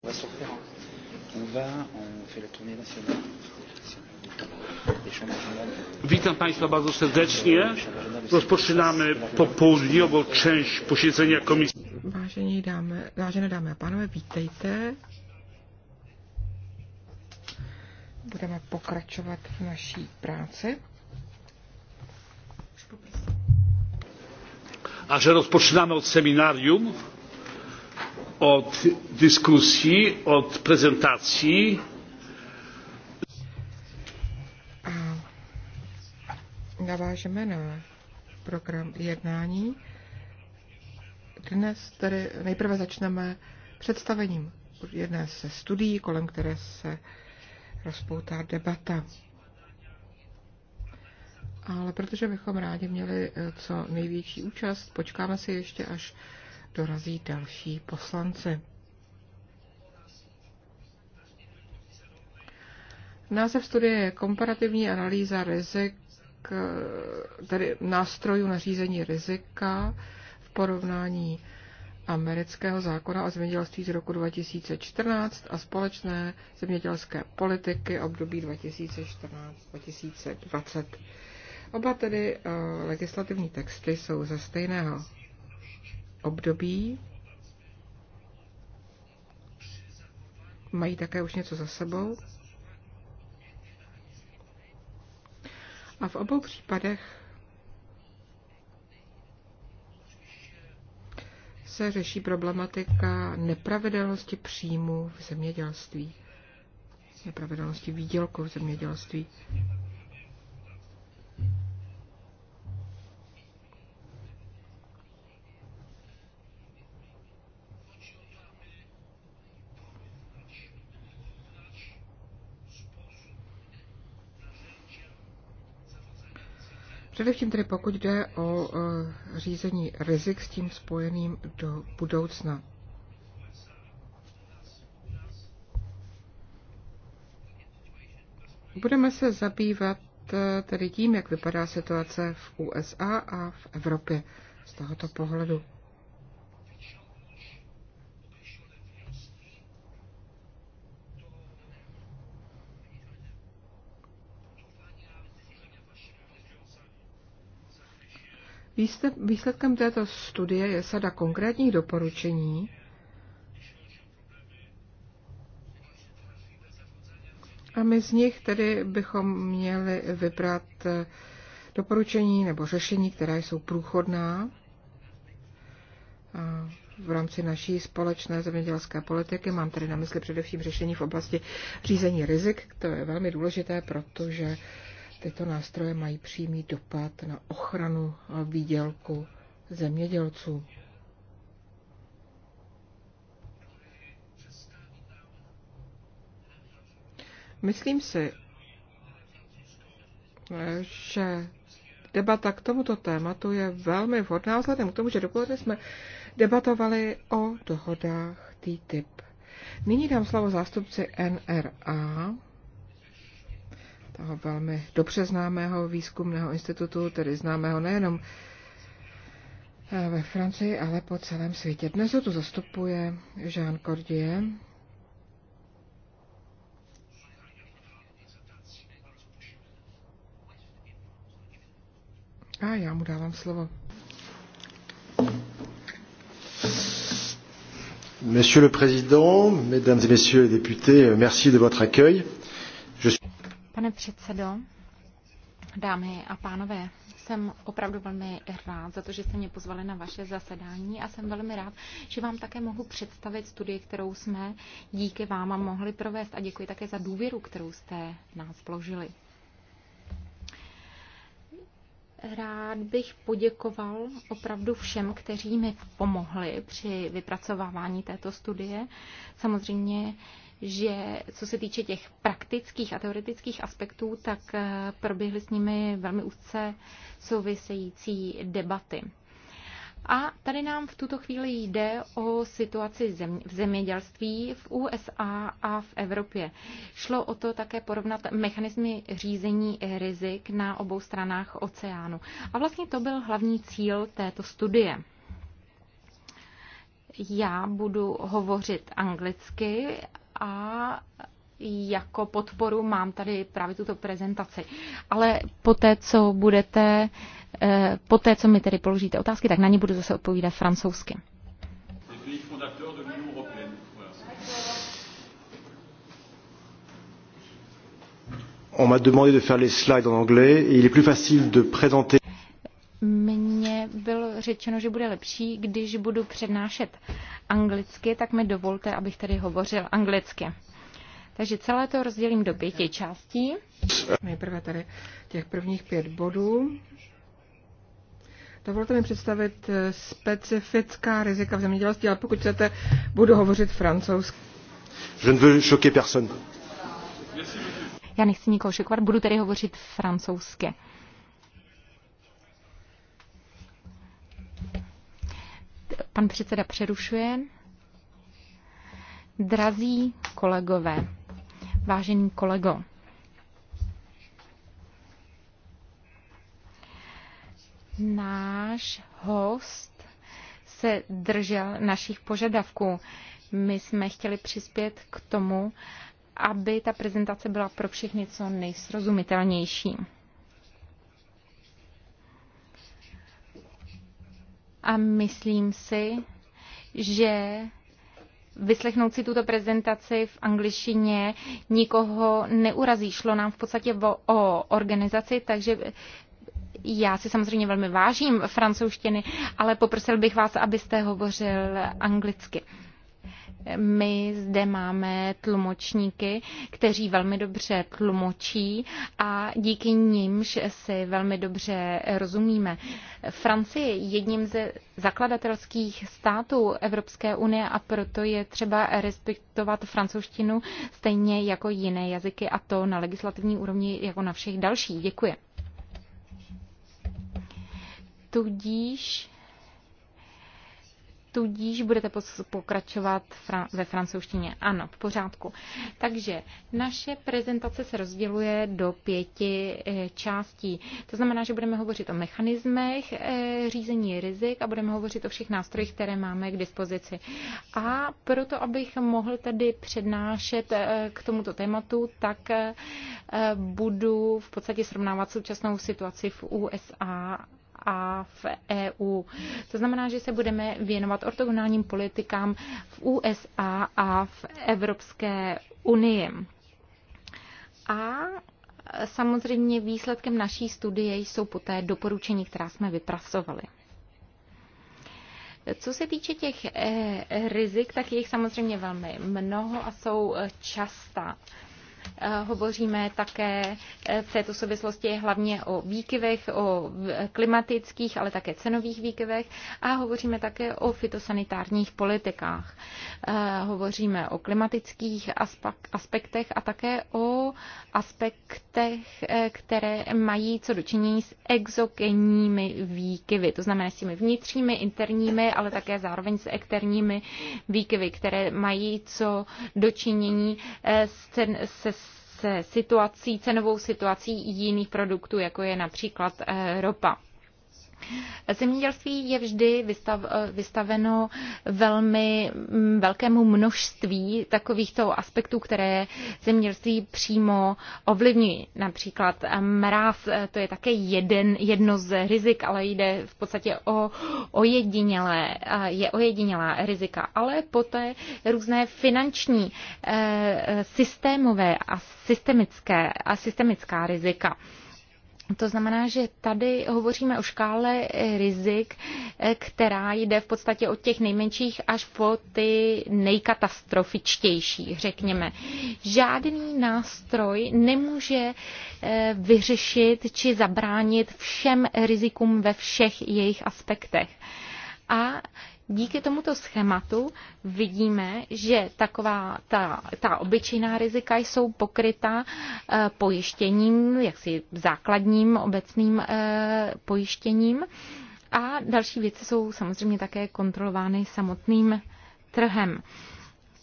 On va s'en faire. On va, on fait la tournée nationale. Euh, Witam Państwa bardzo serdecznie. Euh, Rozpoczynamy popołudniową część posiedzenia komisji. Vážení dámy, vážené dámy a pánové, vítejte. Budeme pokračovat v naší práci. A že rozpočínáme od seminárium od dyskusji, od prezentacji. navážeme na program jednání. Dnes tedy nejprve začneme představením jedné ze studií, kolem které se rozpoutá debata. Ale protože bychom rádi měli eh, co největší účast, počkáme si ještě, až dorazí další poslanci. Název studie je komparativní analýza rizik, tedy nástrojů na řízení rizika v porovnání amerického zákona o zemědělství z roku 2014 a společné zemědělské politiky období 2014-2020. Oba tedy eh, legislativní texty jsou ze stejného období. Mají také už něco za sebou. A v obou případech se řeší problematika nepravidelnosti příjmu v zemědělství, nepravidelnosti výdělku v zemědělství. Především tedy pokud jde o e, řízení rizik s tím spojeným do budoucna. Budeme se zabývat e, tedy tím, jak vypadá situace v USA a v Evropě z tohoto pohledu. Výsledkem této studie je sada konkrétních doporučení, a my z nich tedy bychom měli vybrat eh, doporučení nebo řešení, která jsou průchodná v rámci naší společné zemědělské politiky. Mám tady na mysli především řešení v oblasti řízení rizik. To je velmi důležité, protože Tyto nástroje mají přímý dopad na ochranu výdělku zemědělců. Myslím si, že debata k tomuto tématu je velmi vhodná vzhledem k tomu, že dopoledne jsme debatovali o dohodách TTIP. Nyní dám slovo zástupci NRA, toho velmi dobře známého výzkumného institutu, tedy známého nejenom eh, ve Francii, ale po celém světě. Dnes ho tu zastupuje Jean Cordier. A já mu dávám slovo. Monsieur le Président, Mesdames et Messieurs les députés, merci de votre accueil. Je suis... Pane předsedo, dámy a pánové, jsem opravdu velmi rád za to, že jste mě pozvali na vaše zasedání a jsem velmi rád, že vám také mohu představit studii, kterou jsme díky vám mohli provést a děkuji také za důvěru, kterou jste nás vložili. Rád bych poděkoval opravdu všem, kteří mi pomohli při vypracovávání této studie. Samozřejmě že co se týče těch praktických a teoretických aspektů, tak eh, proběhly s nimi velmi úzce související debaty. A tady nám v tuto chvíli jde o situaci zem, v zemědělství v USA a v Evropě. Šlo o to také porovnat mechanismy řízení rizik na obou stranách oceánu. A vlastně to byl hlavní cíl této studie. Já budu hovořit anglicky a jako podporu mám tady právě tuto prezentaci. Ale po té, co budete, eh, po té, co mi tedy položíte otázky, tak na ně budu zase odpovídat francouzsky. On m'a demandé de faire les slides en anglais et il est plus facile de présenter. Mně bylo řečeno, že bude lepší, když budu přednášet anglicky, tak mi dovolte, abych tady hovořil anglicky. Takže celé to rozdělím do pěti částí. Nejprve tady těch prvních pět bodů. Dovolte mi představit eh, specifická rizika v zemědělství, ale pokud chcete, budu hovořit francouzsky. Je ne veux choquer personne. Já nechci nikoho šokovat, budu tady hovořit francouzsky. Pan předseda přerušuje. Drazí kolegové, vážený kolego, náš host se držel našich požadavků. My jsme chtěli přispět k tomu, aby ta prezentace byla pro všechny co nejsrozumitelnější. a myslím si, že vyslechnout si tuto prezentaci v angličtině nikoho neurazí. Šlo nám v podstatě o, o organizaci, takže já si samozřejmě velmi vážím francouzštiny, ale poprosil bych vás, abyste hovořil anglicky my zde máme tlumočníky, kteří velmi dobře tlumočí a díky nímž si velmi dobře rozumíme. Francie je jedním ze zakladatelských států Evropské unie a proto je třeba respektovat francouzštinu stejně jako jiné jazyky a to na legislativní úrovni jako na všech dalších. Děkuji. Tudíž tudíž budete pokračovat ve francouzštině. Ano, v pořádku. Takže naše prezentace se rozděluje do pěti e, částí. To znamená, že budeme hovořit o mechanismech e, řízení rizik a budeme hovořit o všech nástrojích, které máme k dispozici. A proto, abych mohl tady přednášet e, k tomuto tématu, tak budu v podstatě srovnávat současnou situaci v USA a v EU. To znamená, že se budeme věnovat ortogonálním politikám v USA a v Evropské unii. A samozřejmě výsledkem naší studie jsou poté doporučení, která jsme vypracovali. Co se týče těch eh, rizik, tak je jich samozřejmě velmi mnoho a jsou eh, častá. Eh, hovoříme také eh, v této souvislosti hlavně o výkyvech, o klimatických, ale také cenových výkyvech a hovoříme také o fitosanitárních politikách. Eh, hovoříme o klimatických aspektech a také o aspektech, které mají co dočinění s exogenními výkyvy, to znamená s těmi vnitřními, interními, ale také zároveň s externími výkyvy, které mají co dočinění se se situací, cenovou situací jiných produktů, jako je například eh, ropa. Zemědělství je vždy vystav, vystaveno velmi mm, velkému množství takovýchto aspektů, které zemědělství přímo ovlivňují. Například eh, mráz, eh, to je také jeden, jedno z rizik, ale jde v podstatě o ojedinělé, eh, je ojedinělá rizika, ale poté různé finanční systémové a systemické a systemická rizika. To znamená, že tady hovoříme o škále eh, rizik, eh, která jde v podstatě od těch nejmenších až po ty nejkatastrofičtější, řekněme. Žádný nástroj nemůže eh, vyřešit či zabránit všem rizikům ve všech jejich aspektech. A díky tomuto schématu vidíme, že taková ta, ta obyčejná rizika jsou pokryta eh, pojištěním, jaksi základním obecným eh, pojištěním. A další věci jsou samozřejmě také kontrolovány samotným trhem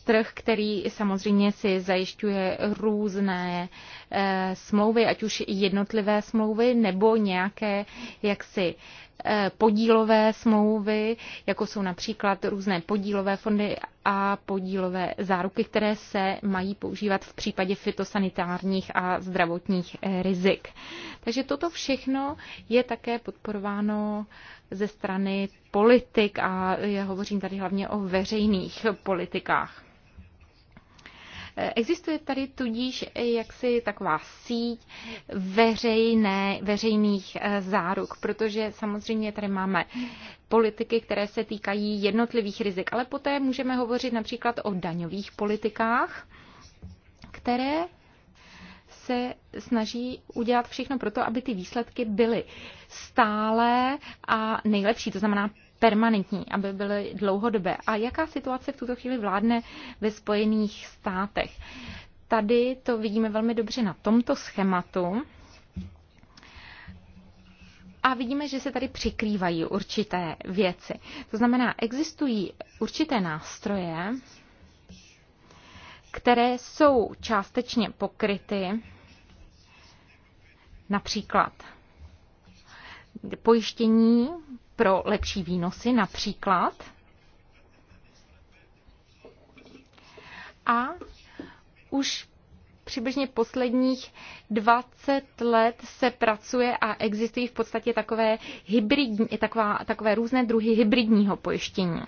trh, který samozřejmě si zajišťuje různé e, smlouvy, ať už jednotlivé smlouvy nebo nějaké jaksi Eh, podílové smlouvy, jako jsou například různé podílové fondy a podílové záruky, které se mají používat v případě fitosanitárních a zdravotních eh, rizik. Takže toto všechno je také podporováno ze strany politik a já hovořím tady hlavně o veřejných politikách. Existuje tady tudíž jaksi taková síť veřejné, veřejných eh, záruk, protože samozřejmě tady máme politiky, které se týkají jednotlivých rizik, ale poté můžeme hovořit například o daňových politikách, které se snaží udělat všechno pro to, aby ty výsledky byly stále a nejlepší, to znamená permanentní, aby byly dlouhodobé. A jaká situace v tuto chvíli vládne ve Spojených státech? Tady to vidíme velmi dobře na tomto schématu. A vidíme, že se tady přikrývají určité věci. To znamená, existují určité nástroje, které jsou částečně pokryty, například pojištění pro lepší výnosy například. A už přibližně posledních 20 let se pracuje a existují v podstatě takové, hybridní, taková, takové různé druhy hybridního pojištění.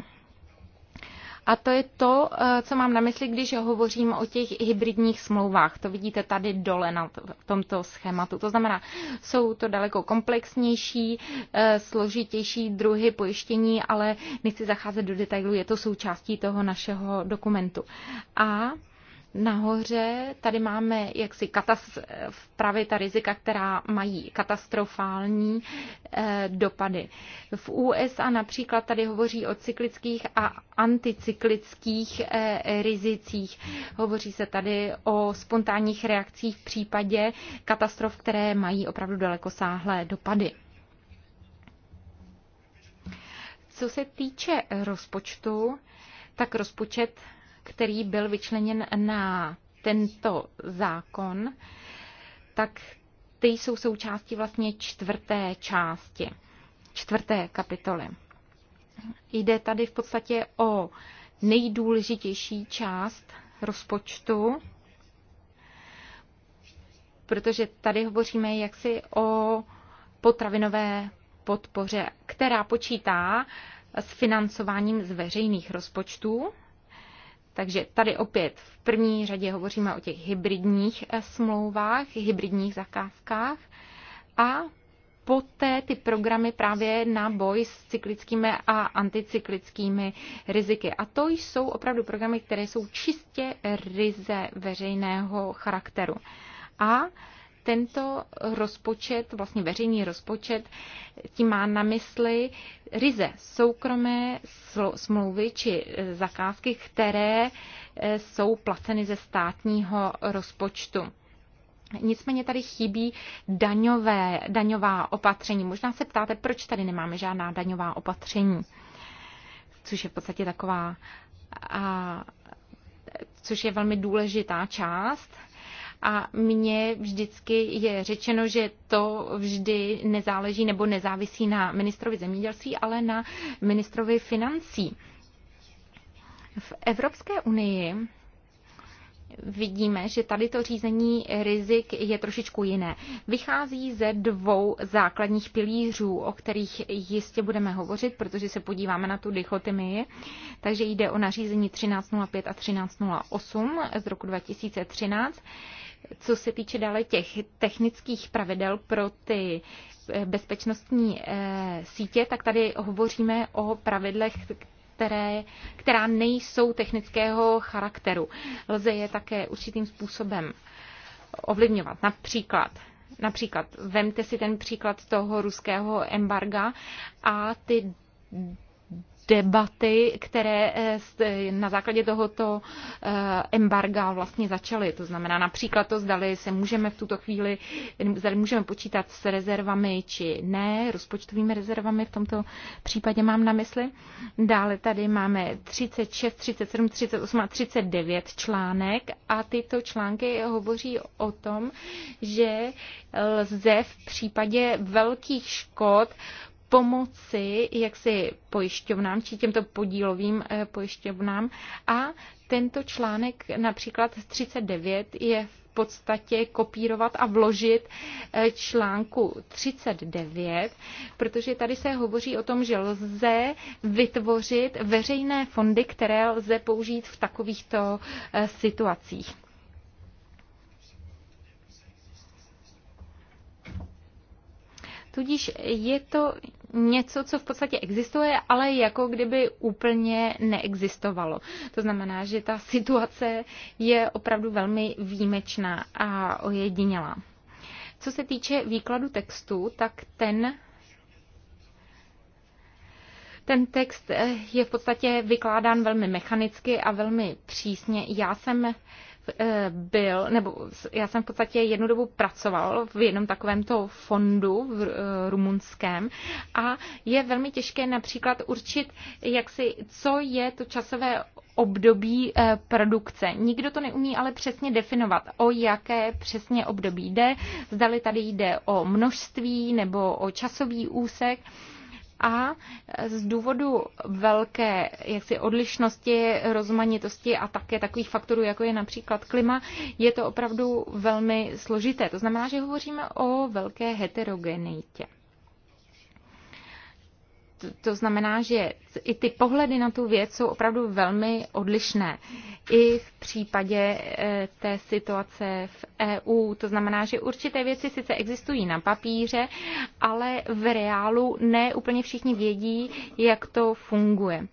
A to je to, eh, co mám na mysli, když hovořím o těch hybridních smlouvách. To vidíte tady dole na tomto schématu. To znamená, jsou to daleko komplexnější, eh, složitější druhy pojištění, ale nechci zacházet do detailů, je to součástí toho našeho dokumentu. A nahoře. Tady máme jaksi katas- právě ta rizika, která mají katastrofální eh, dopady. V USA například tady hovoří o cyklických a anticyklických eh, rizicích. Hovoří se tady o spontánních reakcích v případě katastrof, které mají opravdu dalekosáhlé dopady. Co se týče rozpočtu, tak rozpočet který byl vyčleněn na tento zákon, tak ty jsou součástí vlastně čtvrté části, čtvrté kapitoly. Jde tady v podstatě o nejdůležitější část rozpočtu, protože tady hovoříme jaksi o potravinové podpoře, která počítá s financováním z veřejných rozpočtů takže tady opět v první řadě hovoříme o těch hybridních eh, smlouvách, hybridních zakázkách a poté ty programy právě na boj s cyklickými a anticyklickými riziky. A to jsou opravdu programy, které jsou čistě ryze veřejného charakteru. A tento rozpočet, vlastně veřejný rozpočet, tím má na mysli ryze soukromé smlouvy či e, zakázky, které e, jsou placeny ze státního rozpočtu. Nicméně tady chybí daňové, daňová opatření. Možná se ptáte, proč tady nemáme žádná daňová opatření, což je v podstatě taková, a, což je velmi důležitá část a mně vždycky je řečeno, že to vždy nezáleží nebo nezávisí na ministrovi zemědělství, ale na ministrovi financí. V Evropské unii vidíme, že tady to řízení rizik je trošičku jiné. Vychází ze dvou základních pilířů, o kterých jistě budeme hovořit, protože se podíváme na tu dichotomii. Takže jde o nařízení 1305 a 1308 z roku 2013 co se týče dále těch technických pravidel pro ty eh, bezpečnostní eh, sítě, tak tady hovoříme o pravidlech, které, která nejsou technického charakteru. Lze je také určitým způsobem ovlivňovat. Například Například, vemte si ten příklad toho ruského embarga a ty debaty, které eh, eh, na základě tohoto eh, embarga vlastně začaly. To znamená například to, zdali se můžeme v tuto chvíli, zdali můžeme počítat s rezervami či ne, rozpočtovými rezervami v tomto případě mám na mysli. Dále tady máme 36, 37, 38 a 39 článek a tyto články hovoří o tom, že lze v případě velkých škod pomoci jaksi pojišťovnám či těmto podílovým eh, pojišťovnám a tento článek například 39 je v podstatě kopírovat a vložit eh, článku 39, protože tady se hovoří o tom, že lze vytvořit veřejné fondy, které lze použít v takovýchto eh, situacích. Tudíž je to něco, co v podstatě existuje, ale jako kdyby úplně neexistovalo. To znamená, že ta situace je opravdu velmi výjimečná a ojedinělá. Co se týče výkladu textu, tak ten ten text je v podstatě vykládán velmi mechanicky a velmi přísně. Já jsem Eh, byl, nebo já jsem v podstatě jednu dobu pracoval v jednom takovémto fondu v eh, rumunském a je velmi těžké například určit, jak si, co je to časové období eh, produkce. Nikdo to neumí ale přesně definovat, o jaké přesně období jde, zdali tady jde o množství nebo o časový úsek a z důvodu velké jaksi odlišnosti, rozmanitosti a také takových faktorů, jako je například klima, je to opravdu velmi složité. To znamená, že hovoříme o velké heterogenitě to znamená, že i ty pohledy na tu věc jsou opravdu velmi odlišné. I v případě eh, té situace v EU, to znamená, že určité věci sice existují na papíře, ale v reálu ne úplně všichni vědí, jak to funguje.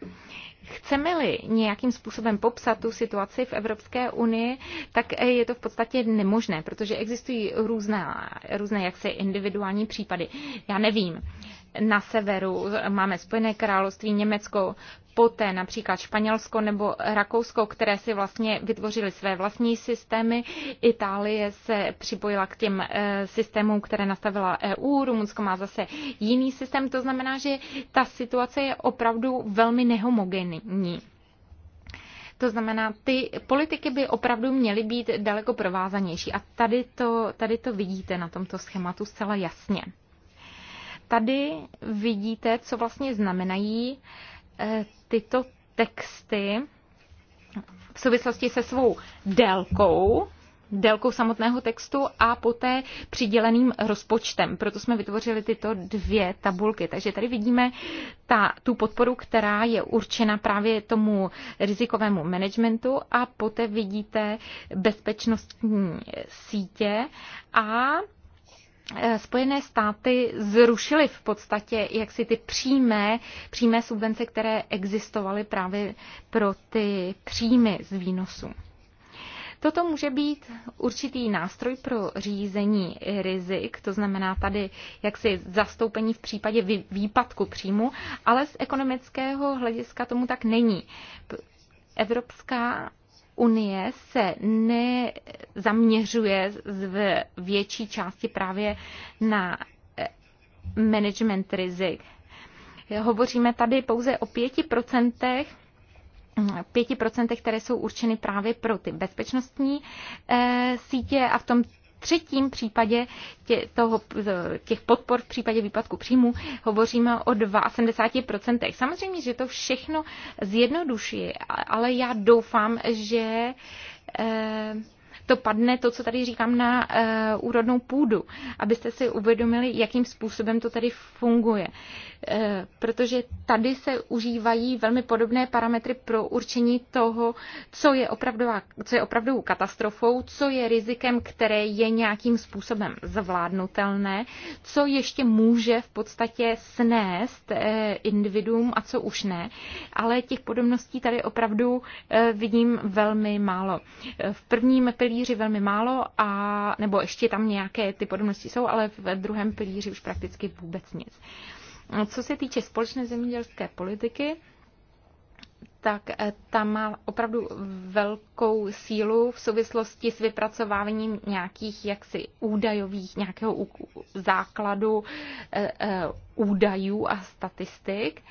Chceme-li nějakým způsobem popsat tu situaci v Evropské unii, tak je to v podstatě nemožné, protože existují různá, různé jaksi individuální případy. Já nevím, na severu máme Spojené království, Německo, poté například Španělsko nebo Rakousko, které si vlastně vytvořili své vlastní systémy. Itálie se připojila k těm eh, systémům, které nastavila EU, Rumunsko má zase jiný systém. To znamená, že ta situace je opravdu velmi nehomogenní. To znamená, ty politiky by opravdu měly být daleko provázanější. A tady to, tady to vidíte na tomto schématu zcela jasně. Tady vidíte, co vlastně znamenají uh, Eh, tyto texty v souvislosti se svou délkou, délkou samotného textu a poté přiděleným rozpočtem. Proto jsme vytvořili tyto dvě tabulky. Takže tady vidíme ta, tu podporu, která je určena právě tomu rizikovému managementu a poté vidíte bezpečnostní sítě a Eh, Spojené státy zrušily v podstatě jaksi ty přímé, přímé subvence, které existovaly právě pro ty příjmy z výnosu. Toto může být určitý nástroj pro řízení rizik, to znamená tady jaksi zastoupení v případě výpadku příjmu, ale z ekonomického hlediska tomu tak není. Evropská unie se nezaměřuje v větší části právě na eh, management rizik. Hovoříme tady pouze o 5% 5%, které jsou určeny právě pro ty bezpečnostní eh, sítě a v tom třetím případě tě, toho, těch podpor v případě výpadku příjmu hovoříme o 72%. Samozřejmě, že to všechno zjednoduší, ale já doufám, že eh, to padne, to, co tady říkám, na eh, úrodnou půdu, abyste si uvědomili, jakým způsobem to tady funguje. Eh, protože tady se užívají velmi podobné parametry pro určení toho, co je, opravdová, co je opravdovou katastrofou, co je rizikem, které je nějakým způsobem zvládnutelné, co ještě může v podstatě snést eh, individuum a co už ne. Ale těch podobností tady opravdu eh, vidím velmi málo. V prvním pilíři velmi málo, a, nebo ještě tam nějaké ty podobnosti jsou, ale v druhém pilíři už prakticky vůbec nic. Co se týče společné zemědělské politiky, tak eh, ta má opravdu velkou sílu v souvislosti s vypracováním nějakých jaksi údajových, nějakého základu eh, eh, údajů a statistik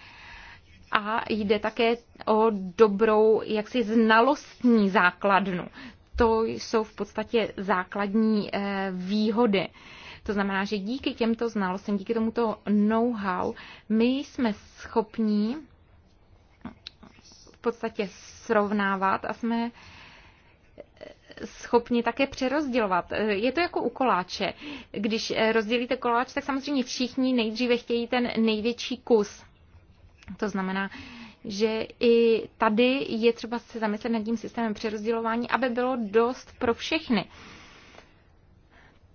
a jde také o dobrou jaksi znalostní základnu. To jsou v podstatě základní výhody. To znamená, že díky těmto znalostem, díky tomuto know-how, my jsme schopní v podstatě srovnávat a jsme schopni také přerozdělovat. Je to jako u koláče. Když rozdělíte koláč, tak samozřejmě všichni nejdříve chtějí ten největší kus. To znamená, že i tady je třeba se zamyslet nad tím systémem přerozdělování, aby bylo dost pro všechny.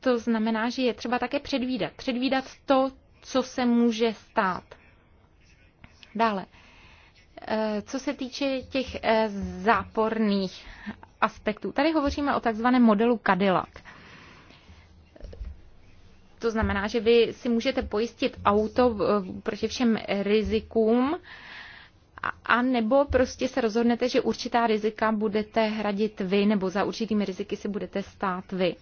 To znamená, že je třeba také předvídat. Předvídat to, co se může stát. Dále, eh, co se týče těch eh, záporných aspektů. Tady hovoříme o takzvaném modelu Cadillac. To znamená, že vy si můžete pojistit auto proti všem rizikům, a nebo prostě se rozhodnete, že určitá rizika budete hradit vy, nebo za určitými riziky si budete stát vy.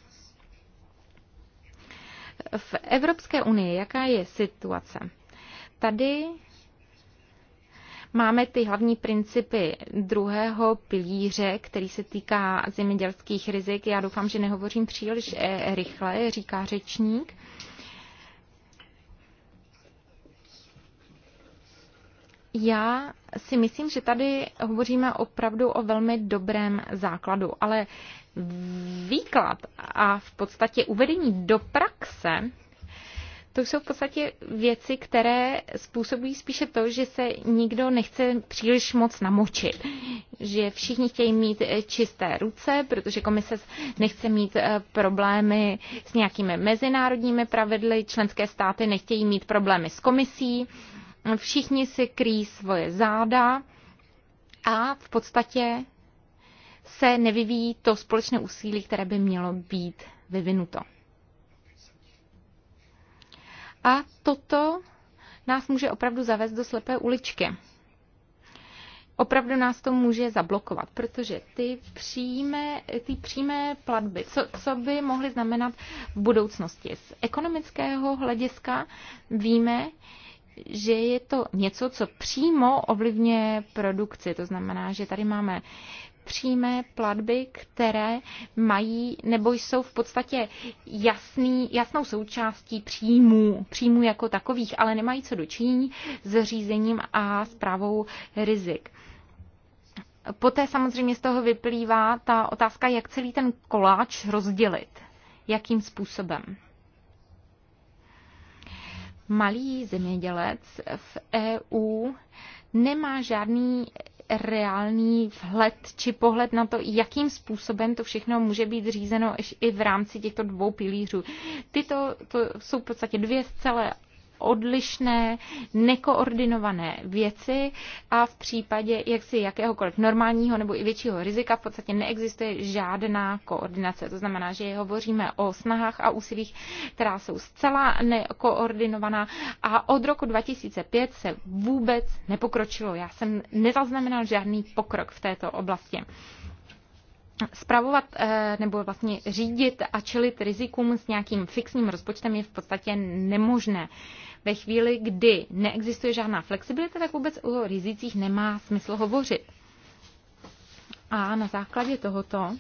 V Evropské unii, jaká je situace? Tady máme ty hlavní principy druhého pilíře, který se týká zemědělských rizik. Já doufám, že nehovořím příliš eh, rychle, říká řečník. já si myslím, že tady hovoříme opravdu o velmi dobrém základu, ale výklad a v podstatě uvedení do praxe, to jsou v podstatě věci, které způsobují spíše to, že se nikdo nechce příliš moc namočit. Že všichni chtějí mít eh, čisté ruce, protože komise nechce mít eh, problémy s nějakými mezinárodními pravidly, členské státy nechtějí mít problémy s komisí, všichni si kryjí svoje záda a v podstatě se nevyvíjí to společné úsilí, které by mělo být vyvinuto. A toto nás může opravdu zavést do slepé uličky. Opravdu nás to může zablokovat, protože ty přímé, ty přímé platby, co, co by mohly znamenat v budoucnosti? Z ekonomického hlediska víme, že je to něco, co přímo ovlivňuje produkci. To znamená, že tady máme přímé platby, které mají nebo jsou v podstatě jasný, jasnou součástí příjmů, příjmů jako takových, ale nemají co dočinění s řízením a zprávou rizik. Poté samozřejmě z toho vyplývá ta otázka, jak celý ten koláč rozdělit, jakým způsobem malý zemědělec v EU nemá žádný reálný vhled či pohled na to, jakým způsobem to všechno může být řízeno i v rámci těchto dvou pilířů. Tyto to jsou v podstatě dvě zcela odlišné, nekoordinované věci a v případě jaksi jakéhokoliv normálního nebo i většího rizika v podstatě neexistuje žádná koordinace. To znamená, že hovoříme o snahách a úsilích, která jsou zcela nekoordinovaná a od roku 2005 se vůbec nepokročilo. Já jsem nezaznamenal žádný pokrok v této oblasti spravovat eh, nebo vlastně řídit a čelit rizikům s nějakým fixním rozpočtem je v podstatě nemožné. Ve chvíli, kdy neexistuje žádná flexibilita, tak vůbec o rizicích nemá smysl hovořit. A na základě tohoto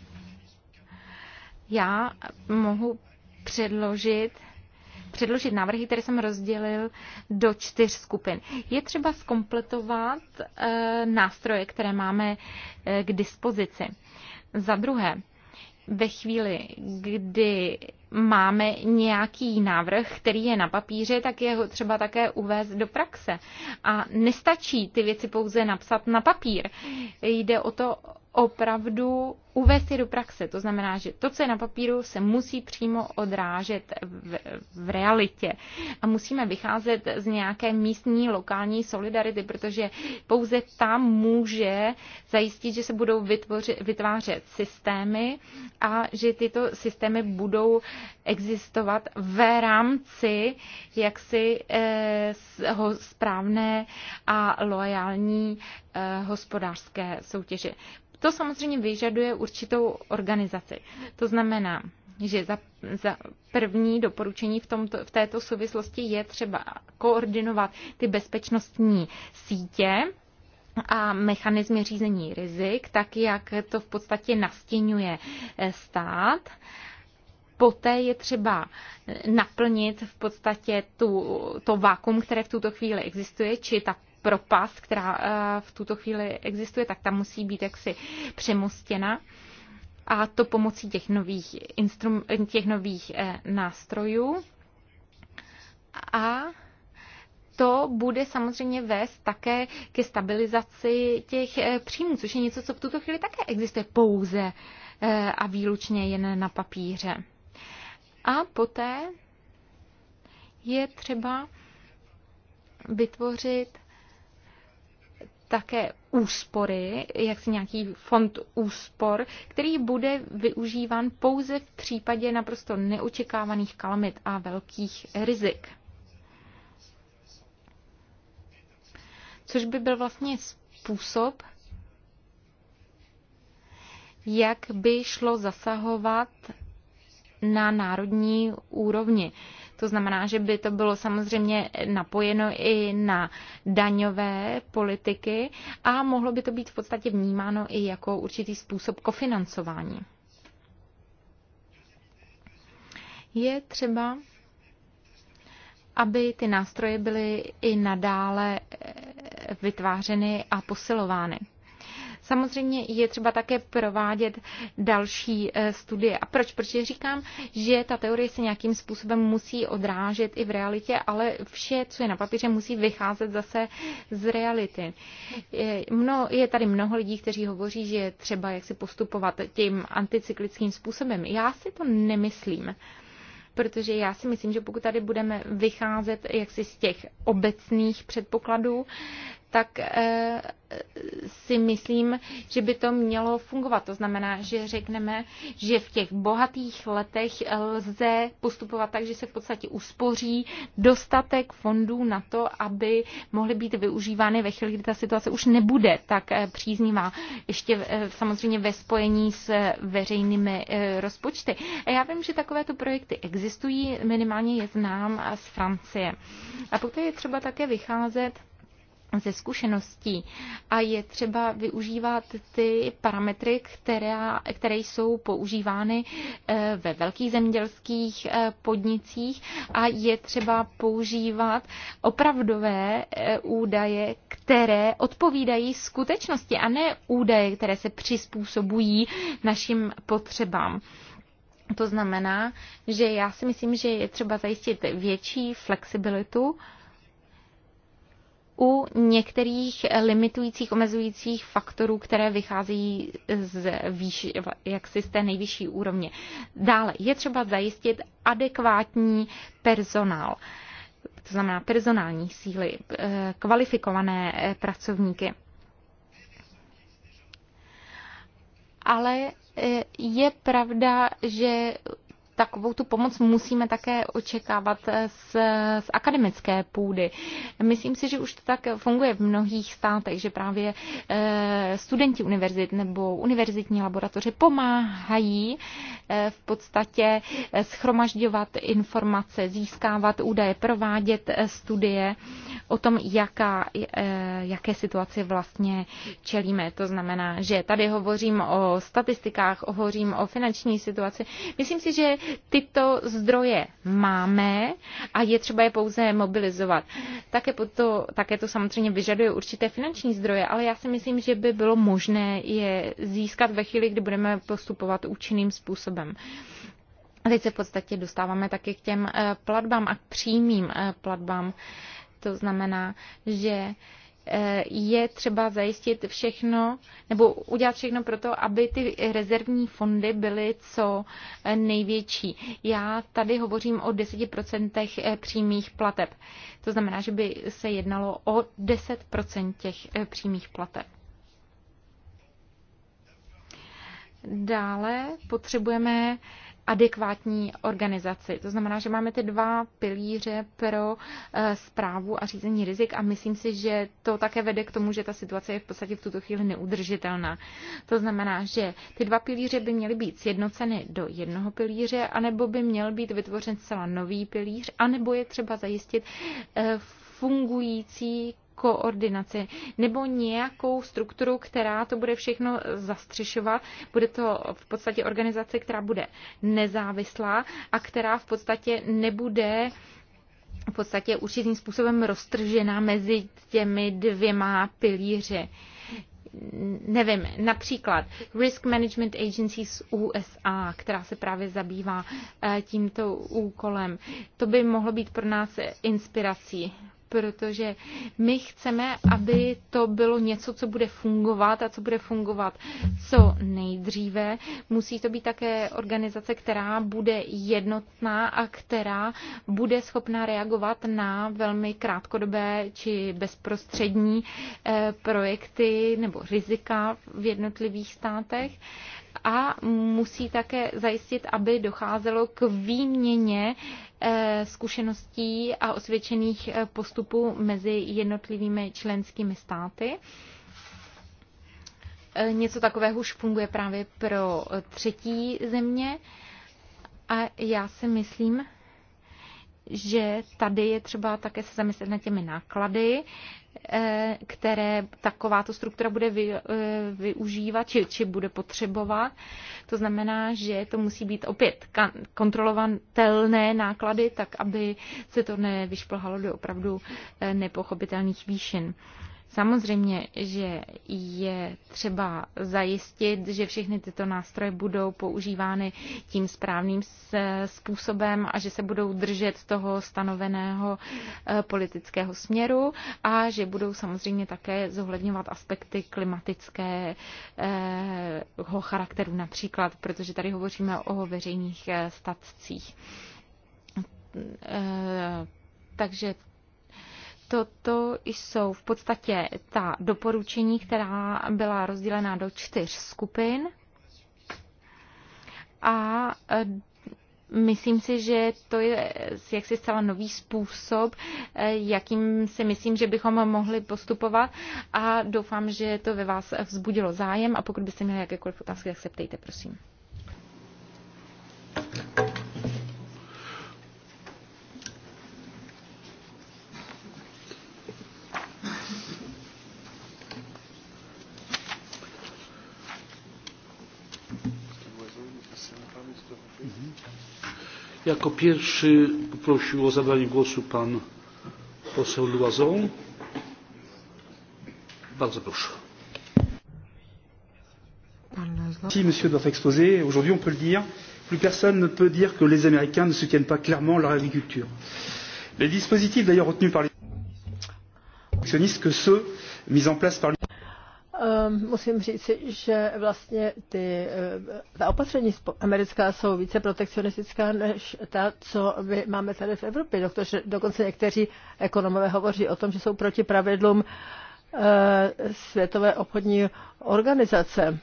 já mohu předložit předložit návrhy, které jsem rozdělil do čtyř skupin. Je třeba skompletovat e, eh, nástroje, které máme e, k dispozici. Za druhé, ve chvíli, kdy máme nějaký návrh, který je na papíře, tak je ho třeba také uvést do praxe. A nestačí ty věci pouze napsat na papír. Jde o to, opravdu uvést je do praxe. To znamená, že to, co je na papíru, se musí přímo odrážet v, v realitě. A musíme vycházet z nějaké místní, lokální solidarity, protože pouze tam může zajistit, že se budou vytvořit, vytvářet systémy a že tyto systémy budou existovat v rámci jaksi eh, správné a loajální eh, hospodářské soutěže. To samozřejmě vyžaduje určitou organizaci. To znamená, že za, za první doporučení v, tomto, v této souvislosti je třeba koordinovat ty bezpečnostní sítě a mechanizmy řízení rizik, tak jak to v podstatě nastěňuje eh, stát. Poté je třeba eh, naplnit v podstatě tu, to vákum, které v tuto chvíli existuje, či ta propast, která eh, v tuto chvíli existuje, tak ta musí být jaksi přemostěna a to pomocí těch nových, instrum, těch nových eh, nástrojů. A to bude samozřejmě vést také ke stabilizaci těch eh, příjmů, což je něco, co v tuto chvíli také existuje pouze a výlučně jen na papíře. A poté je třeba vytvořit také úspory, jak si nějaký fond úspor, který bude využíván pouze v případě naprosto neočekávaných kalamit a velkých rizik. Což by byl vlastně způsob, jak by šlo zasahovat na národní úrovni. To znamená, že by to bylo samozřejmě napojeno i na daňové politiky a mohlo by to být v podstatě vnímáno i jako určitý způsob kofinancování. Je třeba, aby ty nástroje byly i nadále eh, vytvářeny a posilovány. Samozřejmě je třeba také provádět další eh, studie. A proč? Protože říkám, že ta teorie se nějakým způsobem musí odrážet i v realitě, ale vše, co je na papíře, musí vycházet zase z reality. je tady mnoho lidí, kteří hovoří, že je třeba jak si postupovat tím anticyklickým způsobem. Já si to nemyslím protože já si myslím, že pokud tady budeme vycházet jaksi z těch obecných předpokladů, tak eh, si myslím, že by to mělo fungovat. To znamená, že řekneme, že v těch bohatých letech eh, lze postupovat tak, že se v podstatě uspoří dostatek fondů na to, aby mohly být využívány ve chvíli, kdy ta situace už nebude tak eh, příznivá. Ještě samozřejmě ve spojení s veřejnými rozpočty. A já vím, že takovéto projekty existují, minimálně je znám z Francie. A poté je třeba také vycházet ze zkušeností a je třeba využívat ty parametry, které, které jsou používány eh, ve velkých zemědělských eh, podnicích a je třeba používat opravdové eh, údaje, které odpovídají skutečnosti a ne údaje, které se přizpůsobují našim potřebám. To znamená, že já si myslím, že je třeba zajistit větší flexibilitu u některých limitujících, omezujících faktorů, které vycházejí z, výš, jaksi z té nejvyšší úrovně. Dále je třeba zajistit adekvátní personál, to znamená personální síly, eh, kvalifikované eh, pracovníky. Ale eh, je pravda, že takovou tu pomoc musíme také očekávat z, z akademické půdy. Myslím si, že už to tak funguje v mnohých státech, že právě eh, studenti univerzit nebo univerzitní laboratoře pomáhají eh, v podstatě schromažďovat informace, získávat údaje, provádět eh, studie o tom, jaká, jaké situaci vlastně čelíme. To znamená, že tady hovořím o statistikách, hovořím o finanční situaci. Myslím si, že Tyto zdroje máme a je třeba je pouze mobilizovat. Také, to, také to samozřejmě vyžaduje určité finanční zdroje, ale já si myslím, že by bylo možné je získat ve chvíli, kdy budeme postupovat účinným způsobem. A teď se v podstatě dostáváme taky k těm eh, platbám a k přímým eh, platbám. To znamená, že Eh, je třeba zajistit všechno nebo udělat všechno pro to, aby ty rezervní fondy byly co eh, největší. Já tady hovořím o 10% eh, přímých plateb. To znamená, že by se jednalo o 10% těch přímých plateb. Dále potřebujeme adekvátní organizaci. To znamená, že máme ty dva pilíře pro zprávu eh, a řízení rizik a myslím si, že to také vede k tomu, že ta situace je v podstatě v tuto chvíli neudržitelná. To znamená, že ty dva pilíře by měly být sjednoceny do jednoho pilíře, anebo by měl být vytvořen zcela nový pilíř, anebo je třeba zajistit eh, fungující koordinaci nebo nějakou strukturu, která to bude všechno zastřešovat. Bude to v podstatě organizace, která bude nezávislá a která v podstatě nebude v podstatě určitým způsobem roztržená mezi těmi dvěma pilíři nevím, například Risk Management Agency z USA, která se právě zabývá eh, tímto úkolem. To by mohlo být pro nás inspirací protože my chceme, aby to bylo něco, co bude fungovat a co bude fungovat co nejdříve. Musí to být také organizace, která bude jednotná a která bude schopná reagovat na velmi krátkodobé či bezprostřední eh, projekty nebo rizika v jednotlivých státech a musí také zajistit, aby docházelo k výměně eh, zkušeností a osvědčených eh, postupů mezi jednotlivými členskými státy. Eh, něco takového už funguje právě pro třetí země a já si myslím, že tady je třeba také se zamyslet na těmi náklady, eh, které takováto struktura bude eh, využívat či, či bude potřebovat. To znamená, že to musí být opět kontrolovatelné náklady, tak aby se to nevyšplhalo do opravdu eh, nepochopitelných výšin. Samozřejmě, že je třeba zajistit, že všechny tyto nástroje budou používány tím správným způsobem a že se budou držet toho stanoveného eh, politického směru a že budou samozřejmě také zohledňovat aspekty klimatického eh, charakteru například, protože tady hovoříme o veřejných eh, statcích. Takže Toto jsou v podstatě ta doporučení, která byla rozdělená do čtyř skupin. A e, Myslím si, že to je jaksi zcela nový způsob, e, jakým si myslím, že bychom mohli postupovat a doufám, že to ve vás vzbudilo zájem a pokud byste měli jakékoliv otázky, tak se ptejte, prosím. Jako pierwszy poprosił o zabranie głosu pan poseł Loison. Bardzo proszę. Merci, monsieur, de votre exposé. Aujourd'hui, on peut le dire, plus personne ne peut dire que les Américains ne soutiennent pas clairement leur agriculture. Les dispositifs d'ailleurs retenus par les actionnistes que ceux mis en place par Ehm, musím říct, že vlastně ty, eh, ta opatření americká jsou více protekcionistická než ta, co my máme tady v Evropě. Doktor, dokonce někteří ekonomové hovoří o tom, že jsou proti pravidlům eh, Světové obchodní organizace.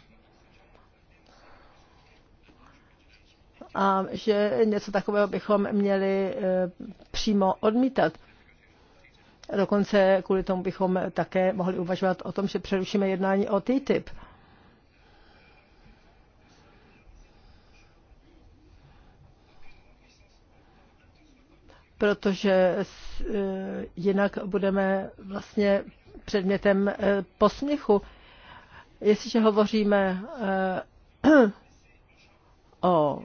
A že něco takového bychom měli eh, přímo odmítat. Dokonce kvůli tomu bychom také mohli uvažovat o tom, že přerušíme jednání o TTIP. protože eh, jinak budeme vlastně předmětem eh, posměchu. Jestliže hovoříme eh, o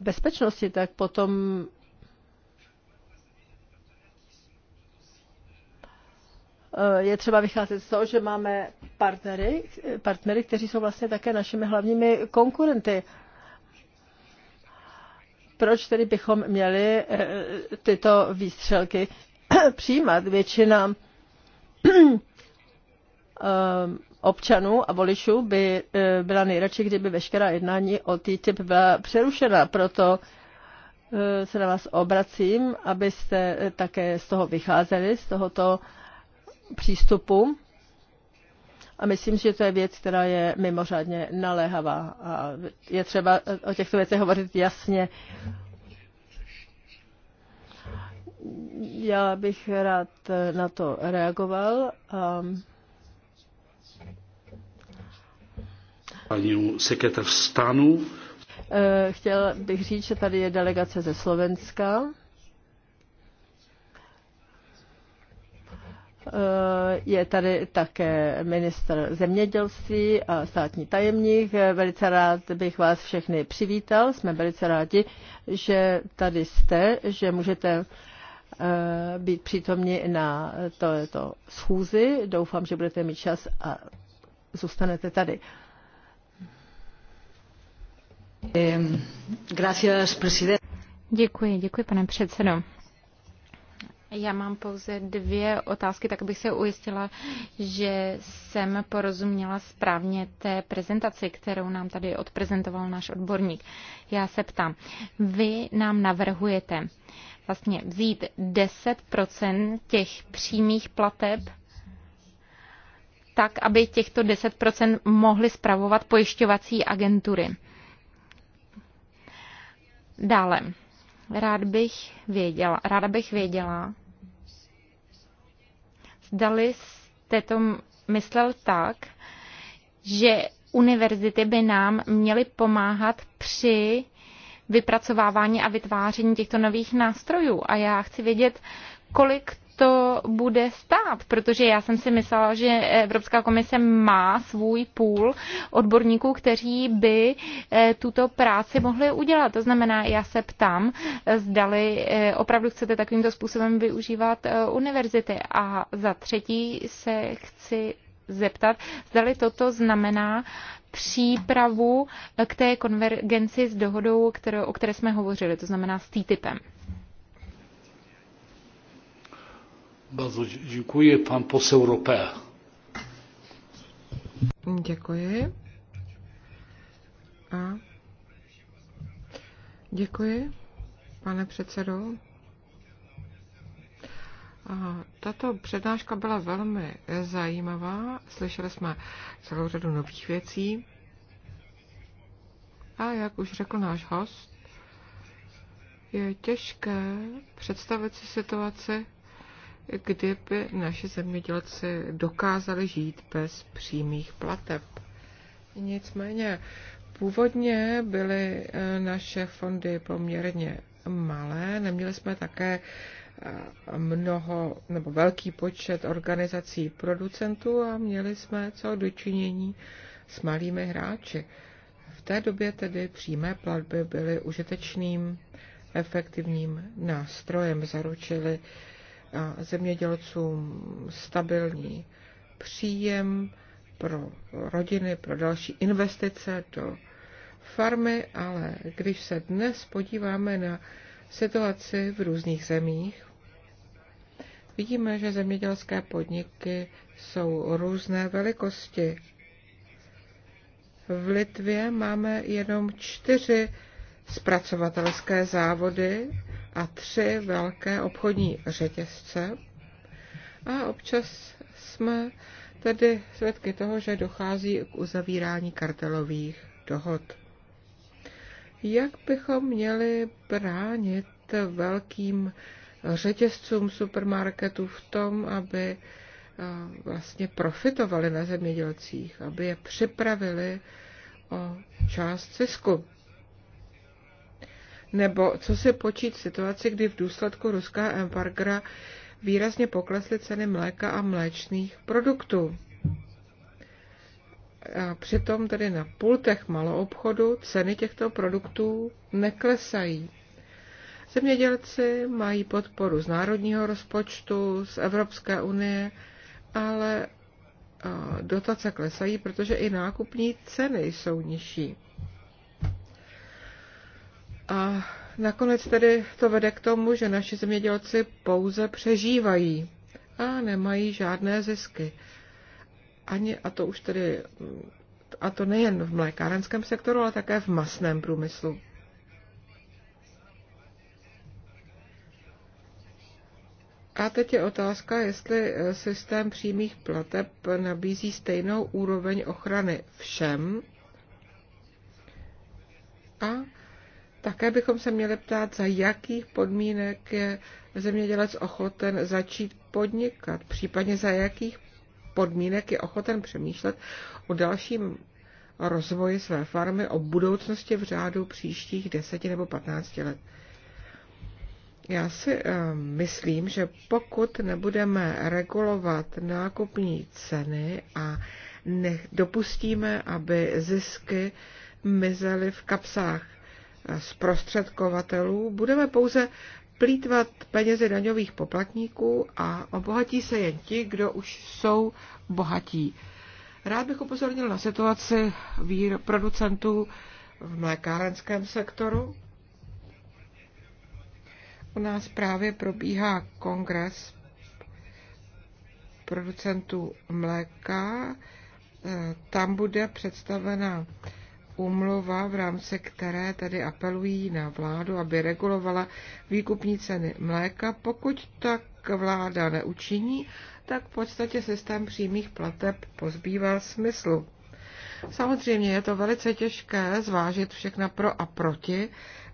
bezpečnosti, tak potom Eh, je třeba vycházet z toho, že máme partnery, partnery, kteří jsou vlastně také našimi hlavními konkurenty. Proč tedy bychom měli eh, tyto výstřelky přijímat? Většina eh, občanů a voličů by byla nejradši, kdyby veškerá jednání o TTIP byla přerušena. Proto se na vás obracím, abyste také z toho vycházeli, z tohoto přístupu. A myslím, že to je věc, která je mimořádně naléhavá. A je třeba o těchto věcech hovořit jasně. Já bych rád na to reagoval. Paní sekretář stanu. Eh, chtěl bych říct, že tady je delegace ze Slovenska. Eh, je tady také minister zemědělství a státní tajemník. Velice rád bych vás všechny přivítal. Jsme velice rádi, že tady jste, že můžete eh, být přítomni na této schůzi. Doufám, že budete mít čas a zůstanete tady. Děkuji, děkuji, pane předsedo. Já mám pouze dvě otázky, tak bych se ujistila, že jsem porozuměla správně té prezentaci, kterou nám tady odprezentoval náš odborník. Já se ptám, vy nám navrhujete vlastně vzít 10% těch přímých plateb tak, aby těchto 10% mohly spravovat pojišťovací agentury. Dále, rád bych věděla, ráda bych věděla, zdali jste to myslel tak, že univerzity by nám měly pomáhat při vypracovávání a vytváření těchto nových nástrojů. A já chci vědět, kolik to bude stát, protože já jsem si myslela, že Evropská komise má svůj půl odborníků, kteří by eh, tuto práci mohli udělat. To znamená, já se ptám, eh, zdali eh, opravdu chcete takovýmto způsobem využívat univerzity. A za třetí se chci zeptat, zdali toto znamená přípravu k té konvergenci s dohodou, kterou, o které jsme hovořili, to znamená s TTIPem. Bardzo děkuji. Pan poseł Ropea. Děkuji. A děkuji, pane předsedo. Tato přednáška byla velmi zajímavá. Slyšeli jsme celou řadu nových věcí. A jak už řekl náš host, je těžké představit si situaci, kdyby naše zemědělci dokázali žít bez přímých plateb. Nicméně původně byly eh, naše fondy poměrně malé, neměli jsme také eh, mnoho nebo velký počet organizací producentů a měli jsme co dočinění s malými hráči. V té době tedy přímé platby byly užitečným efektivním nástrojem, zaručili zemědělcům stabilní příjem pro rodiny, pro další investice do farmy, ale když se dnes podíváme na situaci v různých zemích, vidíme, že zemědělské podniky jsou různé velikosti. V Litvě máme jenom čtyři zpracovatelské závody, a tři velké obchodní řetězce. A občas jsme tedy svědky toho, že dochází k uzavírání kartelových dohod. Jak bychom měli bránit velkým řetězcům supermarketů v tom, aby eh, vlastně profitovali na zemědělcích, aby je připravili o část zisku nebo co se počít v situaci, kdy v důsledku ruského embarga výrazně poklesly ceny mléka a mléčných produktů. A přitom tedy na pultech maloobchodu ceny těchto produktů neklesají. Zemědělci mají podporu z národního rozpočtu, z Evropské unie, ale dotace klesají, protože i nákupní ceny jsou nižší. A nakonec tedy to vede k tomu, že naši zemědělci pouze přežívají a nemají žádné zisky. Ani, a to už tedy, a to nejen v mlékárenském sektoru, ale také v masném průmyslu. A teď je otázka, jestli eh, systém přímých plateb nabízí stejnou úroveň ochrany všem a také bychom se měli ptát, za jakých podmínek je zemědělec ochoten začít podnikat, případně za jakých podmínek je ochoten přemýšlet o dalším rozvoji své farmy, o budoucnosti v řádu příštích 10 nebo 15 let. Já si eh, myslím, že pokud nebudeme regulovat nákupní ceny a dopustíme, aby zisky mizely v kapsách zprostředkovatelů, budeme pouze plítvat penězi daňových poplatníků a obohatí se jen ti, kdo už jsou bohatí. Rád bych upozornil na situaci výr- producentů v mlékárenském sektoru. U nás právě probíhá kongres producentů mléka. E, tam bude představena úmluva, v rámci které tedy apelují na vládu, aby regulovala výkupní ceny mléka. Pokud tak vláda neučiní, tak v podstatě systém přímých plateb pozbývá smyslu. Samozřejmě je to velice těžké zvážit všechna pro a proti,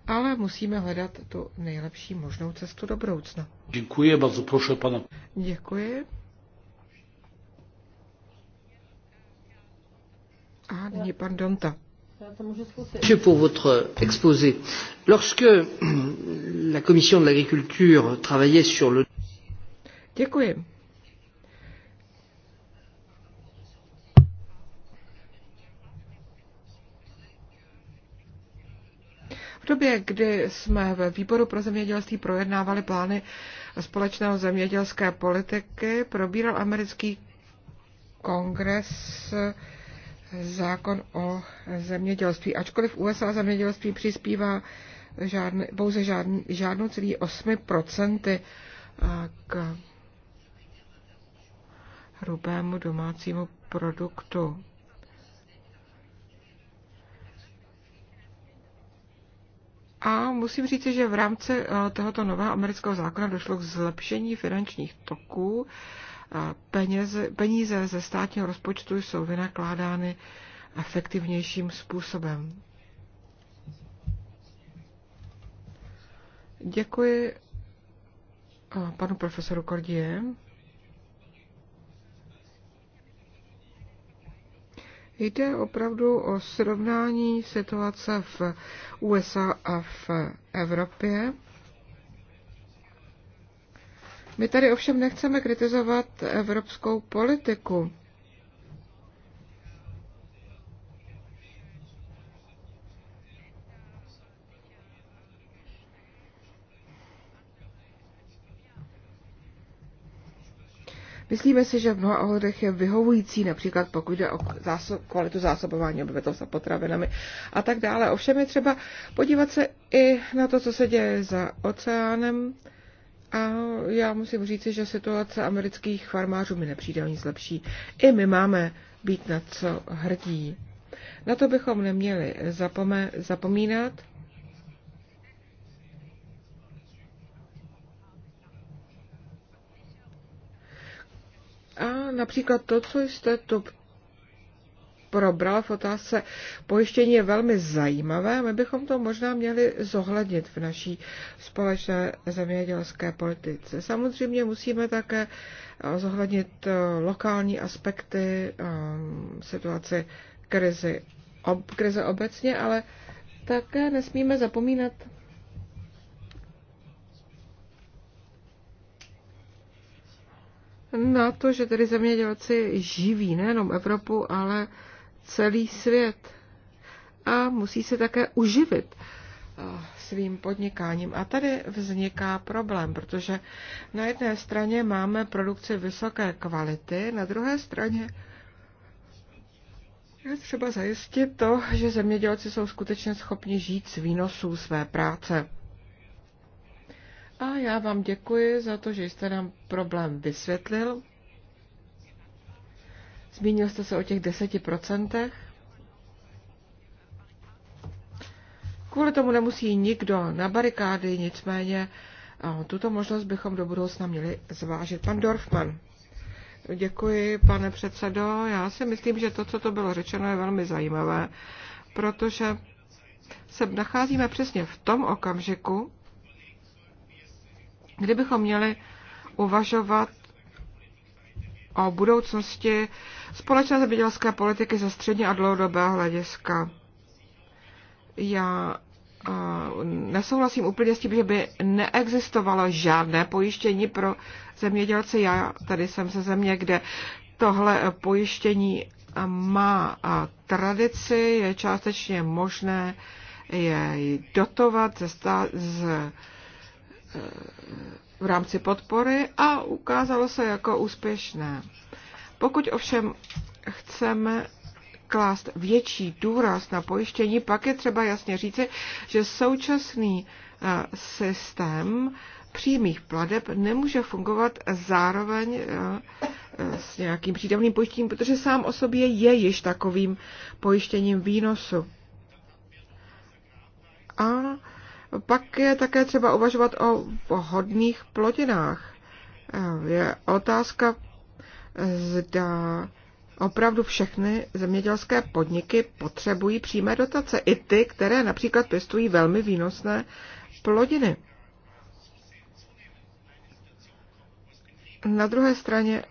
ale musíme hledat tu nejlepší možnou cestu do budoucna. Děkuji, bardzo proszę pana. Děkuji. A nyní pan Donta pour votre exposé, lorsque la Commission de l'agriculture travaillait sur le. Děkuji. V době, kdy jsme ve výboru pro zemědělství projednávali plány společného zemědělské politiky, probíral americký kongres zákon o zemědělství. Ačkoliv USA zemědělství přispívá žádný, pouze žádný, žádnou celý 8% k hrubému domácímu produktu. A musím říct, že v rámci eh, tohoto nového amerického zákona došlo k zlepšení finančních toků peněze, peníze ze státního rozpočtu jsou vynakládány efektivnějším způsobem. Děkuji eh, panu profesoru Kordie. Jde opravdu o srovnání situace v USA a v Evropě. My tady ovšem nechceme kritizovat evropskou politiku. Myslíme si, že v mnoha ohledech je vyhovující, například pokud jde o zásob, kvalitu zásobování obyvatelstva potravinami a tak dále. Ovšem je třeba podívat se i na to, co se děje za oceánem a já musím říci, že situace amerických farmářů mi nepřijde o nic lepší. I my máme být na co hrdí. Na to bychom neměli zapome- zapomínat. A například to, co jste tu probral v otázce pojištění, je velmi zajímavé. a My bychom to možná měli zohlednit v naší společné zemědělské politice. Samozřejmě musíme také eh, zohlednit eh, lokální aspekty, eh, situace krizi, ob, krize obecně, ale také nesmíme zapomínat na to, že tedy zemědělci živí nejenom Evropu, ale celý svět a musí se také uživit eh, svým podnikáním. A tady vzniká problém, protože na jedné straně máme produkci vysoké kvality, na druhé straně je třeba zajistit to, že zemědělci jsou skutečně schopni žít z výnosů své práce. A já vám děkuji za to, že jste nám problém vysvětlil. Zmínil jste se o těch deseti procentech. Kvůli tomu nemusí nikdo na barikády, nicméně eh, tuto možnost bychom do budoucna měli zvážit. Pan Dorfman. Děkuji, pane předsedo. Já si myslím, že to, co to bylo řečeno, je velmi zajímavé, protože se nacházíme přesně v tom okamžiku, kdybychom měli uvažovat o budoucnosti společné zemědělské politiky ze středně a dlouhodobého hlediska. Já nesouhlasím úplně s tím, že by neexistovalo žádné pojištění pro zemědělce. Já tady jsem ze země, kde tohle pojištění má tradici, je částečně možné je dotovat ze, stá- z e, v rámci podpory a ukázalo se jako úspěšné. Pokud ovšem chceme klást větší důraz na pojištění, pak je třeba jasně říci, že současný eh, systém přímých pladeb nemůže fungovat zároveň eh, s nějakým přídavným pojištěním, protože sám o sobě je již takovým pojištěním výnosu. A pak je také třeba uvažovat o vhodných plodinách. Eh, je otázka, zda opravdu všechny zemědělské podniky potřebují přímé dotace. I ty, které například pěstují velmi výnosné plodiny. Na druhé straně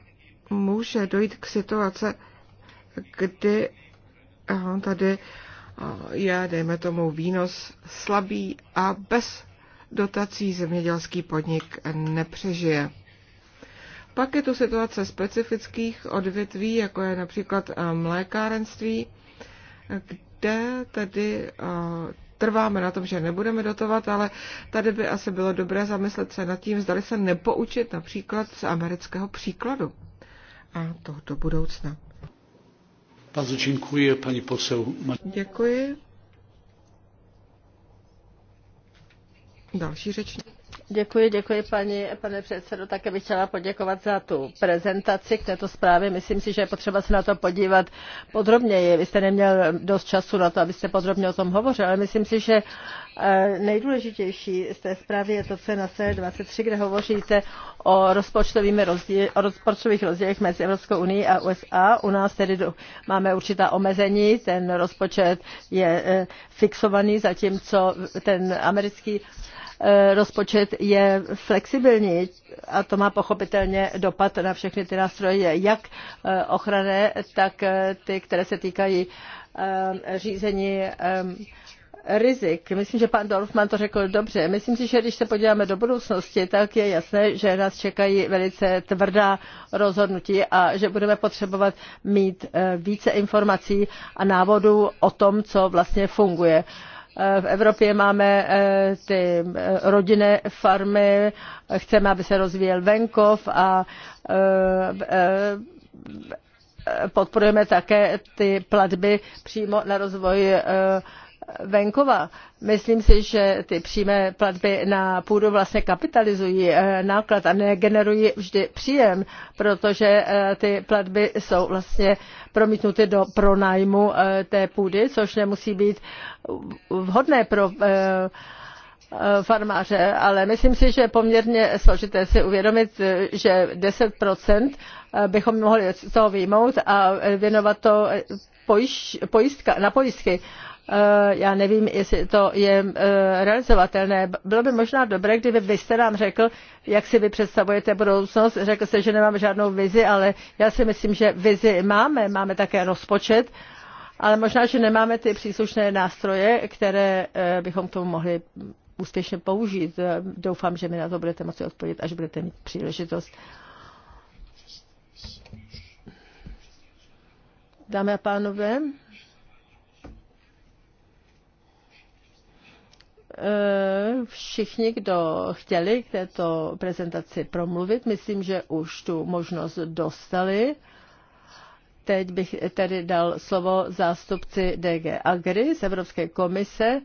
může dojít k situace, kdy eh, tady uh, je, dejme tomu, výnos slabý a bez dotací zemědělský podnik nepřežije. Pak je tu situace specifických odvětví, jako je například eh, mlékárenství, kde tedy eh, trváme na tom, že nebudeme dotovat, ale tady by asi bylo dobré zamyslet se nad tím, zdali se nepoučit například z amerického příkladu. A to do budoucna. Bardzo dziękuję, pani poseł. Děkuji. Další řečník. Děkuji, děkuji paní, pane předsedo. Také bych chtěla poděkovat za tu prezentaci k této zprávě. Myslím si, že je potřeba se na to podívat podrobněji. Vy jste neměl dost času na to, abyste podrobně o tom hovořil, ale myslím si, že eh, nejdůležitější z té zprávy je to, co je na straně 23, kde hovoříte o, rozdíl, o rozpočtových rozdílech mezi Evropskou unii a USA. U nás tedy máme určitá omezení, ten rozpočet je eh, fixovaný, zatímco ten americký Eh, rozpočet je flexibilní a to má pochopitelně dopad na všechny ty nástroje, jak eh, ochranné, tak eh, ty, které se týkají řízení rizik. Myslím, že pan Dorfman to řekl dobře. Myslím si, že když se podíváme do budoucnosti, tak je jasné, že nás čekají velice tvrdá rozhodnutí a že budeme potřebovat mít více informací a návodů o tom, co vlastně funguje. V Evropě máme eh, ty eh, rodinné farmy, chceme, aby se rozvíjel venkov a eh, podporujeme také ty platby přímo na rozvoj venkova. Myslím si, že ty přímé platby na půdu vlastně kapitalizují eh, náklad a negenerují vždy příjem, protože eh, ty platby jsou vlastně promítnuty do pronájmu eh, té půdy, což nemusí být vhodné pro farmáře, ale myslím si, že je poměrně složité si uvědomit, že 10 bychom mohli z toho výjmout a věnovat to pojistka, na pojistky Eh, já nevím, jestli to je eh, realizovatelné. Bylo by možná dobré, kdyby vy jste nám řekl, jak si vy představujete budoucnost. Řekl jste, že nemáme žádnou vizi, ale já si myslím, že vizi máme. Máme také rozpočet, ale možná, že nemáme ty příslušné nástroje, které eh, bychom k tomu mohli úspěšně použít. Doufám, že mi na to budete moci odpovědět, až budete mít příležitost. Dámy a pánové, všichni, kdo chtěli k této prezentaci promluvit, myslím, že už tu možnost dostali. Teď bych tedy dal slovo zástupci DG Agri z Evropské komise.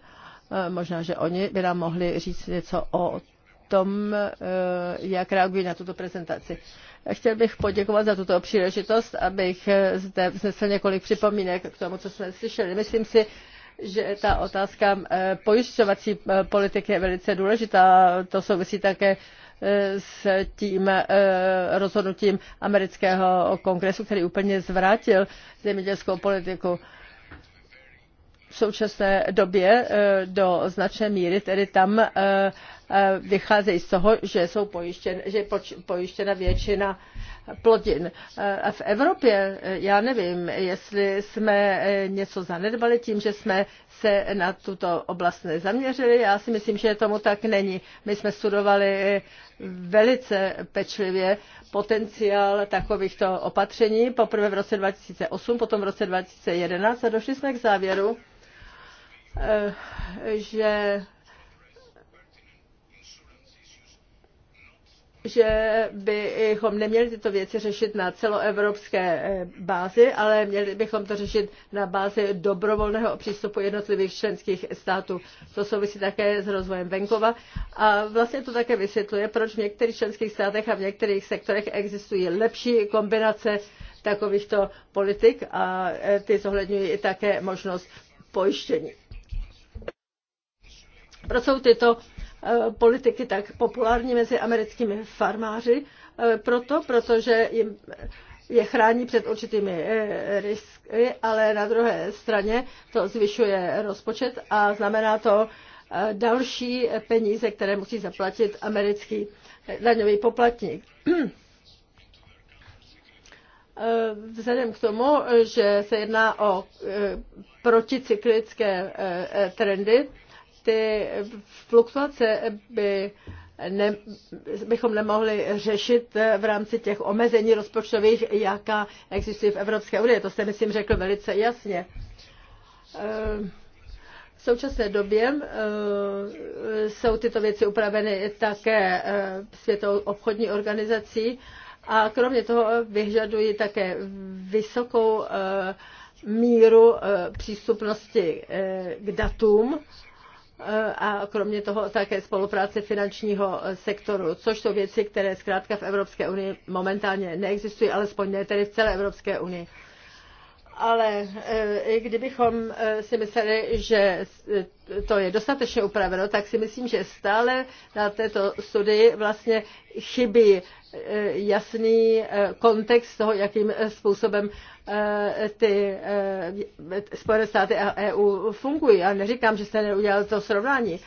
Eh, možná, že oni by nám mohli říct něco o tom, eh, jak reagují na tuto prezentaci. Chtěl bych poděkovat za tuto příležitost, abych eh, zde vznesl několik připomínek k tomu, co jsme slyšeli. Myslím si, že ta otázka eh, pojišťovací eh, politiky je velice důležitá. To souvisí také eh, s tím rozhodnutím amerického kongresu, který úplně zvrátil zemědělskou politiku. V současné době do značné míry tedy tam Eh, vycházejí z toho, že, jsou pojištěn, že je pojištěna většina plodin. Eh, v Evropě, eh, já nevím, jestli jsme něco zanedbali tím, že jsme se na tuto oblast nezaměřili. Já si myslím, že tomu tak není. My jsme studovali velice pečlivě potenciál takovýchto opatření. Poprvé v roce 2008, potom v roce 2011 a došli jsme k závěru, že že bychom neměli tyto věci řešit na celoevropské eh, bázi, ale měli bychom to řešit na bázi dobrovolného přístupu jednotlivých členských států. To souvisí také s rozvojem venkova a vlastně to také vysvětluje, proč v některých členských státech a v některých sektorech existují lepší kombinace takovýchto politik a eh, ty zohledňují i také možnost pojištění. Proč jsou tyto Eh, politiky tak populární mezi americkými farmáři, eh, proto, protože jim je chrání před určitými eh, risky, ale na druhé straně to zvyšuje rozpočet a znamená to další peníze, které musí zaplatit americký daňový poplatník. Vzhledem k tomu, že se jedná o proticyklické trendy, ty fluktuace by ne, bychom nemohli řešit v rámci těch omezení rozpočtových, jaká existují v Evropské unii. To jste, myslím, řekl velice jasně. V současné době eh, jsou tyto věci upraveny také eh, Světovou obchodní organizací a kromě toho vyžadují také vysokou eh, míru přístupnosti k datům Eh, a kromě toho také spolupráce finančního eh, sektoru, což jsou věci, které zkrátka v Evropské unii momentálně neexistují, alespoň ne tedy v celé Evropské unii ale eh, i kdybychom eh, si mysleli, že eh, to je dostatečně upraveno, tak si myslím, že stále na této studii vlastně chybí jasný kontext toho, jakým způsobem ty Spojené státy a EU fungují. Já neříkám, že jste neudělal to srovnání,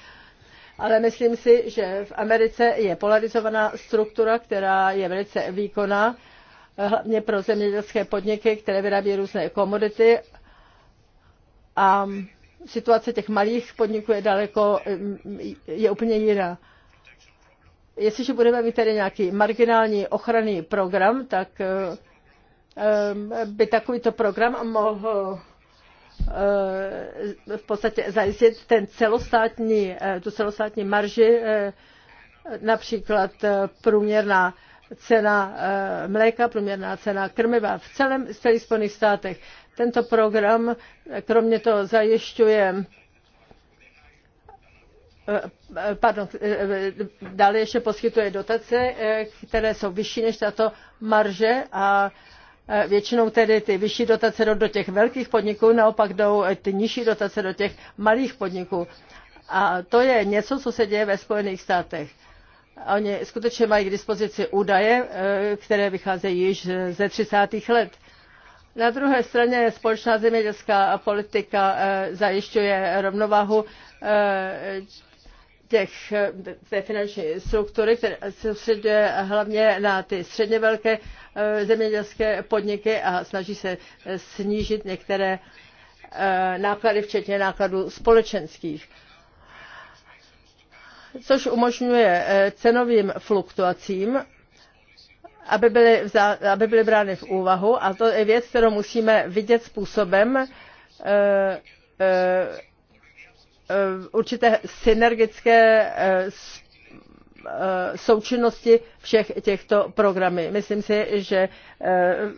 ale myslím si, že v Americe je polarizovaná struktura, která je velice výkonná hlavně pro zemědělské podniky, které vyrábí různé komodity. A situace těch malých podniků je daleko, je úplně jiná. Jestliže budeme mít tady nějaký marginální ochranný program, tak ehm, by takovýto program mohl ehm, v podstatě zajistit ten celostátní, eh, tu celostátní marži, eh, například eh, průměrná cena eh, mléka, průměrná cena krmiva v celém v celých Spojených státech. Tento program eh, kromě toho zajišťuje eh, pardon, dále ještě poskytuje dotace, které jsou vyšší než tato marže a většinou tedy ty vyšší dotace jdou do těch velkých podniků, naopak jdou ty nižší dotace do těch malých podniků. A to je něco, co se děje ve Spojených státech. Oni skutečně mají k dispozici údaje, eh, které vycházejí již ze 30. let. Na druhé straně společná zemědělská politika eh, zajišťuje rovnováhu eh, těch, té finanční struktury, které se soustředuje hlavně na ty středně velké zemědělské podniky a snaží se snížit některé náklady, včetně nákladů společenských což umožňuje eh, cenovým fluktuacím, aby byly, vzá, aby byly brány v úvahu a to je věc, kterou musíme vidět způsobem eh, eh, určité synergické součinnosti všech těchto programů. Myslím si, že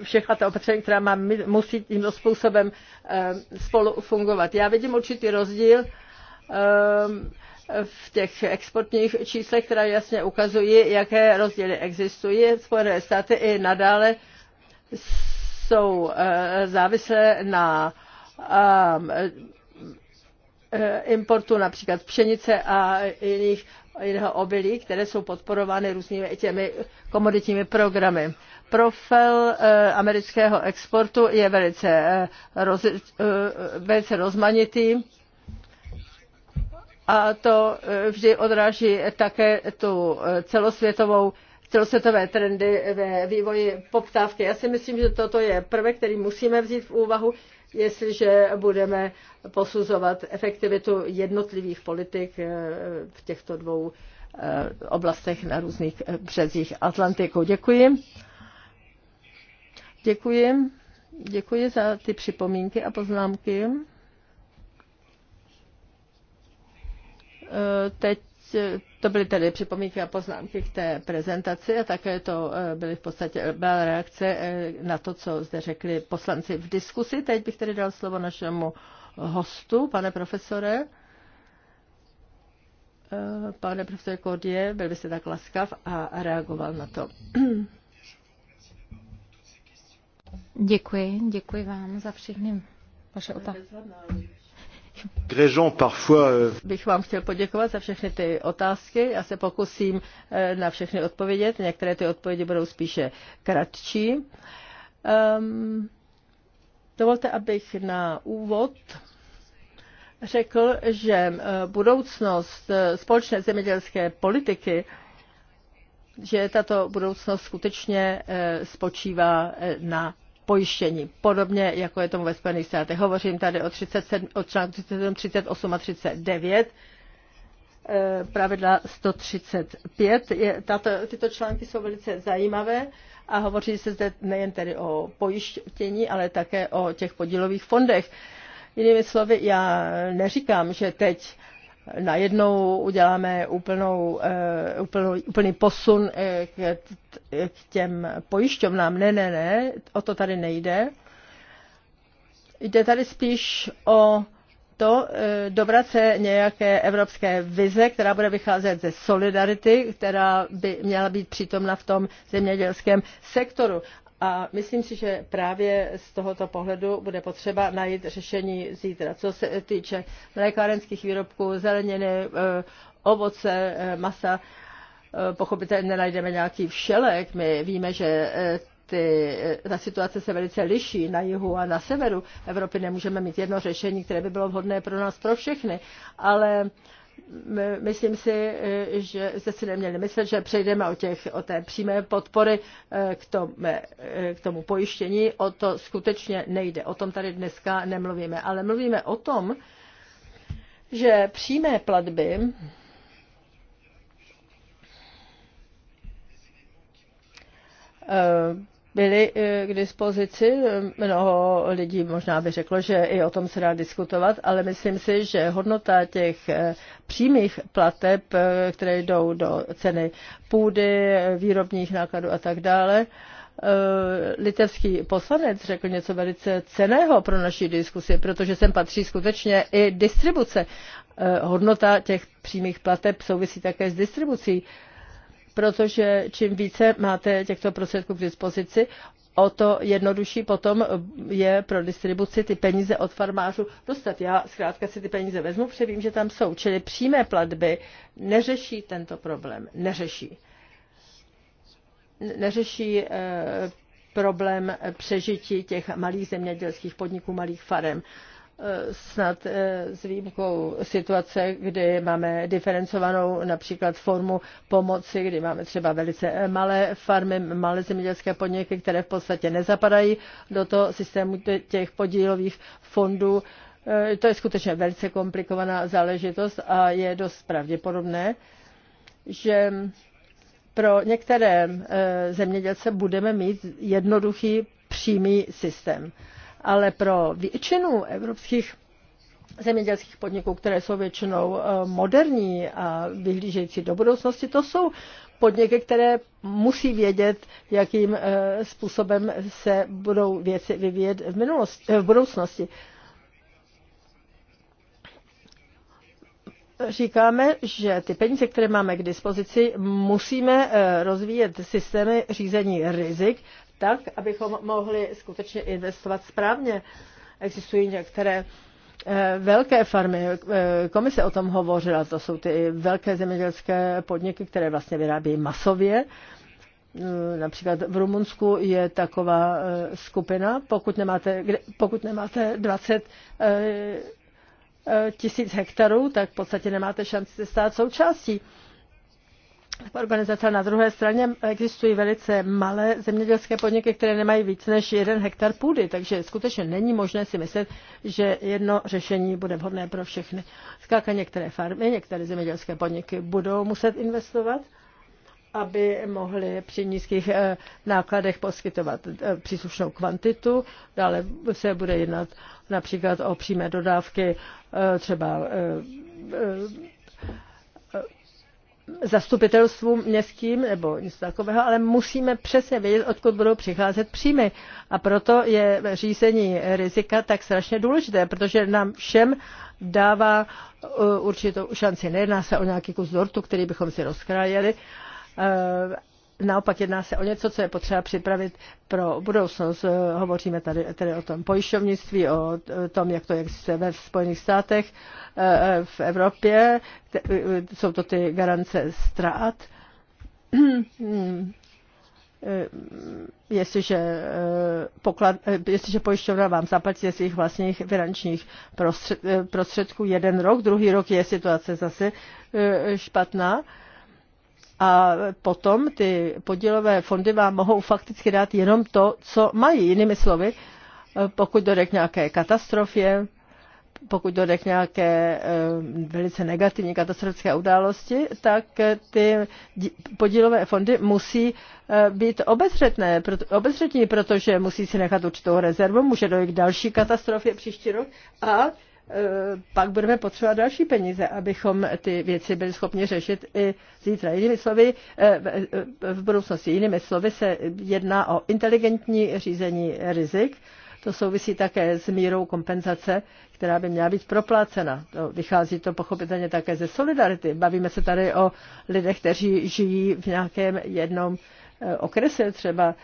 všechna ta opatření, která má, musí tímto způsobem spolu fungovat. Já vidím určitý rozdíl v těch exportních číslech, která jasně ukazují, jaké rozdíly existují. Spojené státy i nadále jsou eh, závislé na eh, importu například pšenice a jiných, jiného obilí, které jsou podporovány různými těmi komoditními programy. Profil eh, amerického exportu je velice, roz, velice rozmanitý a to e, vždy odráží také tu e, celosvětovou celosvětové trendy ve vývoji poptávky. Já si myslím, že toto je prvek, který musíme vzít v úvahu, jestliže budeme posuzovat efektivitu jednotlivých politik e, v těchto dvou oblastech na různých březích Atlantiku. Děkuji. Děkuji. Děkuji za ty připomínky a poznámky. Eh, teď eh, to byly tedy připomínky a poznámky k té prezentaci a také to eh, byly v podstatě byla reakce na to, co zde řekli poslanci v diskusi. Teď bych tedy dal slovo našemu hostu, pane profesore. Pane profesore Kodě, byl byste tak laskav a reagoval na to. Děkuji, děkuji vám za všechny vaše otázky. Euh, Bych vám chtěl poděkovat za všechny ty otázky. Já se pokusím eh, na všechny odpovědět. Některé ty odpovědi budou spíše kratší. Um, dovolte, abych na úvod řekl, že eh, budoucnost eh, společné zemědělské politiky že tato budoucnost skutečně spočívá na pojištění, podobně jako je tomu ve Spojených státech. Hovořím tady o, 37, o článku 37, 38 a 39 eh, pravidla 135. Je, tato, tyto články jsou velice zajímavé a hovoří se zde nejen tedy o pojištění, ale také o těch podílových fondech. Jinými slovy, já neříkám, že teď najednou uděláme úplnou, eh, úplnou, úplný posun eh, k, k těm pojišťovnám. Ne, ne, ne, o to tady nejde. Jde tady spíš o to eh, dobrat se nějaké evropské vize, která bude vycházet ze solidarity, která by měla být přítomna v tom zemědělském sektoru. A myslím si, že právě z tohoto pohledu bude potřeba najít řešení zítra. Co se týče mlékárenských výrobků, zeleniny, eh, ovoce, eh, masa, eh, pochopitelně nenajdeme nějaký všelek. My víme, že ty, ta situace se velice liší na jihu a na severu Evropy. Nemůžeme mít jedno řešení, které by bylo vhodné pro nás, pro všechny. Ale uh, myslím si, eh, že jste si neměli myslet, že přejdeme o, těch, o té přímé podpory eh, k tomu, eh, k tomu pojištění. O to skutečně nejde. O tom tady dneska nemluvíme. Ale mluvíme o tom, že přímé platby byly eh, k dispozici. Eh, mnoho lidí možná by řeklo, že i o tom se dá diskutovat, ale myslím si, že hodnota těch eh, přímých plateb, které jdou do ceny půdy, výrobních nákladů a tak dále, litevský poslanec řekl něco velice ceného pro naši diskusi, protože sem patří skutečně i distribuce. Hodnota těch přímých plateb souvisí také s distribucí protože čím více máte těchto prostředků k dispozici, o to jednodušší potom je pro distribuci ty peníze od farmářů dostat. Já zkrátka si ty peníze vezmu, protože vím, že tam jsou. Čili přímé platby neřeší tento problém. Neřeší. Neřeší eh, problém přežití těch malých zemědělských podniků, malých farem. Eh, snad eh, s výjimkou situace, kdy máme diferencovanou například formu pomoci, kdy máme třeba velice eh, malé farmy, malé zemědělské podniky, které v podstatě nezapadají do toho systému těch podílových fondů. To je skutečně velice komplikovaná záležitost a je dost pravděpodobné, že pro některé zemědělce budeme mít jednoduchý přímý systém ale pro většinu evropských zemědělských podniků, které jsou většinou eh, moderní a vyhlížející do budoucnosti, to jsou podniky, které musí vědět, jakým eh, způsobem se budou věci vyvíjet v, minulosti, eh, v budoucnosti. Říkáme, že ty peníze, které máme k dispozici, musíme rozvíjet systémy řízení rizik, tak, abychom mohli skutečně investovat správně. Existují některé eh, velké farmy, eh, komise o tom hovořila, to jsou ty velké zemědělské podniky, které vlastně vyrábějí masově. Eh, například v Rumunsku je taková skupina, pokud nemáte, pokud nemáte 20 tisíc hektarů, tak v podstatě nemáte šanci se stát součástí organizace. Na druhé straně existují velice malé zemědělské podniky, které nemají víc než jeden hektar půdy, takže skutečně není možné si myslet, že jedno řešení bude vhodné pro všechny. Zkrátka některé farmy, některé zemědělské podniky budou muset investovat aby mohli při nízkých eh, nákladech poskytovat eh, příslušnou kvantitu. Dále se bude jednat například o přímé dodávky eh, třeba zastupitelstvům městským nebo něco takového, ale musíme přesně vědět, odkud budou přicházet příjmy. A proto je řízení rizika tak strašně důležité, protože nám všem dává uh, určitou šanci. Nejedná se o nějaký kus dortu, který bychom si rozkrájeli, uh, naopak jedná se o něco, co je potřeba připravit pro budoucnost. Hovoříme tady tady o tom pojišťovnictví, o tom, jak to existuje ve Spojených státech, eh, v Evropě. Jsou to ty garance ztrát. jestliže, eh, poklad, eh, jestliže pojišťovna vám zaplatí ze svých vlastních finančních prostředků jeden rok, druhý rok je situace zase špatná a potom ty podílové fondy vám mohou fakticky dát jenom to, co mají. Jinými slovy, pokud dojde k nějaké katastrofě, pokud dojde k nějaké eh, velice negativní katastrofické události, tak eh, ty podílové fondy musí eh, být obezřetné, obezřetní, protože musí si nechat určitou rezervu, může dojít k další katastrofě příští rok a Eh, pak budeme potřebovat další peníze, abychom ty věci byli schopni řešit i zítra. Jinými slovy, eh, eh, v budoucnosti, jinými slovy, se jedná o inteligentní řízení rizik. To souvisí také s mírou kompenzace, která by měla být proplácena. To vychází to pochopitelně také ze solidarity. Bavíme se tady o lidech, kteří žijí v nějakém jednom okrese třeba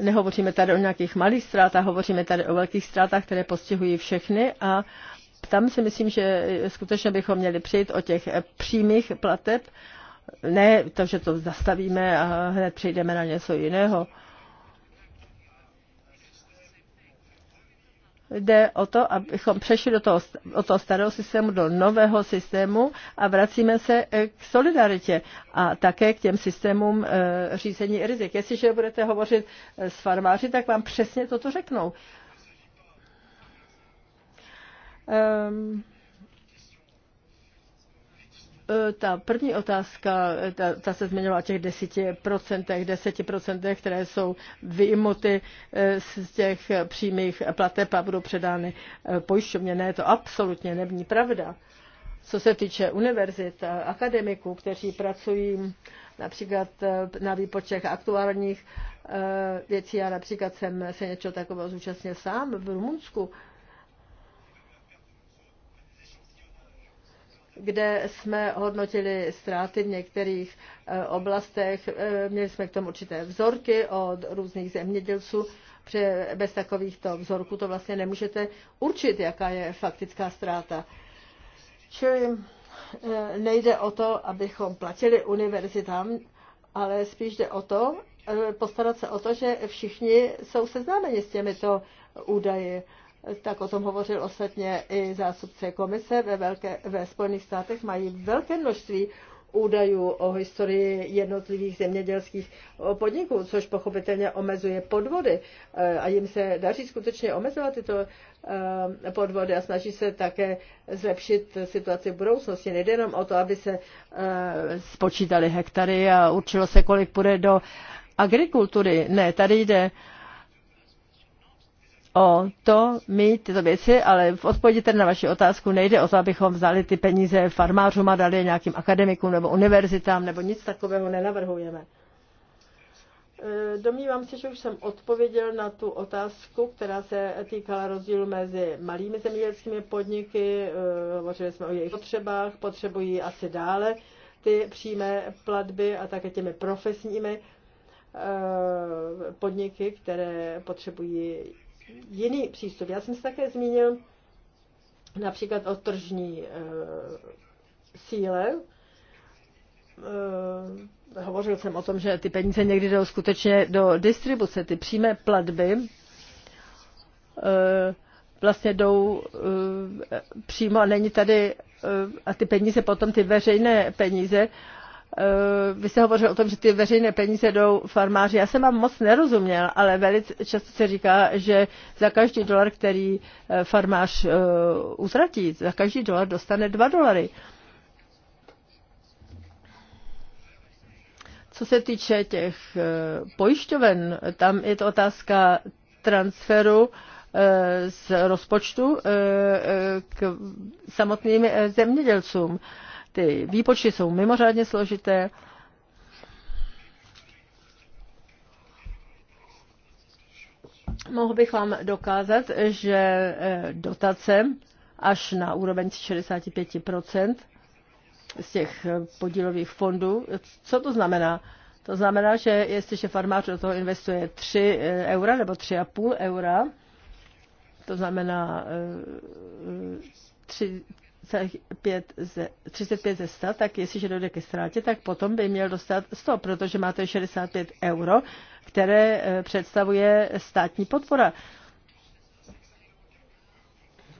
Nehovoříme tady o nějakých malých ztrátách, hovoříme tady o velkých ztrátách, které postihují všechny a tam si myslím, že skutečně bychom měli přijít o těch přímých plateb, ne to, že to zastavíme a hned přejdeme na něco jiného. jde o to, abychom přešli do toho, od toho starého systému do nového systému a vracíme se eh, k solidaritě a také k těm systémům eh, řízení rizik. Jestliže budete hovořit eh, s farmáři, tak vám přesně toto řeknou. Um, E, ta první otázka, e, ta, ta se zmiňovala o těch deseti procentech, které jsou vyjmuty e, z těch přímých plateb a budou předány pojišťovně. Ne, to absolutně není pravda. Co se týče univerzit, akademiků, kteří pracují například na výpočtech aktuálních věcí, já například jsem se něčeho takového zúčastnil sám v Rumunsku, kde jsme hodnotili ztráty v některých eh, oblastech. Eh, měli jsme k tomu určité vzorky od různých zemědělců, protože bez takovýchto vzorků to vlastně nemůžete určit, jaká je faktická ztráta. Čili eh, nejde o to, abychom platili univerzitám, ale spíš jde o to, postarat se o to, že všichni jsou seznámeni s těmito údaji tak o tom hovořil ostatně i zástupce komise, ve, velké, ve Spojených státech mají velké množství údajů o historii jednotlivých zemědělských podniků, což pochopitelně omezuje podvody. Eh, a jim se daří skutečně omezovat tyto eh, podvody a snaží se také zlepšit situaci v budoucnosti. Nejde jenom o to, aby se eh, spočítali hektary a určilo se, kolik půjde do agrikultury. Ne, tady jde o to mít tyto věci, ale v odpovědi tedy na vaši otázku nejde o to, abychom vzali ty peníze farmářům a dali nějakým akademikům nebo univerzitám, nebo nic takového nenavrhujeme. E, domnívám se, že už jsem odpověděl na tu otázku, která se týkala rozdílu mezi malými zemědělskými podniky, e, hovořili jsme o jejich potřebách, potřebují asi dále ty přímé platby a také těmi profesními e, podniky, které potřebují jiný přístup. Já jsem se také zmínil například o tržní e, síle. E, hovořil jsem o tom, že ty peníze někdy jdou skutečně do distribuce, ty přímé platby. E, vlastně jdou přímo a není tady a ty peníze potom, ty veřejné peníze Eh, vy jste hovořil o tom, že ty veřejné peníze jdou farmáři. Já jsem vám moc nerozuměl, ale velice často se říká, že za každý dolar, který eh, farmář eh, utratí, za každý dolar dostane dva dolary. Co se týče těch pojišťoven, tam je to otázka transferu z rozpočtu k samotným zemědělcům. Ty výpočty jsou mimořádně složité. Mohl bych vám dokázat, že eh, dotace až na úroveň 65 z těch eh, podílových fondů. Co to znamená? To znamená, že jestliže farmář do toho investuje 3 eh, eura nebo 3,5 eura, to znamená 3, 35 ze, 100, tak jestliže dojde ke ztrátě, tak potom by měl dostat 100, protože máte 65 euro, které eh, představuje státní podpora.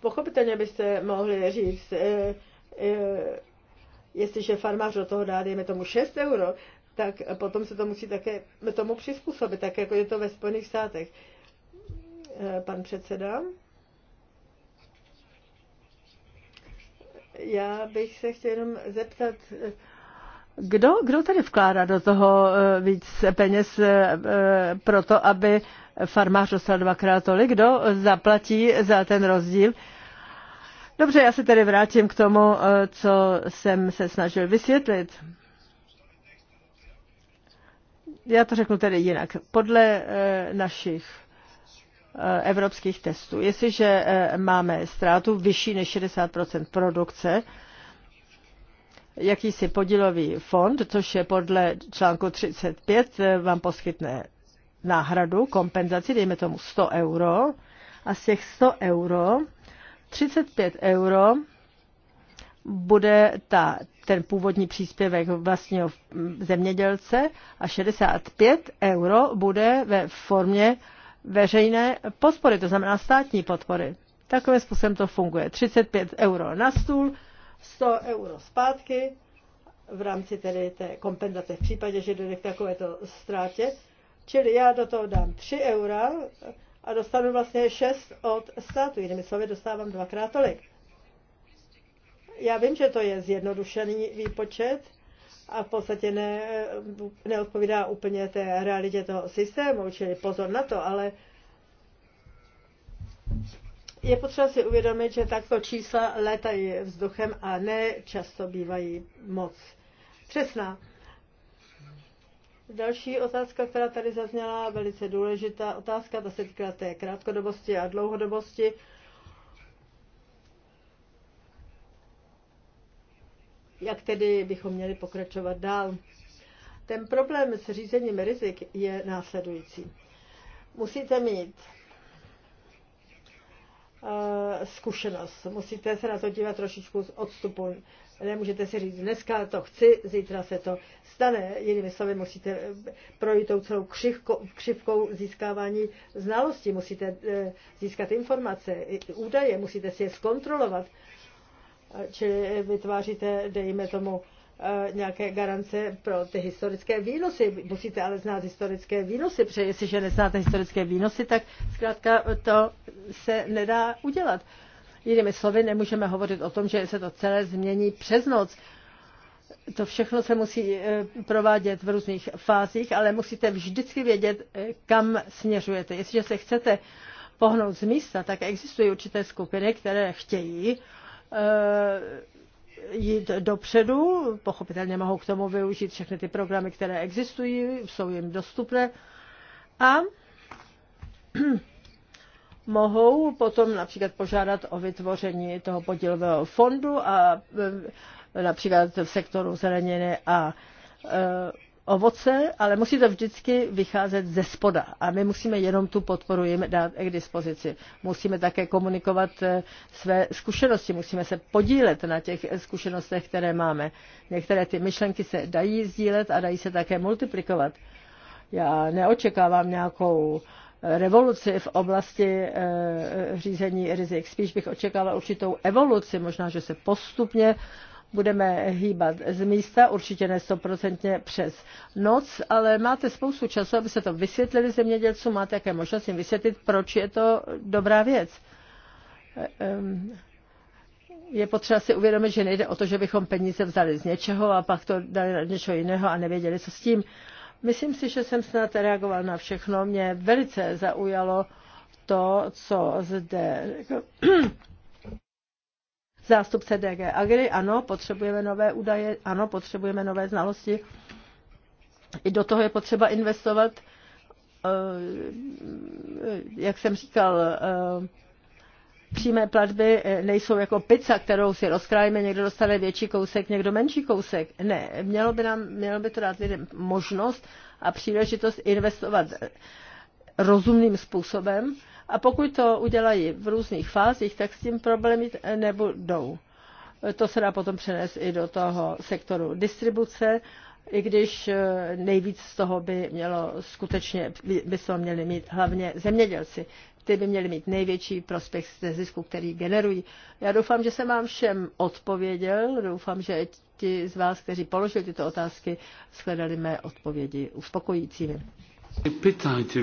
Pochopitelně byste mohli říct, eh, eh, jestliže farmář do toho dá, dejme tomu 6 euro, tak potom se to musí také tomu přizpůsobit, tak jako je to ve Spojených státech. Pan předseda. Já bych se chtěl jenom zeptat, kdo, kdo tady vkládá do toho eh, víc peněz eh, eh, pro to, aby farmář dostal dvakrát tolik? Kdo zaplatí za ten rozdíl? Dobře, já se tedy vrátím k tomu, co jsem se snažil vysvětlit. Já to řeknu tedy jinak. Podle našich Eh, evropských testů. Jestliže eh, máme ztrátu vyšší než 60 produkce, jakýsi podílový fond, což je podle článku 35, eh, vám poskytne náhradu, kompenzaci, dejme tomu 100 euro, a z těch 100 euro 35 euro bude ta, ten původní příspěvek vlastního zemědělce a 65 euro bude ve formě uh, veřejné podpory, to znamená státní podpory. Takovým způsobem to funguje. 35 euro na stůl, 100 euro zpátky v rámci tedy té kompenzace v případě, že dojde k takovéto ztrátě. Čili já do toho dám 3 eura a dostanu vlastně 6 od státu. Jinými slovy dostávám dvakrát tolik. Já vím, že to je zjednodušený výpočet, a v podstatě ne, neodpovídá úplně té realitě toho systému, čili pozor na to, ale je potřeba si uvědomit, že takto čísla létají vzduchem a ne často bývají moc přesná. Další otázka, která tady zazněla, velice důležitá otázka, ta se týká té krátkodobosti a dlouhodobosti. Uh, jak tedy bychom měli pokračovat dál. Ten problém s řízením rizik je následující. Musíte mít eh, zkušenost. Musíte se na to dívat trošičku z odstupu. Nemůžete si říct, dneska to chci, zítra se to stane. Jinými slovy, musíte eh, projít tou celou křivko, křivkou získávání znalostí. Musíte eh, získat informace, údaje, musíte si je zkontrolovat čili vytváříte, dejme tomu, eh, nějaké garance pro ty historické výnosy. Musíte ale znát historické výnosy, protože jestliže neznáte historické výnosy, tak zkrátka to se nedá udělat. Jinými slovy, nemůžeme hovořit o tom, že se to celé změní přes noc. To všechno se musí eh, provádět v různých fázích, ale musíte vždycky vědět, eh, kam směřujete. Jestliže se chcete pohnout z místa, tak existují určité skupiny, které chtějí Eh, jít dopředu. Pochopitelně mohou k tomu využít všechny ty programy, které existují, jsou jim dostupné. A mohou potom například požádat o vytvoření toho podílového fondu a eh, například v sektoru zeleniny a eh, ovoce, ale musí to vždycky vycházet ze spoda. A my musíme jenom tu podporu jim dát k dispozici. Musíme také komunikovat eh, své zkušenosti, musíme se podílet na těch zkušenostech, které máme. Některé ty myšlenky se dají sdílet a dají se také multiplikovat. Já neočekávám nějakou eh, revoluci v oblasti eh, řízení rizik. Spíš bych očekávala určitou evoluci, možná, že se postupně budeme hýbat z místa, určitě ne stoprocentně přes noc, ale máte spoustu času, aby se to vysvětlili zemědělcům, máte jaké možnost jim vysvětlit, proč je to dobrá věc. Ehm, je potřeba si uvědomit, že nejde o to, že bychom peníze vzali z něčeho a pak to dali na něčeho jiného a nevěděli, co s tím. Myslím si, že jsem snad reagoval na všechno. Mě velice zaujalo to, co zde Zástupce DG Agri, ano, potřebujeme nové údaje, ano, potřebujeme nové znalosti. I do toho je potřeba investovat, eh, jak jsem říkal, eh, přímé platby eh, nejsou jako pizza, kterou si rozkrájíme, někdo dostane větší kousek, někdo menší kousek. Ne, mělo by, nám, mělo by to dát lidem možnost a příležitost investovat rozumným způsobem a pokud to udělají v různých fázích, tak s tím problémy nebudou. To se dá potom přenést i do toho sektoru distribuce, i když eh, nejvíc z toho by mělo skutečně, by se měli mít hlavně zemědělci. Ty by měli mít největší prospěch ze zisku, který generují. Já doufám, že jsem vám všem odpověděl. Doufám, že ti z vás, kteří položili tyto otázky, shledali mé odpovědi uspokojícími. Pytajte.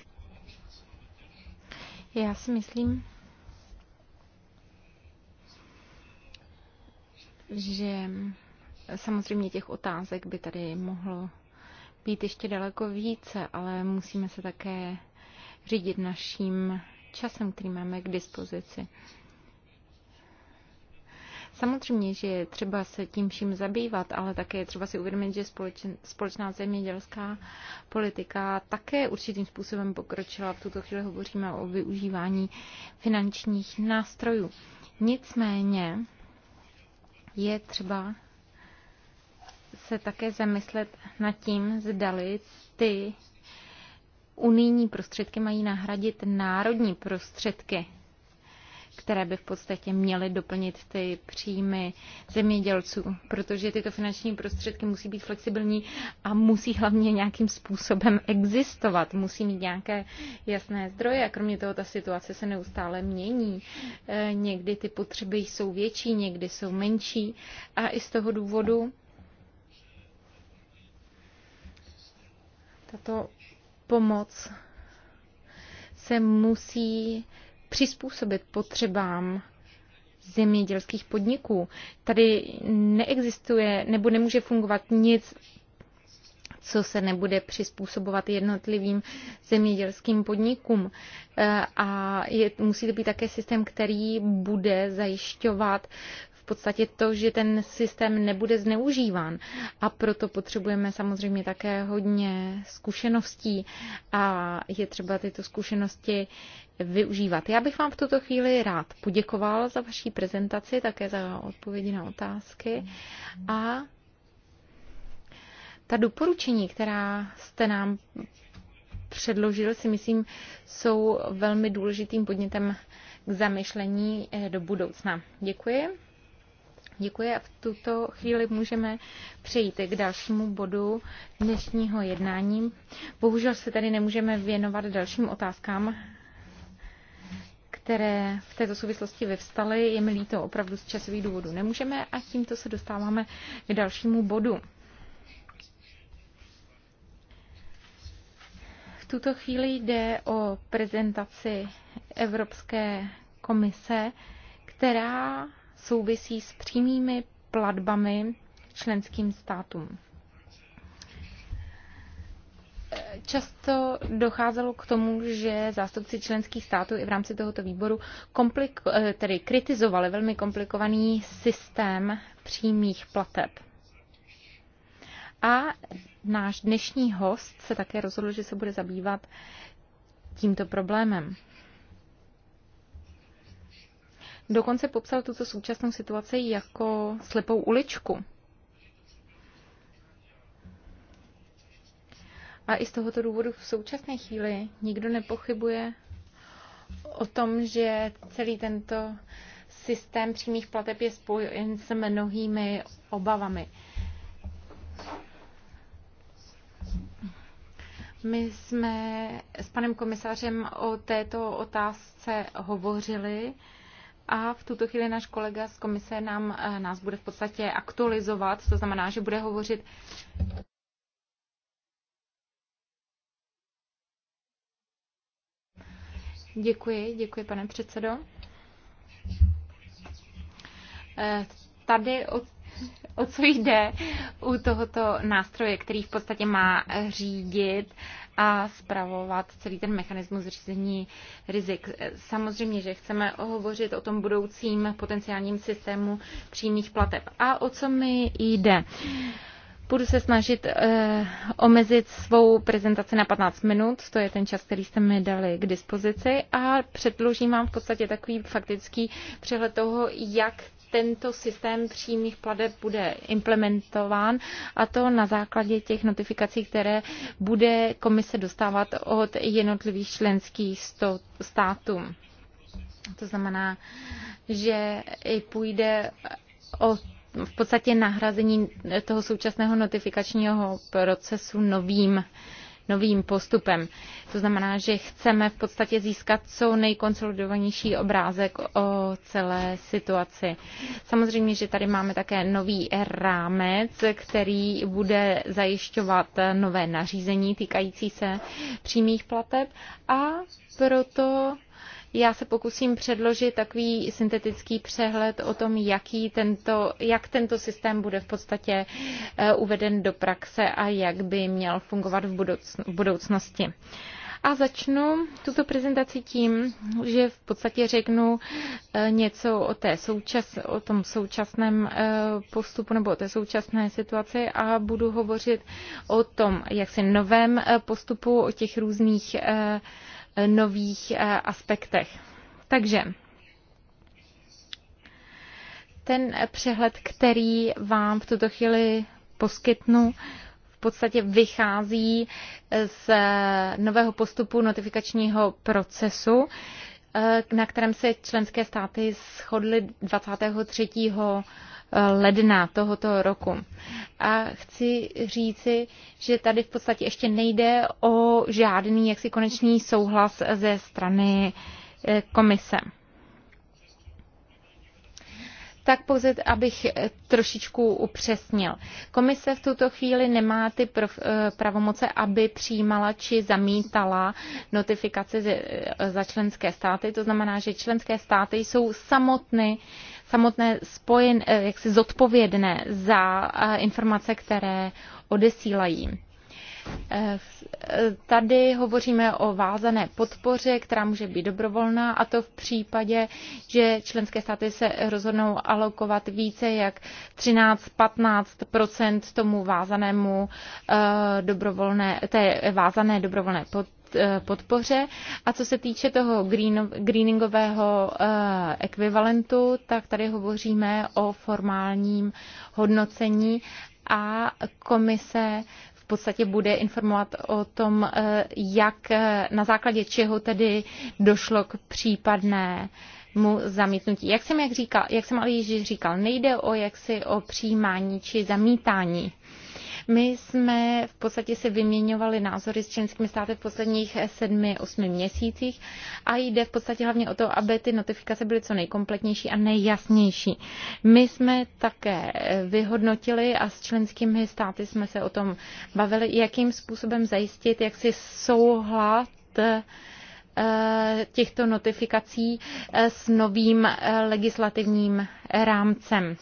Já si myslím, že samozřejmě těch otázek by tady mohlo být ještě daleko více, ale musíme se také řídit naším časem, který máme k dispozici. Samozřejmě, že je třeba se tím vším zabývat, ale také je třeba si uvědomit, že společen, společná zemědělská politika také určitým způsobem pokročila. V tuto chvíli hovoříme o využívání finančních nástrojů. Nicméně je třeba se také zamyslet nad tím, zdali ty unijní prostředky mají nahradit národní prostředky které by v podstatě měly doplnit ty příjmy zemědělců, protože tyto finanční prostředky musí být flexibilní a musí hlavně nějakým způsobem existovat, musí mít nějaké jasné zdroje a kromě toho ta situace se neustále mění. E, někdy ty potřeby jsou větší, někdy jsou menší a i z toho důvodu tato pomoc se musí přizpůsobit potřebám zemědělských podniků. Tady neexistuje nebo nemůže fungovat nic, co se nebude přizpůsobovat jednotlivým zemědělským podnikům. Eh, a je, musí to být také systém, který bude zajišťovat podstatě to, že ten systém nebude zneužíván. A proto potřebujeme samozřejmě také hodně zkušeností a je třeba tyto zkušenosti využívat. Já bych vám v tuto chvíli rád poděkoval za vaší prezentaci, také za odpovědi na otázky a ta doporučení, která jste nám předložil, si myslím, jsou velmi důležitým podnětem k zamyšlení eh, do budoucna. Děkuji. Děkuji a v tuto chvíli můžeme přejít k dalšímu bodu dnešního jednání. Bohužel se tady nemůžeme věnovat dalším otázkám, které v této souvislosti vyvstaly. Je mi líto, opravdu z časových důvodů nemůžeme a tímto se dostáváme k dalšímu bodu. V tuto chvíli jde o prezentaci Evropské komise, která souvisí s přímými platbami členským státům. Často docházelo k tomu, že zástupci členských států i v rámci tohoto výboru komplik- eh, tedy kritizovali velmi komplikovaný systém přímých plateb. A náš dnešní host se také rozhodl, že se bude zabývat tímto problémem dokonce popsal tuto současnou situaci jako slepou uličku. A i z tohoto důvodu v současné chvíli nikdo nepochybuje o tom, že celý tento systém přímých plateb je spojen s mnohými obavami. My jsme s panem komisařem o této otázce hovořili. A v tuto chvíli náš kolega z komise nám, eh, nás bude v podstatě aktualizovat, to znamená, že bude hovořit Děkuji, děkuji, pane předsedo. Eh, tady od o co jde u tohoto nástroje, který v podstatě má řídit a spravovat celý ten mechanismus řízení rizik. Samozřejmě, že chceme hovořit o tom budoucím potenciálním systému přímých plateb. A o co mi jde? Budu se snažit eh, omezit svou prezentaci na 15 minut, to je ten čas, který jste mi dali k dispozici a předložím vám v podstatě takový faktický přehled toho, jak tento systém přímých pladeb bude implementován a to na základě těch notifikací, které bude komise dostávat od jednotlivých členských států. To znamená, že půjde o v podstatě nahrazení toho současného notifikačního procesu novým novým postupem. To znamená, že chceme v podstatě získat co nejkonsolidovanější obrázek o celé situaci. Samozřejmě, že tady máme také nový rámec, který bude zajišťovat nové nařízení týkající se přímých plateb a proto já se pokusím předložit takový syntetický přehled o tom, jaký tento, jak tento systém bude v podstatě eh, uveden do praxe a jak by měl fungovat v, budoucn- v budoucnosti. A začnu tuto prezentaci tím, že v podstatě řeknu eh, něco o, té součas, o tom současném eh, postupu nebo o té současné situaci a budu hovořit o tom si novém postupu, o těch různých nových eh, aspektech. Takže ten přehled, který vám v tuto chvíli poskytnu, v podstatě vychází eh, z nového postupu notifikačního procesu, eh, na kterém se členské státy shodly 23 ledna tohoto roku. A chci říci, že tady v podstatě ještě nejde o žádný jaksi konečný souhlas ze strany eh, komise. Tak pouze, abych trošičku upřesnil. Komise v tuto chvíli nemá ty eh, pravomoce, aby přijímala či zamítala notifikace eh, za členské státy. To znamená, že členské státy jsou samotny uh, samotné spojen, eh, jaksi zodpovědné za eh, informace, které odesílají. Eh, tady hovoříme o vázané podpoře, která může být dobrovolná a to v případě, že členské státy se rozhodnou alokovat více jak 13-15 tomu vázanému dobrovolné, té vázané dobrovolné Eh, podpoře. A co se týče toho green, greeningového eh, ekvivalentu, tak tady hovoříme o formálním hodnocení a komise v podstatě bude informovat o tom, eh, jak na základě čeho tedy došlo k případné mu zamítnutí. Jak jsem, jak, říkal, jak jsem ale již říkal, nejde o jaksi o přijímání či zamítání. Uh, my jsme v podstatě se vyměňovali názory s členskými státy v posledních sedmi, osmi měsících a jde v podstatě hlavně o to, aby ty notifikace byly co nejkompletnější a nejjasnější. My jsme také eh, vyhodnotili a s členskými státy jsme se o tom bavili, jakým způsobem zajistit si souhlad eh, těchto notifikací eh, s novým legislativním rámcem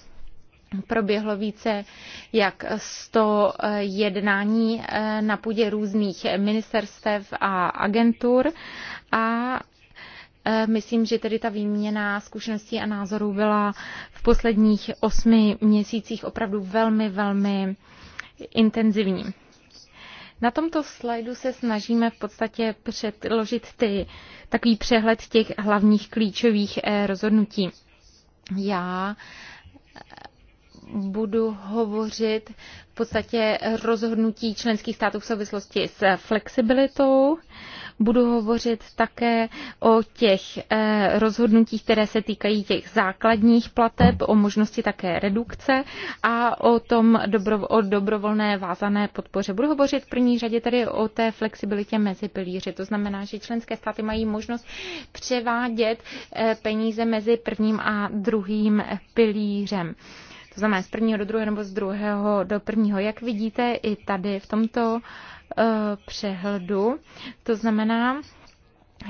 proběhlo více jak 100 eh, jednání eh, na půdě různých ministerstev a agentur a eh, Myslím, že tedy ta výměna zkušeností a názorů byla v posledních osmi měsících opravdu velmi, velmi intenzivní. Na tomto slajdu se snažíme v podstatě předložit ty, takový přehled těch hlavních klíčových rozhodnutí. Já budu hovořit v podstatě rozhodnutí členských států v souvislosti s flexibilitou. Budu hovořit také o těch eh, rozhodnutích, které se týkají těch základních plateb, o možnosti také redukce a o tom dobro, o dobrovolné vázané podpoře. Budu hovořit v první řadě tedy o té flexibilitě mezi pilíři. To znamená, že členské státy mají možnost převádět eh, peníze mezi prvním a druhým pilířem to znamená z prvního do druhého nebo z druhého do prvního. Jak vidíte i tady v tomto eh, přehledu, to znamená,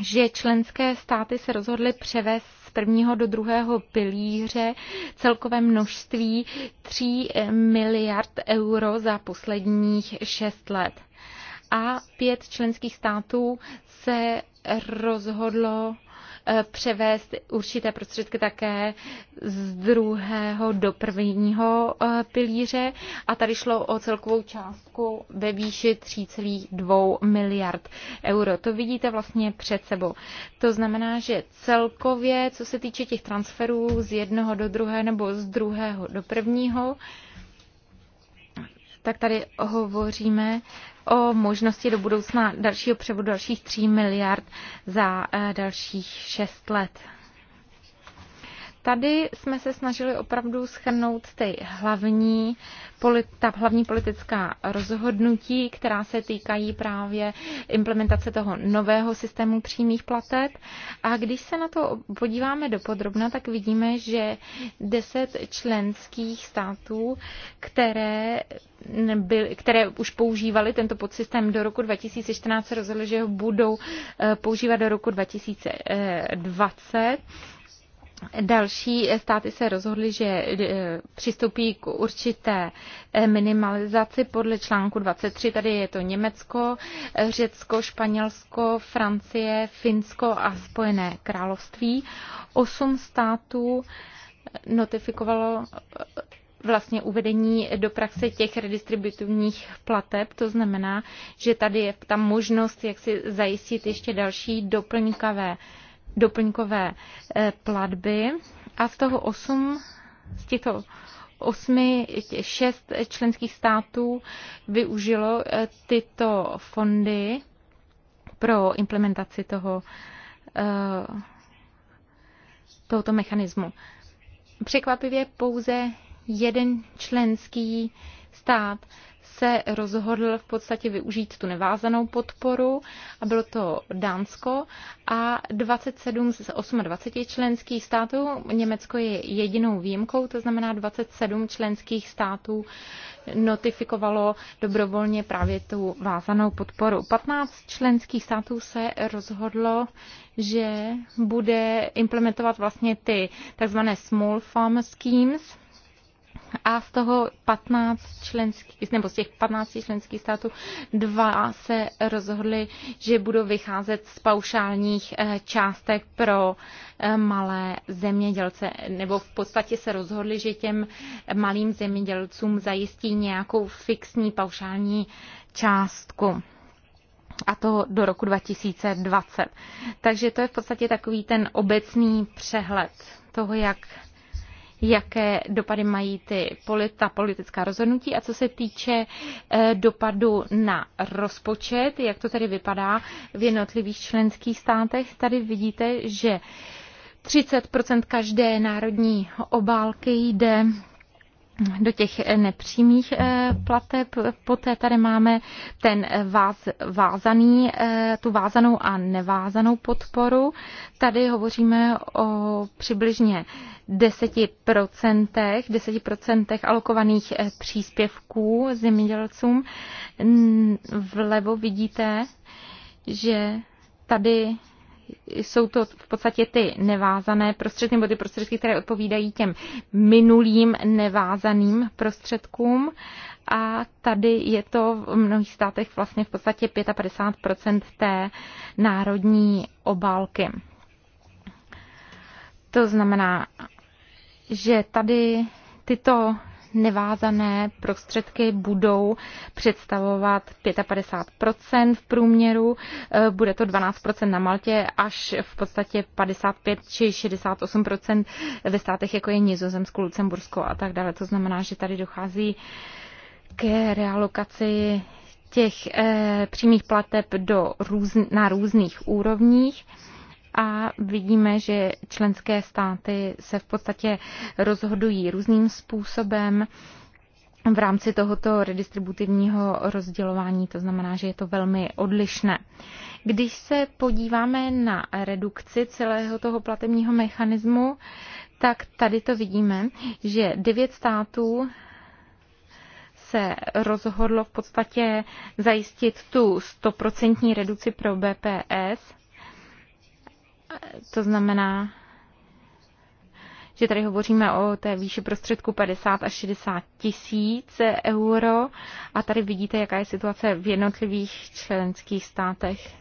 že členské státy se rozhodly převést z prvního do druhého pilíře celkové množství 3 miliard euro za posledních 6 let. A pět členských států se rozhodlo Eh, převést určité prostředky také z druhého do prvního eh, pilíře a tady šlo o celkovou částku ve výši 3,2 miliard euro. To vidíte vlastně před sebou. To znamená, že celkově, co se týče těch transferů z jednoho do druhého nebo z druhého do prvního, tak tady hovoříme o možnosti do budoucna dalšího převodu dalších 3 miliard za eh, dalších 6 let. Tady jsme se snažili opravdu schrnout ty hlavní, ta hlavní politická rozhodnutí, která se týkají právě implementace toho nového systému přímých plateb. A když se na to podíváme do podrobna, tak vidíme, že deset členských států, které, byl, které už používali tento podsystém do roku 2014, se rozhodli, že ho budou eh, používat do roku 2020. Další státy se rozhodly, že eh, přistoupí k určité eh, minimalizaci podle článku 23. Tady je to Německo, eh, Řecko, Španělsko, Francie, Finsko a Spojené království. Osm států notifikovalo vlastně uvedení do praxe těch redistributivních plateb. To znamená, že tady je tam možnost, jak si zajistit ještě další doplňkavé doplňkové eh, platby a z toho 8 z těchto osmi, šest členských států využilo eh, tyto fondy pro implementaci toho, eh, tohoto mechanismu. Překvapivě pouze jeden členský stát se rozhodl v podstatě využít tu nevázanou podporu a bylo to Dánsko a 27 z 28 členských států. Německo je jedinou výjimkou, to znamená 27 členských států notifikovalo dobrovolně právě tu vázanou podporu. 15 členských států se rozhodlo, že bude implementovat vlastně ty takzvané small farm schemes, a z toho 15 členských, nebo z těch 15 členských států dva se rozhodli, že budou vycházet z paušálních eh, částek pro eh, malé zemědělce, nebo v podstatě se rozhodli, že těm malým zemědělcům zajistí nějakou fixní paušální částku a to do roku 2020. Takže to je v podstatě takový ten obecný přehled toho, jak jaké dopady mají ty, ta politická rozhodnutí. A co se týče eh, dopadu na rozpočet, jak to tedy vypadá v jednotlivých členských státech, tady vidíte, že 30 každé národní obálky jde do těch eh, nepřímých eh, plateb. Poté tady máme ten váz, vázaný, eh, tu vázanou a nevázanou podporu. Tady hovoříme o přibližně 10%, 10% alokovaných příspěvků zemědělcům. Vlevo vidíte, že tady jsou to v podstatě ty nevázané prostředky nebo ty prostředky, které odpovídají těm minulým nevázaným prostředkům. A tady je to v mnohých státech vlastně v podstatě 55 té národní obálky. To znamená, že tady tyto nevázané prostředky budou představovat 55% v průměru, eh, bude to 12% na Maltě až v podstatě 55 či 68% ve státech, jako je Nizozemsko, Lucembursko a tak dále. To znamená, že tady dochází k realokaci těch e, přímých plateb do na různých úrovních. E, a vidíme, že členské státy se v podstatě rozhodují různým způsobem v rámci tohoto redistributivního rozdělování, to znamená, že je to velmi odlišné. Když se podíváme na redukci celého toho platebního mechanismu, tak tady to vidíme, že devět států se rozhodlo v podstatě zajistit tu stoprocentní redukci pro BPS to znamená, že tady hovoříme o té výši prostředku 50 až 60 tisíc euro a tady vidíte, jaká je situace v jednotlivých členských státech.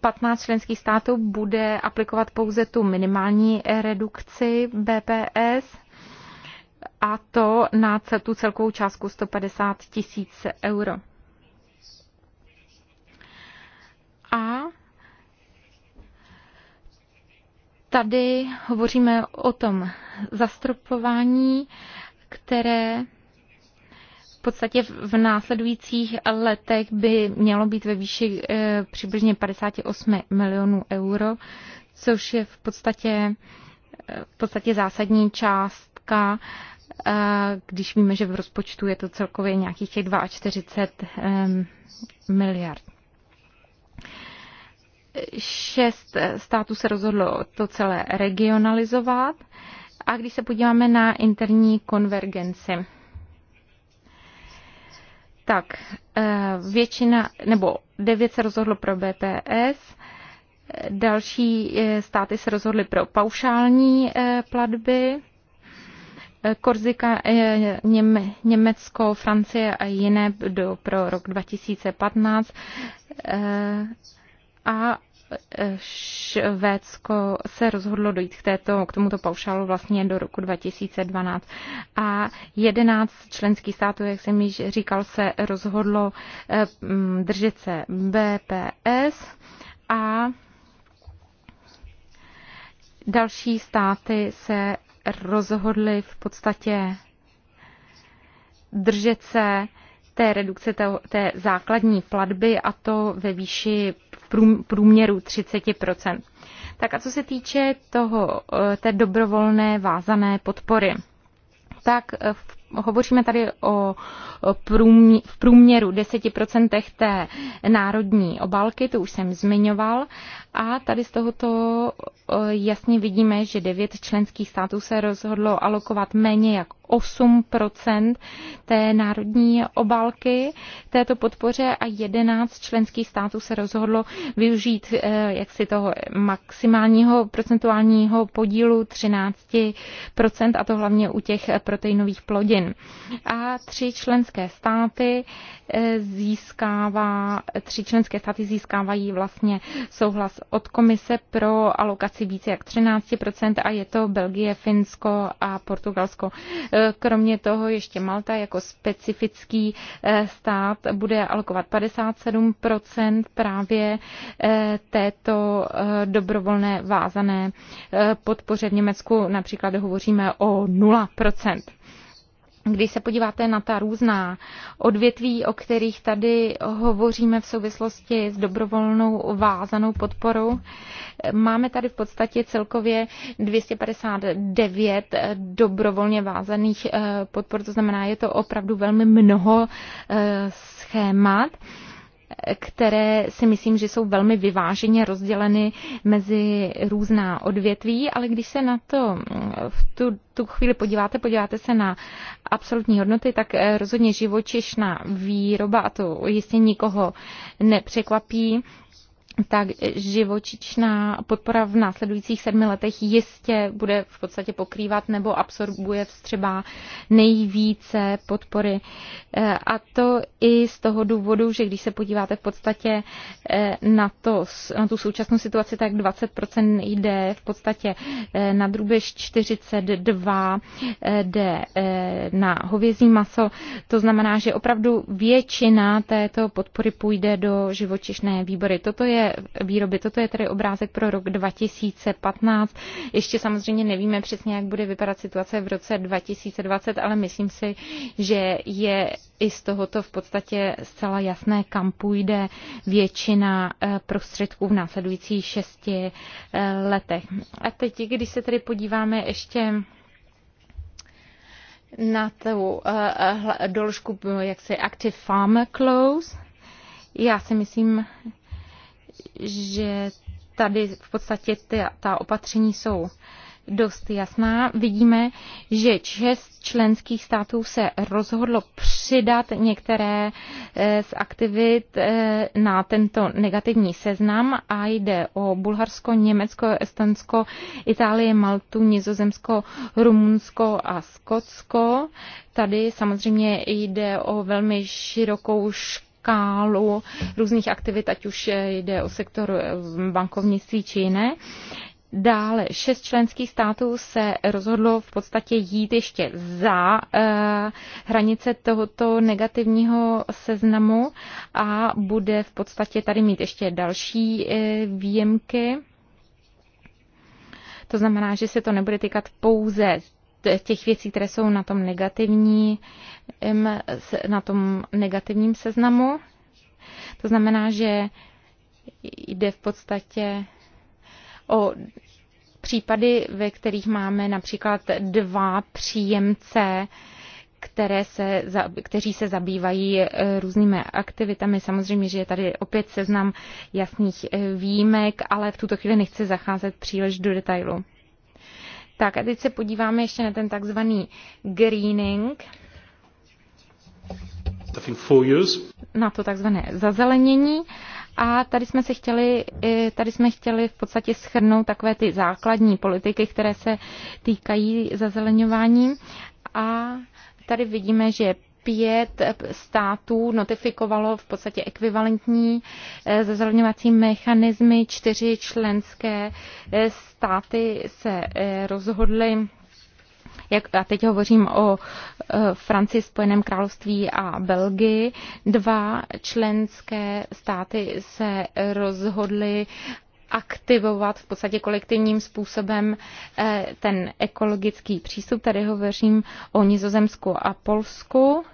15 členských států bude aplikovat pouze tu minimální redukci BPS a to na tu celkovou částku 150 tisíc euro. A Tady hovoříme o tom zastropování, které v podstatě v následujících letech by mělo být ve výši eh, přibližně 58 milionů euro, což je v podstatě, eh, v podstatě zásadní částka, eh, když víme, že v rozpočtu je to celkově nějakých těch 42 miliard. Šest států se rozhodlo to celé regionalizovat. A když se podíváme na interní konvergenci, tak eh, většina, nebo devět se rozhodlo pro BPS, další eh, státy se rozhodly pro paušální eh, platby, Korzika, Německo, Francie a jiné do, pro rok 2015. A Švédsko se rozhodlo dojít k, této, k tomuto paušálu vlastně do roku 2012 a 11 členských států, jak jsem již říkal, se rozhodlo eh, držet se BPS a další státy se rozhodly v podstatě držet se té redukce té, té základní platby a to ve výši průměru 30 Tak a co se týče toho, eh, té dobrovolné vázané podpory, tak eh, v hovoříme tady o v průměru 10% té národní obálky, to už jsem zmiňoval. A tady z tohoto eh, jasně vidíme, že devět členských států se rozhodlo alokovat méně jak 8 té národní obálky této podpoře a 11 členských států se rozhodlo využít eh, jaksi toho maximálního procentuálního podílu 13 a to hlavně u těch proteinových plodin. A tři členské státy eh, získává, tři členské státy získávají vlastně souhlas od komise pro alokaci více jak 13 a je to Belgie, Finsko a Portugalsko. Kromě toho ještě Malta jako specifický eh, stát bude alokovat 57% právě eh, této eh, dobrovolné vázané podpoře. V Německu například hovoříme o 0%. Když se podíváte na ta různá odvětví, o kterých tady hovoříme v souvislosti s dobrovolnou vázanou podporou, máme tady v podstatě celkově 259 dobrovolně vázaných eh, podpor, to znamená, je to opravdu velmi mnoho eh, schémat které si myslím, že jsou velmi vyváženě rozděleny mezi různá odvětví, ale když se na to mm, v tu, tu chvíli podíváte, podíváte se na absolutní hodnoty, tak eh, rozhodně živočišná výroba, a to jistě nikoho nepřekvapí, tak živočišná podpora v následujících sedmi letech jistě bude v podstatě pokrývat nebo absorbuje vstřeba nejvíce podpory. Eh, a to i z toho důvodu, že když se podíváte v podstatě eh, na, to, na tu současnou situaci, tak 20% jde v podstatě eh, na drůbež 42 jde na hovězí maso. To znamená, že opravdu většina této podpory půjde do živočišné výbory. Toto je výroby. Toto je tedy obrázek pro rok 2015. Ještě samozřejmě nevíme přesně, jak bude vypadat situace v roce 2020, ale myslím si, že je i z tohoto v podstatě zcela jasné, kam půjde většina eh, prostředků v následujících šesti eh, letech. A teď, když se tedy podíváme ještě na tu eh, doložku se Active Farmer Close, já si myslím, že tady v podstatě ta, ta opatření jsou dost jasná. Vidíme, že šest členských států se rozhodlo přidat některé eh, z aktivit eh, na tento negativní seznam a jde o Bulharsko, Německo, Estonsko, Itálie, Maltu, Nizozemsko, Rumunsko a Skotsko. Tady samozřejmě jde o velmi širokou škálu škálu různých aktivit, ať už jde o sektor eh, bankovnictví či jiné. Dále šest členských států se rozhodlo v podstatě jít ještě za eh, hranice tohoto negativního seznamu a bude v podstatě tady mít ještě další eh, výjimky. To znamená, že se to nebude týkat pouze těch věcí, které jsou na tom negativní, na tom negativním seznamu. To znamená, že jde v podstatě o případy, ve kterých máme například dva příjemce, které se, kteří se zabývají eh, různými aktivitami. Samozřejmě, že je tady opět seznam jasných eh, výjimek, ale v tuto chvíli nechci zacházet příliš do detailu. Tak a teď se podíváme ještě na ten takzvaný greening. Na to takzvané zazelenění. A tady jsme, se chtěli, eh, tady jsme chtěli v podstatě schrnout takové ty základní politiky, které se týkají zazeleňování. A tady vidíme, že pět států notifikovalo v podstatě ekvivalentní eh, zazrovňovací mechanismy, čtyři členské eh, státy se eh, rozhodly jak, a teď hovořím o e, Francii, Spojeném království a Belgii, dva členské státy se rozhodly aktivovat v podstatě kolektivním způsobem ten ekologický přístup. Tady hovořím o Nizozemsku a Polsku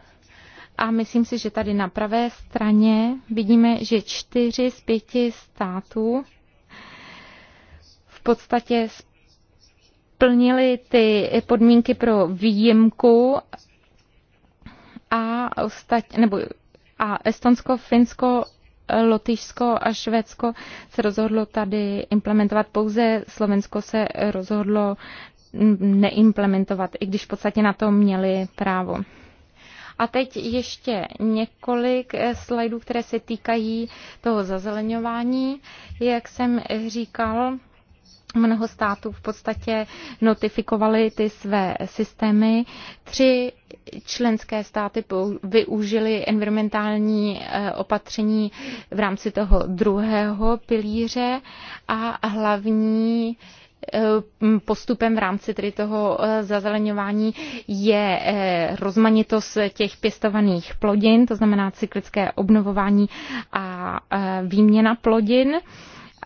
a myslím si, že tady na pravé straně vidíme, že čtyři z pěti států v podstatě splnili ty podmínky pro výjimku a, ostat, nebo, a Estonsko, Finsko, Lotyšsko a Švédsko se rozhodlo tady implementovat pouze, Slovensko se rozhodlo neimplementovat, i když v podstatě na to měli právo. A teď ještě několik eh, slajdů, které se týkají toho zazeleňování. Jak jsem říkal, mnoho států v podstatě notifikovaly ty své systémy. Tři členské státy využily environmentální eh, opatření v rámci toho druhého pilíře a hlavní Eh, postupem v rámci tedy toho eh, zazeleňování je eh, rozmanitost těch pěstovaných plodin, to znamená cyklické obnovování a výměna plodin.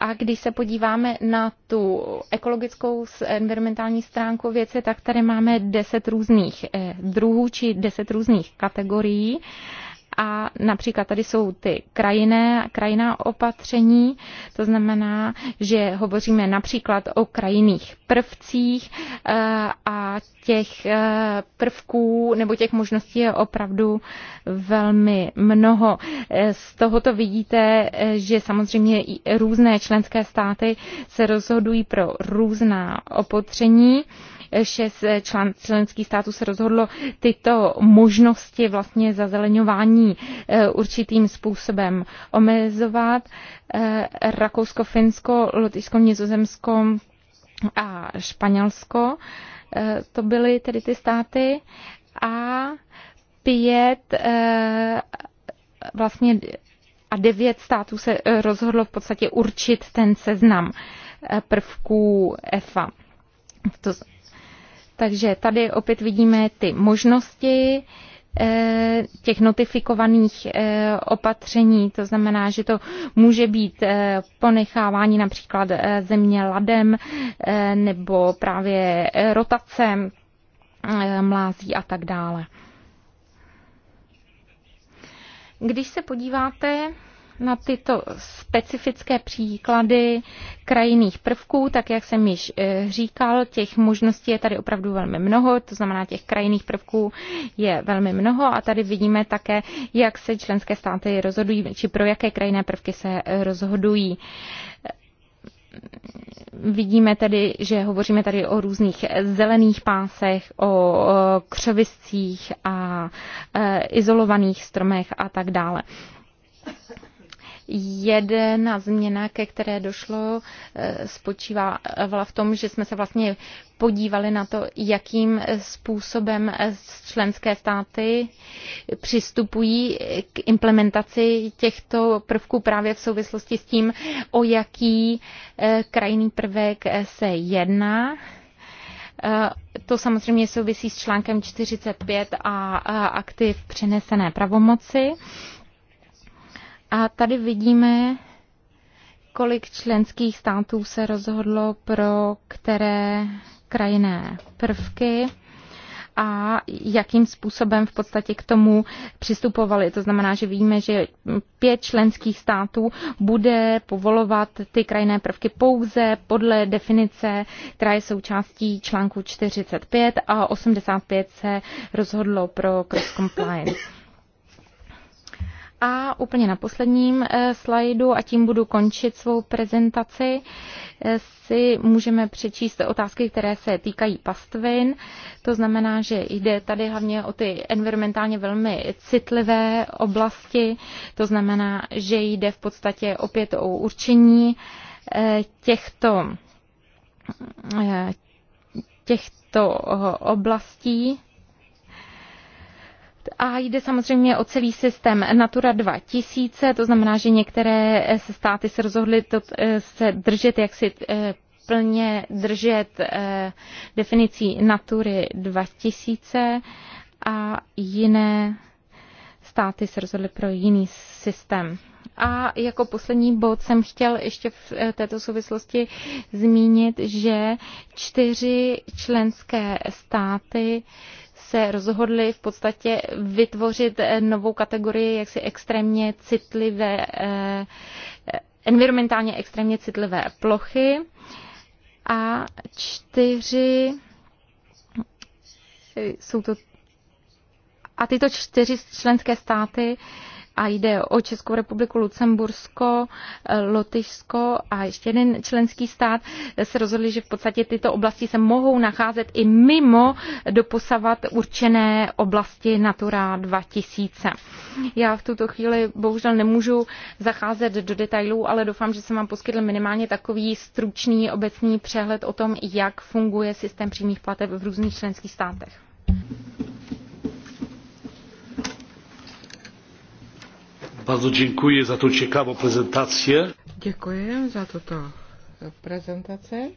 A když se podíváme na tu ekologickou environmentální stránku věci, tak tady máme deset různých druhů či deset různých kategorií a například tady jsou ty krajiné, krajiná opatření, to znamená, že hovoříme například o krajiných prvcích eh, a těch eh, prvků nebo těch možností je opravdu velmi mnoho. Eh, z tohoto vidíte, že samozřejmě i různé členské státy se rozhodují pro různá opatření šest člen, členských států se rozhodlo tyto možnosti vlastně zazeleňování eh, určitým způsobem omezovat. Eh, Rakousko, Finsko, Lotyšsko, Nizozemsko a Španělsko. Eh, to byly tedy ty státy a pět vlastně a devět států se rozhodlo v podstatě určit ten seznam prvků EFA. To, takže tady opět vidíme ty možnosti eh, těch notifikovaných eh, opatření, to znamená, že to může být eh, ponechávání například země ladem nebo právě rotace mlází a tak dále. Když se podíváte na tyto specifické příklady krajinných prvků, tak jak jsem již eh, říkal, těch možností je tady opravdu velmi mnoho, to znamená těch krajinných prvků je velmi mnoho a tady vidíme také, jak se členské státy rozhodují, či pro jaké krajinné prvky se eh, rozhodují vidíme tedy, že hovoříme tady o různých eh, zelených pásech, o křoviscích a izolovaných stromech a tak dále. Jedna změna, ke které došlo, eh, spočívala v tom, že jsme se vlastně podívali na to, jakým způsobem členské státy přistupují k implementaci těchto prvků právě v souvislosti s tím, o jaký eh, krajný prvek se jedná. Eh, to samozřejmě souvisí s článkem 45 a aktiv přenesené pravomoci. A tady vidíme, kolik členských států se rozhodlo pro které krajinné prvky a jakým způsobem v podstatě k tomu přistupovali. To znamená, že víme, že pět členských států bude povolovat ty krajinné prvky pouze podle definice, která je součástí článku 45 a 85 se rozhodlo pro cross compliance. A úplně na posledním eh, slajdu, a tím budu končit svou prezentaci, eh, si můžeme přečíst otázky, které se týkají pastvin. To znamená, že jde tady hlavně o ty environmentálně velmi citlivé oblasti. To znamená, že jde v podstatě opět o určení eh, těchto, těchto oblastí a jde samozřejmě o celý systém Natura 2000, to znamená, že některé eh, státy se rozhodly to, eh, se držet jak si eh, plně držet definicí Natury 2000 a jiné státy se rozhodly pro jiný systém. A jako poslední bod jsem chtěl ještě v této souvislosti zmínit, že čtyři členské státy se rozhodli v podstatě vytvořit eh, novou kategorii jaksi extrémně citlivé, eh, environmentálně extrémně citlivé plochy a čtyři jsou to a tyto čtyři členské státy a jde o Českou republiku, Lucembursko, eh, Lotyšsko a ještě jeden členský stát se rozhodli, že v podstatě tyto oblasti se mohou nacházet i mimo doposavat určené oblasti Natura 2000. Já v tuto chvíli bohužel nemůžu zacházet do detailů, ale doufám, že jsem vám poskytl minimálně takový stručný obecný přehled o tom, jak funguje systém přímých plateb v různých členských státech. Bardzo dziękuję za tą ciekawą prezentację. Děkuji za tę prezentację.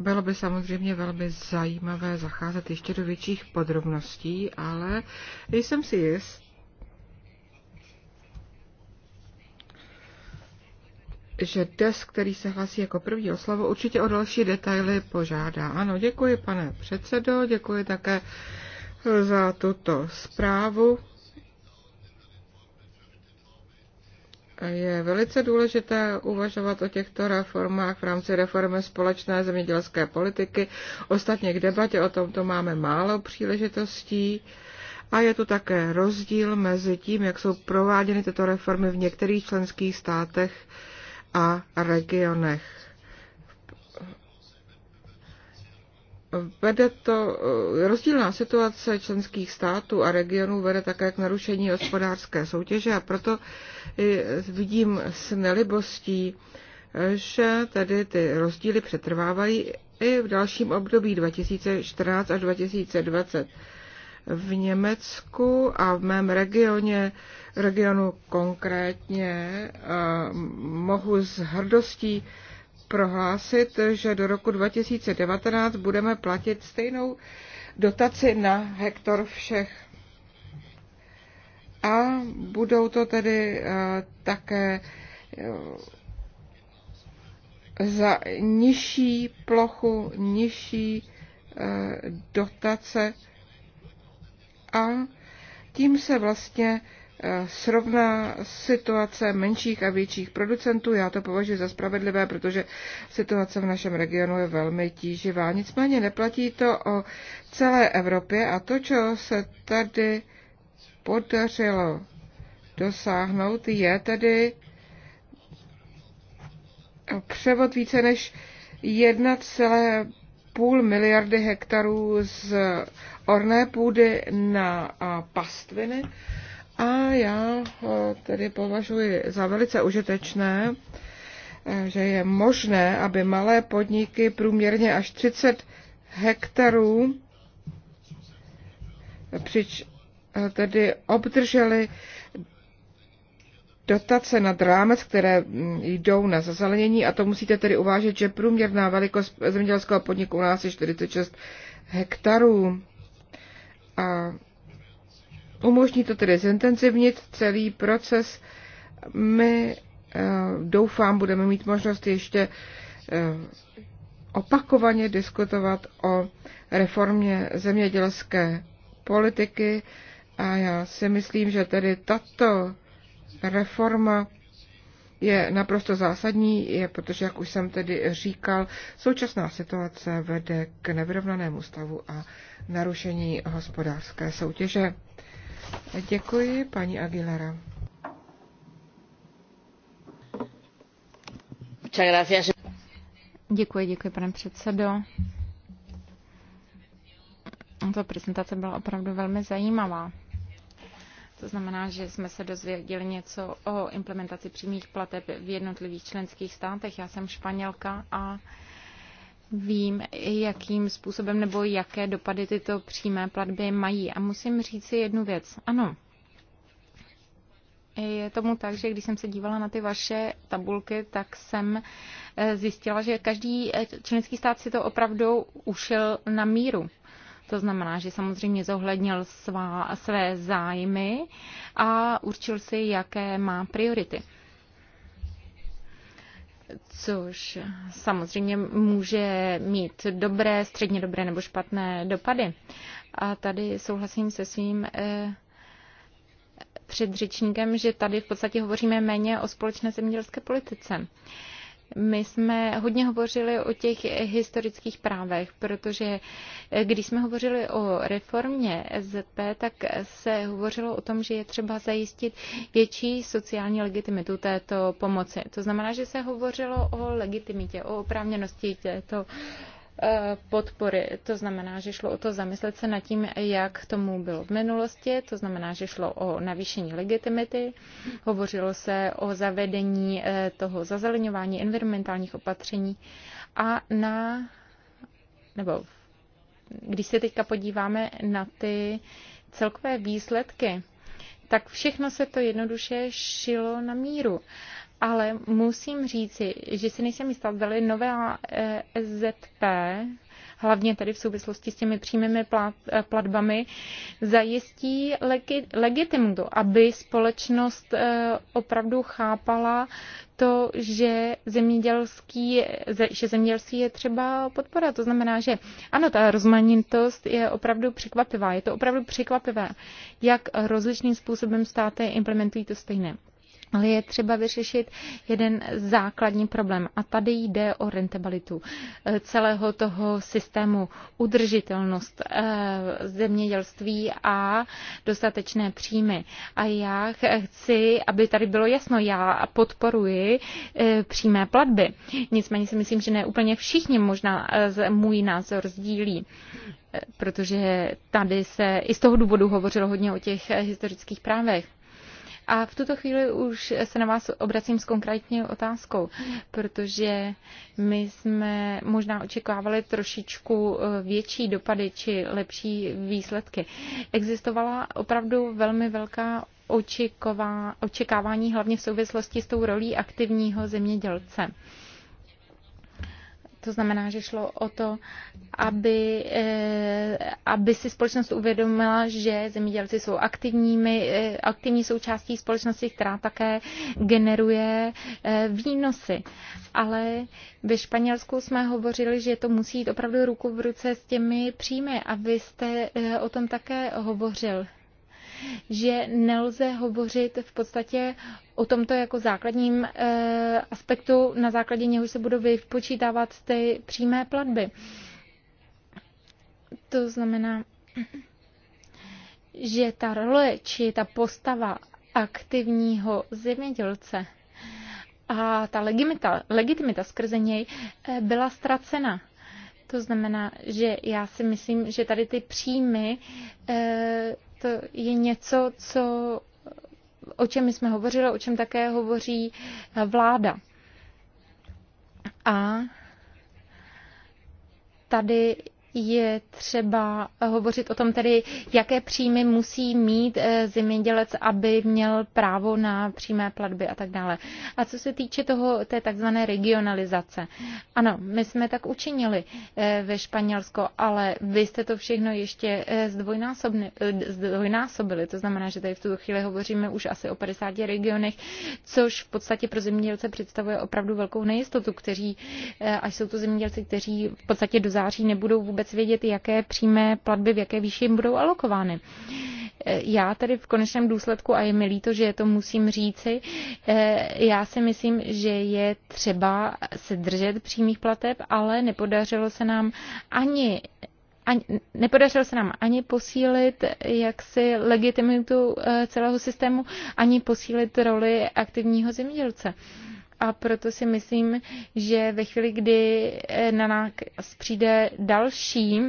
Bylo by samozřejmě velmi zajímavé zacházet ještě do větších podrobností, ale jsem si jist, že Des, který se hlasí jako první o slovo, určitě o další detaily požádá. Ano, děkuji, pane předsedo, děkuji také za tuto zprávu. Je velice důležité uvažovat o těchto reformách v rámci reformy společné zemědělské politiky. Ostatně k debatě o tomto máme málo příležitostí. A je tu také rozdíl mezi tím, jak jsou prováděny tyto reformy v některých členských státech a regionech. Vede to, rozdílná situace členských států a regionů vede také k narušení hospodářské soutěže a proto vidím s nelibostí, že tedy ty rozdíly přetrvávají i v dalším období 2014 až 2020 v Německu a v mém regioně, regionu konkrétně, mohu s hrdostí prohlásit, že do roku 2019 budeme platit stejnou dotaci na hektar všech. A budou to tedy také za nižší plochu, nižší dotace a tím se vlastně eh, srovná situace menších a větších producentů. Já to považuji za spravedlivé, protože situace v našem regionu je velmi tíživá. Nicméně neplatí to o celé Evropě a to, co se tady podařilo dosáhnout, je tedy převod více než půl miliardy hektarů z orné půdy na pastviny. A já e, tedy považuji za velice užitečné, e, že je možné, aby malé podniky průměrně až 30 hektarů e, přič tedy obdrželi dotace nad rámec, které mm, jdou na zazelenění a to musíte tedy uvážit, že průměrná velikost zemědělského podniku u nás je 46 hektarů. A umožní to tedy zintenzivnit celý proces. My eh, doufám, budeme mít možnost ještě eh, opakovaně diskutovat o reformě zemědělské politiky a já si myslím, že tedy tato reforma je naprosto zásadní, je, protože, jak už jsem tedy říkal, současná situace vede k nevyrovnanému stavu a narušení hospodářské soutěže. Děkuji, paní Aguilera. Děkuji, děkuji, pane předsedo. Ta prezentace byla opravdu velmi zajímavá. To znamená, že jsme se dozvěděli něco o implementaci přímých plateb v jednotlivých členských státech. Já jsem Španělka a vím, jakým způsobem nebo jaké dopady tyto přímé platby mají. A musím říct si jednu věc. Ano, je tomu tak, že když jsem se dívala na ty vaše tabulky, tak jsem eh, zjistila, že každý eh, členský stát si to opravdu ušel na míru. To znamená, že samozřejmě zohlednil svá, své zájmy a určil si, jaké má priority což samozřejmě může mít dobré, středně dobré nebo špatné dopady. A tady souhlasím se svým eh, předřečníkem, že tady v podstatě hovoříme méně o společné zemědělské politice. My jsme hodně hovořili o těch historických právech, protože eh, když jsme hovořili o reformě SZP, tak se hovořilo o tom, že je třeba zajistit větší sociální legitimitu této pomoci. To znamená, že se hovořilo o legitimitě, o oprávněnosti této Eh, podpory. To znamená, že šlo o to zamyslet se nad tím, jak tomu bylo v minulosti, to znamená, že šlo o navýšení legitimity, hovořilo se o zavedení eh, toho zazeleňování environmentálních opatření a na, nebo když se teďka podíváme na ty celkové výsledky, tak všechno se to jednoduše šilo na míru ale musím říci, že si nejsem jistá, zdali nové e SZP, hlavně tady v souvislosti s těmi přímými platbami, zajistí legitimitu, aby společnost e, opravdu chápala to, že, zemědělský, že zemědělství je třeba podpora. To znamená, že ano, ta rozmanitost je opravdu překvapivá. Je to opravdu překvapivé, jak rozličným způsobem státy implementují to stejné. Ale je třeba vyřešit jeden základní problém a tady jde o rentabilitu eh, celého toho systému, udržitelnost eh, zemědělství a dostatečné příjmy. A já chci, aby tady bylo jasno, já podporuji eh, přímé platby. Nicméně si myslím, že ne úplně všichni možná můj názor sdílí protože tady se i z toho důvodu hovořilo hodně o těch historických právech. A v tuto chvíli už se na vás obracím s konkrétní otázkou, protože my jsme možná očekávali trošičku eh, větší dopady či lepší výsledky. Existovala opravdu velmi velká očeková, očekávání, hlavně v souvislosti s tou rolí aktivního zemědělce. To znamená, že šlo o to, aby, eh, aby si společnost uvědomila, že zemědělci jsou aktivními, eh, aktivní součástí společnosti, která také generuje eh, výnosy. Ale ve Španělsku jsme hovořili, že to musí jít opravdu ruku v ruce s těmi příjmy a vy jste o tom také hovořil že nelze hovořit v podstatě o tomto jako základním eh, aspektu, na základě něhož se budou vypočítávat ty přímé platby. To znamená, že ta role či ta postava aktivního zemědělce a ta legimita, legitimita skrze něj eh, byla ztracena. To znamená, že já si myslím, že tady ty příjmy eh, je něco, co, o čem jsme hovořili, o čem také hovoří eh, vláda. A tady je třeba hovořit o tom tedy, jaké příjmy musí mít eh, zemědělec, aby měl právo na přímé platby a tak dále. A co se týče toho, té takzvané regionalizace. Ano, my jsme tak učinili eh, ve Španělsko, ale vy jste to všechno ještě eh, zdvojnásobili. To znamená, že tady v tuto chvíli hovoříme už asi o 50 regionech, což v podstatě pro zemědělce představuje opravdu velkou nejistotu, kteří, až jsou to zemědělci, kteří v podstatě do září nebudou vůbec vůbec vědět, jaké přímé platby v jaké výši jim budou alokovány. Já tady v konečném důsledku, a je mi líto, že to musím říci, eh, já si myslím, že je třeba se držet přímých plateb, ale nepodařilo se nám ani ani, nepodařilo se nám ani posílit jaksi legitimitu eh, celého systému, ani posílit roli aktivního zemědělce a proto si myslím, že ve chvíli, kdy eh, na nás přijde další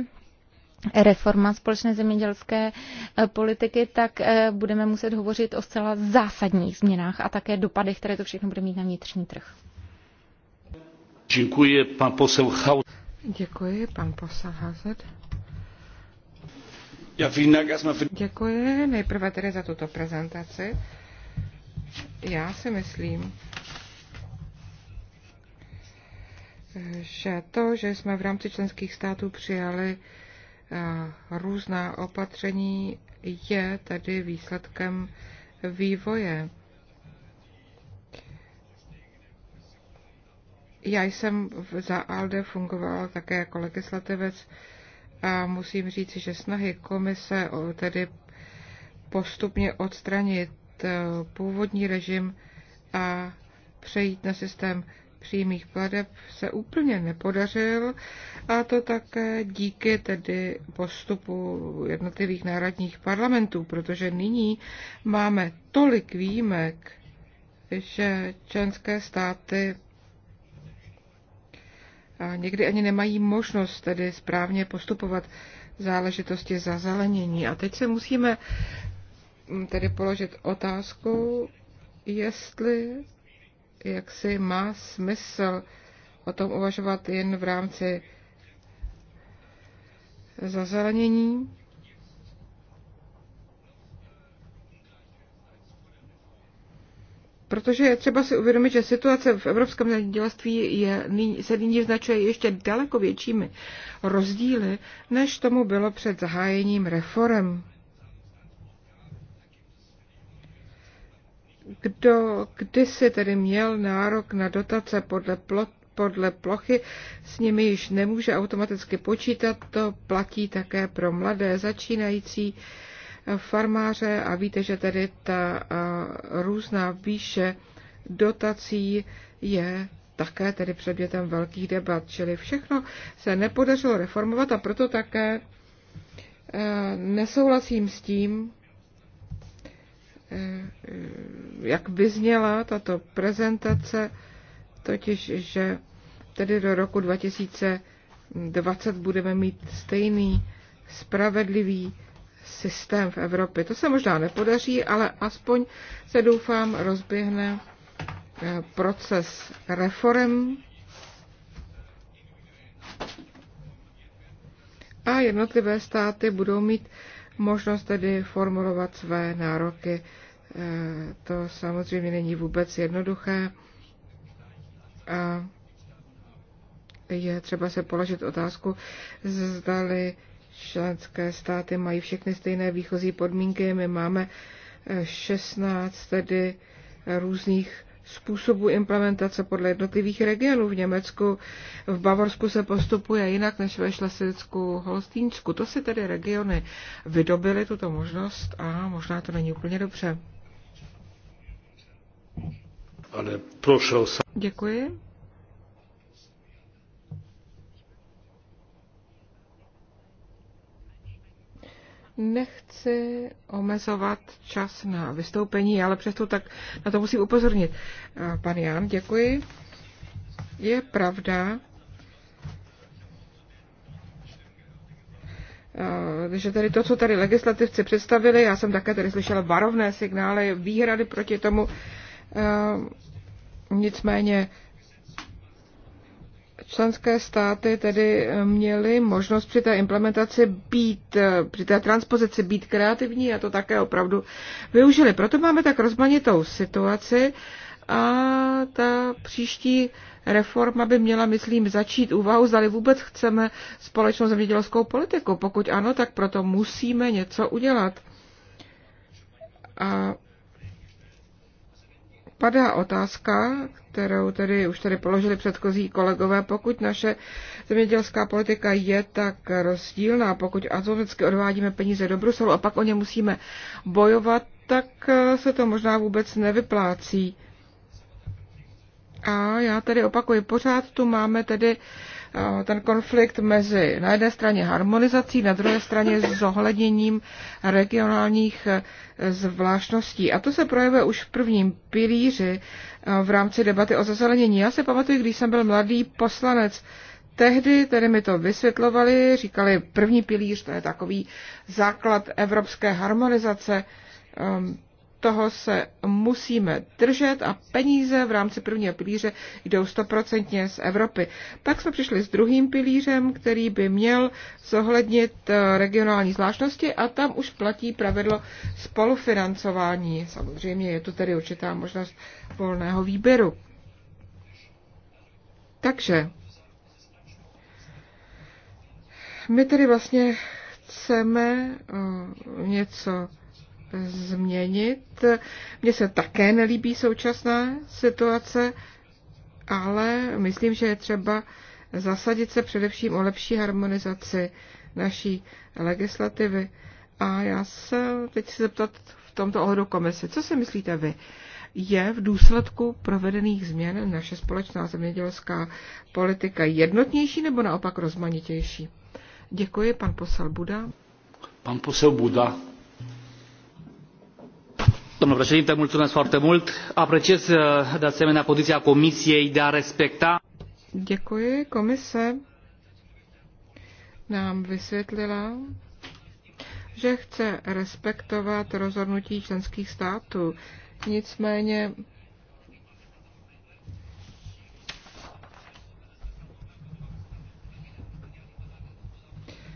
reforma společné zemědělské eh, politiky, tak eh, budeme muset hovořit o zcela zásadních změnách a také dopadech, které to všechno bude mít na vnitřní trh. Děkuji, pan posel Haut. Děkuji, pan posel Hazard. Děkuji nejprve tedy za tuto prezentaci. Já si myslím, že to, že jsme v rámci členských států přijali eh, různá opatření, je tady výsledkem vývoje. Já jsem za ALDE fungovala také jako legislativec a musím říct, že snahy komise tedy postupně odstranit eh, původní režim a přejít na systém přímých plateb se úplně nepodařil a to také díky tedy postupu jednotlivých národních parlamentů, protože nyní máme tolik výjimek, že členské státy někdy ani nemají možnost tedy správně postupovat v záležitosti za zelenění. A teď se musíme tedy položit otázku, jestli jak si má smysl o tom uvažovat jen v rámci zazelenění. Protože je třeba si uvědomit, že situace v evropském zemědělství je, se nyní značuje ještě daleko většími rozdíly, než tomu bylo před zahájením reform. kdo kdysi tedy měl nárok na dotace podle, plo, podle plochy, s nimi již nemůže automaticky počítat, to platí také pro mladé začínající eh, farmáře a víte, že tedy ta eh, různá výše dotací je také tedy předmětem velkých debat, čili všechno se nepodařilo reformovat a proto také eh, nesouhlasím s tím, jak by zněla tato prezentace, totiž, že tedy do roku 2020 budeme mít stejný spravedlivý systém v Evropě. To se možná nepodaří, ale aspoň se doufám rozběhne eh, proces reform a jednotlivé státy budou mít možnost tedy formulovat své nároky E, to samozřejmě není vůbec jednoduché. A je třeba se položit otázku, zdali členské státy mají všechny stejné výchozí podmínky. My máme 16 e, tedy různých způsobů implementace podle jednotlivých regionů. V Německu, v Bavorsku se postupuje jinak než ve Šlesicku, Holstínsku. To si tedy regiony vydobily tuto možnost a možná to není úplně dobře ale proszę o... Děkuji. Nechci omezovat čas na vystoupení, ale přesto tak na to musím upozornit. Eh, pan Jan, děkuji. Je pravda, eh, že tady to, co tady legislativci představili, já jsem také tady slyšela varovné signály, výhrady proti tomu, Ehm, nicméně členské státy tedy eh, měly možnost při té implementaci být, eh, při té transpozici být kreativní a to také opravdu využili. Proto máme tak rozmanitou situaci a ta příští reforma by měla, myslím, začít úvahu, zda vůbec chceme společnou zemědělskou politiku. Pokud ano, tak proto musíme něco udělat. A padá otázka, kterou tedy už tady položili předchozí kolegové, pokud naše zemědělská politika je tak rozdílná, pokud azovsky odvádíme peníze do Bruselu a pak o ně musíme bojovat, tak eh, se to možná vůbec nevyplácí. A já tady opakuji, pořád tu máme tedy Eh, ten konflikt mezi na jedné straně harmonizací, na druhé straně zohledněním regionálních eh, zvláštností. A to se projevuje už v prvním pilíři eh, v rámci debaty o zazelenění. Já se pamatuju, když jsem byl mladý poslanec, Tehdy tedy mi to vysvětlovali, říkali, první pilíř to je takový základ evropské harmonizace, ehm, toho se musíme držet a peníze v rámci prvního pilíře jdou stoprocentně z Evropy. Pak jsme přišli s druhým pilířem, který by měl zohlednit eh, regionální zvláštnosti a tam už platí pravidlo spolufinancování. Samozřejmě je tu tedy určitá možnost volného výběru. Takže my tedy vlastně chceme eh, něco změnit. Mně se také nelíbí současná situace, ale myslím, že je třeba zasadit se především o lepší harmonizaci naší legislativy. A já se teď chci zeptat v tomto ohledu komise, co si myslíte vy? Je v důsledku provedených změn naše společná zemědělská politika jednotnější nebo naopak rozmanitější? Děkuji, pan posel Buda. Pan posel Buda domnule președinte mulțumesc foarte mult. apreciez uh, de asemenea poziția comisiei de a respecta. Děkuji. Komise nám vysvětlila, že chce respektovat rozhodnutí členských států. Nicméně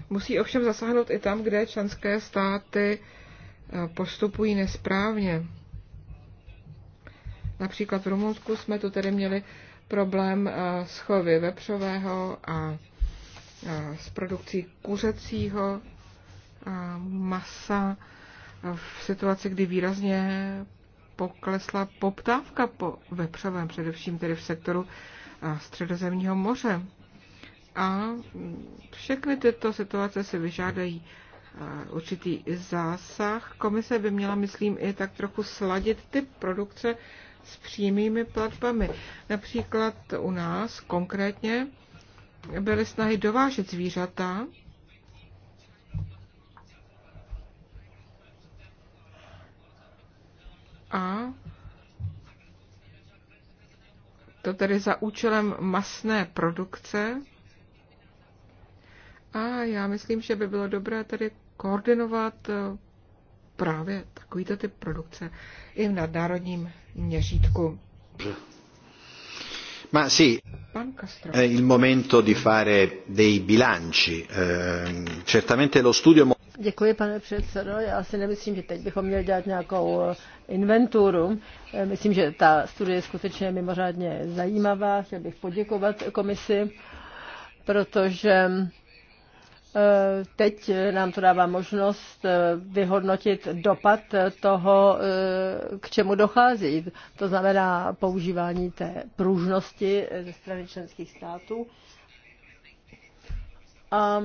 musí ovšem zasáhnout i tam, kde členské státy postupují nesprávně. Například v Rumunsku jsme tu tedy měli problém eh, s chovy vepřového a eh, s produkcí kuřecího eh, masa v situaci, kdy výrazně poklesla poptávka po vepřovém, především tedy v sektoru středozemního moře. A mm, všechny tyto situace si vyžádají určitý zásah. Komise by měla, myslím, i tak trochu sladit typ produkce s přímými platbami. Například u nás konkrétně byly snahy dovážet zvířata, a to tedy za účelem masné produkce. A já myslím, že by bylo dobré tady koordinovat eh, právě takovýto typ produkce i v nadnárodním měřítku. Ma sì, è eh, il momento di fare dei bilanci. Eh, certamente lo studio... Děkuji, pane předsedo. Já si nemyslím, že teď bychom měli dělat nějakou eh, inventuru. Myslím, že ta studie je skutečně mimořádně zajímavá. Chtěl bych poděkovat komisi, protože Eh, teď nám to dává možnost eh, vyhodnotit dopad toho, eh, k čemu dochází. To znamená používání té pružnosti ze strany členských států. A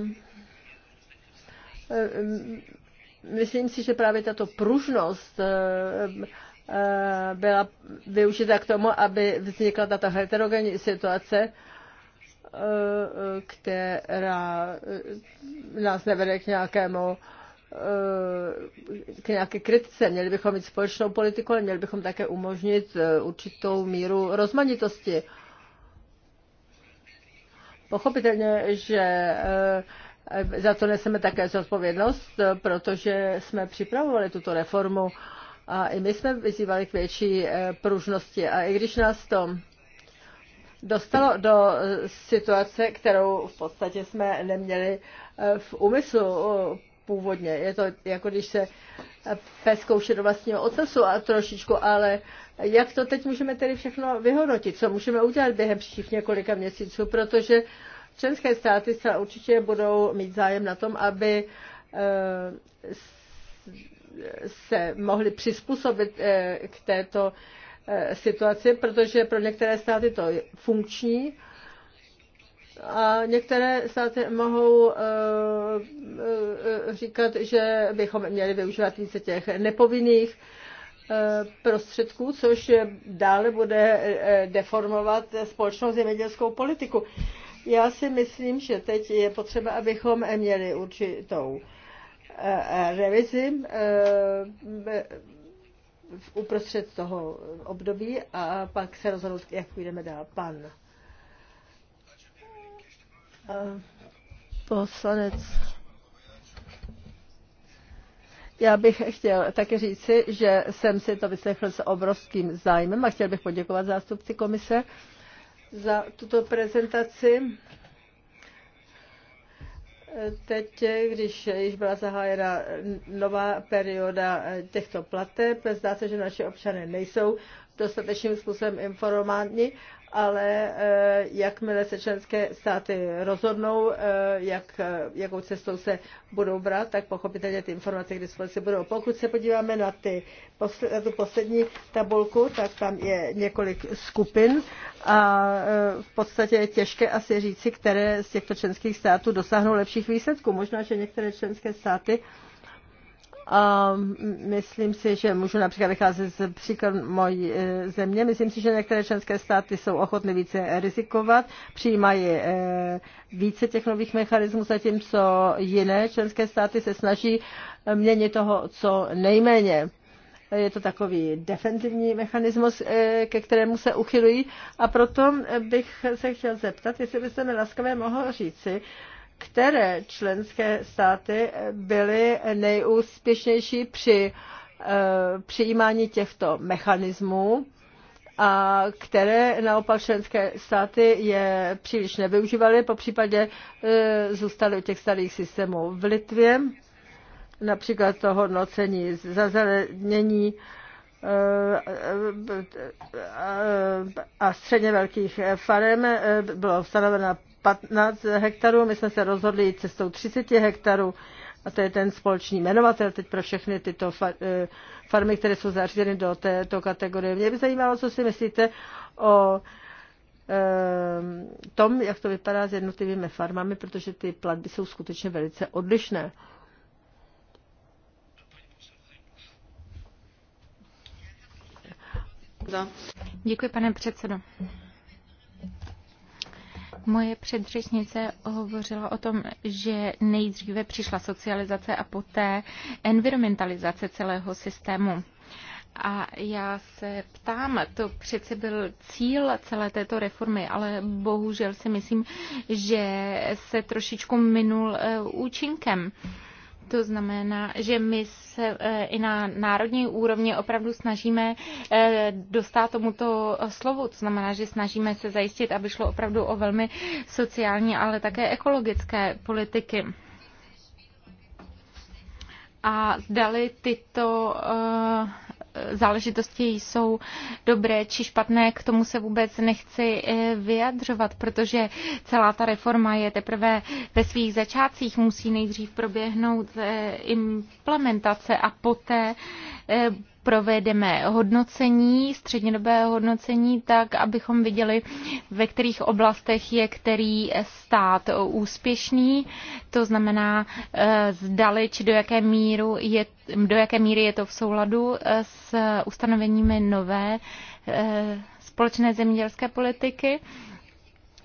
myslím si, že právě tato pružnost byla využita k tomu, aby vznikla tato heterogenní situace, která eh, nás nevede k nějakému eh, k nějaké kritice. Měli bychom mít společnou politiku, ale měli bychom také umožnit eh, určitou míru rozmanitosti. Pochopitelně, že za to neseme také zodpovědnost, protože jsme připravovali tuto reformu a i my jsme vyzývali k větší pružnosti. A i když nás to dostalo do eh, situace, kterou v podstatě jsme neměli eh, v úmyslu eh, původně. Je to jako když se pes kouše do vlastního ocasu a trošičku, ale jak to teď můžeme tedy všechno vyhodnotit? Co můžeme udělat během příštích několika měsíců? Protože členské státy se určitě budou mít zájem na tom, aby se mohli přizpůsobit k této Eh, situaci, protože pro některé státy to je funkční a některé státy mohou eh, eh, říkat, že bychom měli využívat více těch nepovinných prostředků, což dále bude deformovat společnou zemědělskou politiku. Já si myslím, že teď je potřeba, abychom měli určitou revizi v uprostřed toho období a pak se rozhodnout, jak půjdeme dál. Pan eh, poslanec. Já bych chtěl také říci, že jsem si to vyslechl s obrovským zájmem a chtěl bych poděkovat zástupci komise za tuto prezentaci. Teď, když již byla zahájena nová perioda těchto plateb, zdá se, že naše občany nejsou dostatečným způsobem informováni ale eh, jakmile se členské státy rozhodnou, eh, jak, eh, jakou cestou se budou brát, tak pochopitelně ty informace k dispozici budou. Pokud se podíváme na, ty, na tu poslední tabulku, tak tam je několik skupin a v podstatě je těžké asi říci, které z těchto členských států dosáhnou lepších výsledků. Možná, že některé členské státy uh, a myslím si, že můžu například vycházet z příklad mojí e, země. Myslím si, že některé členské státy jsou ochotny více rizikovat, přijímají e, více těch nových mechanismů, zatímco jiné členské státy se snaží měnit toho co nejméně. Je to takový defenzivní mechanismus, e, ke kterému se uchylují. A proto bych se chtěl zeptat, jestli byste mi laskavě mohl říci, které členské státy byly nejúspěšnější při eh, přijímání těchto mechanismů a které naopak členské státy je příliš nevyužívaly, po případě eh, zůstaly u těch starých systémů v Litvě, například to hodnocení zazelenění eh, a středně velkých farem bylo stanovena 15 hektarů, my jsme se rozhodli jít cestou 30 hektarů a to je ten společný jmenovatel teď pro všechny tyto eh, farmy, které jsou zařízeny do této kategorie. Mě by zajímalo, co si myslíte o eh, tom, jak to vypadá s jednotlivými farmami, protože ty platby jsou skutečně velice odlišné. Děkuji, pane předsedo. Moje předřečnice hovořila o tom, že nejdříve přišla socializace a poté environmentalizace celého systému. A já se ptám, to přece byl cíl celé této reformy, ale bohužel si myslím, že se trošičku minul eh, účinkem. Uh, to znamená, že my se e, i na národní úrovni opravdu snažíme e, dostat tomuto slovu. To znamená, že snažíme se zajistit, aby šlo opravdu o velmi sociální, ale také ekologické politiky a zdali tyto e, záležitosti jsou dobré či špatné, k tomu se vůbec nechci eh, vyjadřovat, protože celá ta reforma je teprve ve svých začátcích, musí nejdřív proběhnout eh, implementace a poté eh, provedeme hodnocení, střednědobé hodnocení, tak abychom viděli, ve kterých oblastech je který stát úspěšný, to znamená eh, zdali, či do jaké, míru je, do jaké míry je to v souladu eh, s ustanoveními nové eh, společné zemědělské politiky.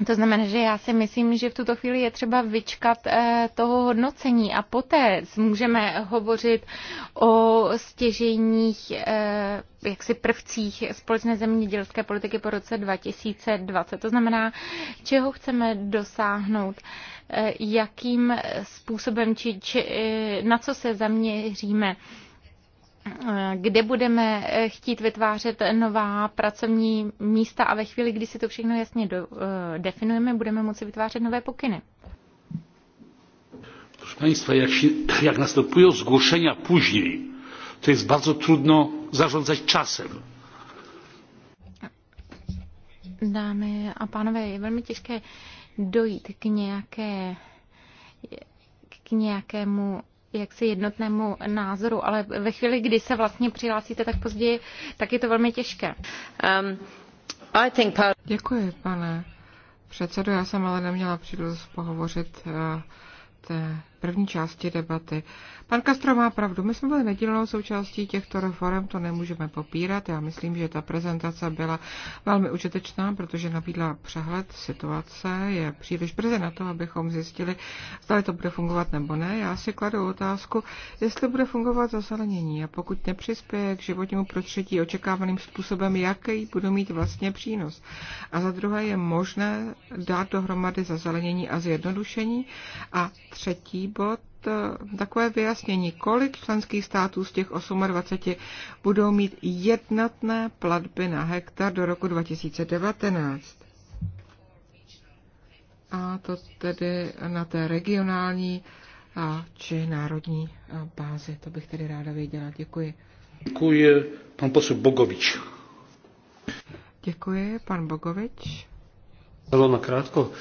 To znamená, že já si myslím, že v tuto chvíli je třeba vyčkat eh, toho hodnocení a poté můžeme hovořit o stěžejních eh, jaksi prvcích společné zemědělské politiky po roce 2020. To znamená, čeho chceme dosáhnout, eh, jakým způsobem či, či na co se zaměříme kde budeme eh, chtít vytvářet nová pracovní místa a ve chvíli, kdy si to všechno jasně do, eh, definujeme, budeme moci vytvářet nové pokyny. Proszę Państwa, jak, się, jak następują zgłoszenia później, to jest bardzo trudno zarządzać czasem. Dámy a pánové, je velmi těžké dojít k nějaké k nějakému jaksi jednotnému názoru, ale ve chvíli, kdy se vlastně přihlásíte tak později, tak je to velmi těžké. Um, I think... Děkuji, pane předsedo. Já jsem ale neměla příležitost pohovořit eh, té první části debaty. Pan Castro má pravdu, my jsme byli nedílnou součástí těchto reform, to nemůžeme popírat. Já myslím, že ta prezentace byla velmi užitečná, protože nabídla přehled situace. Je příliš brzy na to, abychom zjistili, zda to bude fungovat nebo ne. Já si kladu otázku, jestli bude fungovat zazelenění a pokud nepřispěje k životnímu prostředí očekávaným způsobem, jaký budou mít vlastně přínos. A za druhé je možné dát dohromady zazelenění a zjednodušení. A třetí bod, eh, takové vyjasnění, kolik členských států z těch 28 budou mít jednotné platby na hektar do roku 2019. A to tedy na té regionální a či národní bázi. To bych tedy ráda věděla. Děkuji. Děkuji pan posl Bogovič. Děkuji, pan Bogovič. Hello, na krátko.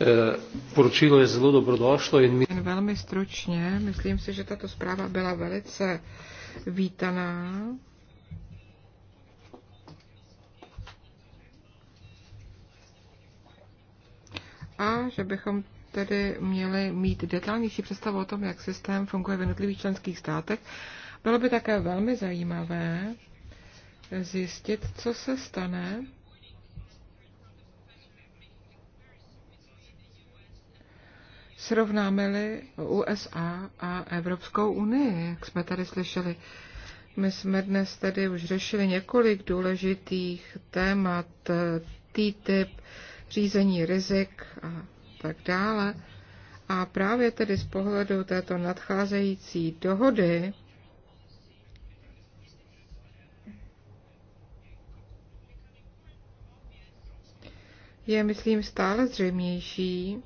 E, poročilo je zelo dobrodošlo. mi... velmi stručně, myslím si, že tato zpráva byla velice vítaná. A že bychom tedy měli mít detailnější představu o tom, jak systém funguje v jednotlivých členských státech, bylo by také velmi zajímavé zjistit, co se stane, Srovnáme-li USA a Evropskou unii, jak jsme tady slyšeli, my jsme dnes tady už řešili několik důležitých témat, TTIP, řízení rizik a tak dále. A právě tedy z pohledu této nadcházející dohody je, myslím, stále zřejmější,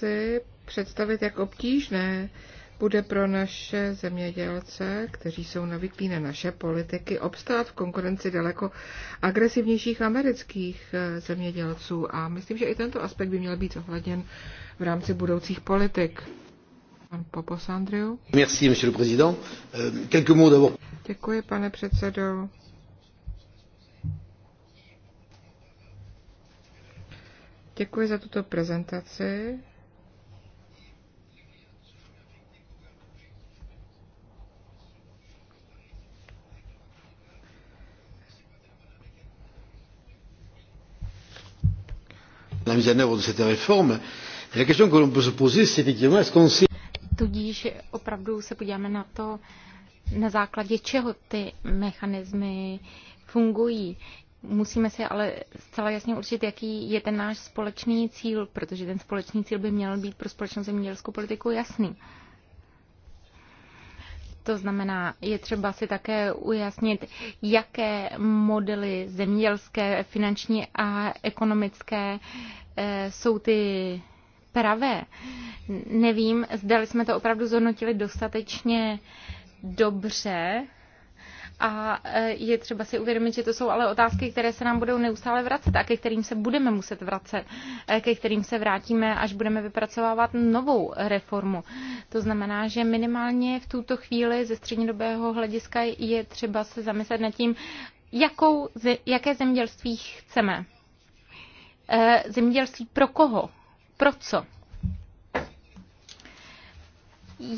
si představit, jak obtížné bude pro naše zemědělce, kteří jsou navyklí na naše politiky, obstát v konkurenci daleko agresivnějších amerických eh, zemědělců. A myslím, že i tento aspekt by měl být zohledněn v rámci budoucích politik. Pan Popos Andriu. Merci, monsieur le président. Euh, quelques mots d'abord. Děkuji, pane předsedo. Děkuji za tuto prezentaci. la mise en œuvre de cette réforme. La question que l'on peut se poser, c'est effectivement, est-ce qu'on sait... Tudíž opravdu se podíváme na to, na základě čeho ty mechanismy fungují. Musíme si ale zcela jasně určit, jaký je ten náš společný cíl, protože ten společný cíl by měl být pro společnou zemědělskou politiku jasný. Uh, to znamená, je třeba si také ujasnit, jaké modely zemědělské, finanční a ekonomické eh, jsou ty pravé. Nevím, zdali jsme to opravdu zhodnotili dostatečně dobře, a e, je třeba si uvědomit, že to jsou ale otázky, které se nám budou neustále vracet a ke kterým se budeme muset vracet, e, ke kterým se vrátíme, až budeme vypracovávat novou reformu. To znamená, že minimálně v tuto chvíli ze střednědobého hlediska je třeba se zamyslet nad tím, jakou, jaké zemědělství chceme. E, zemědělství pro koho? Pro co?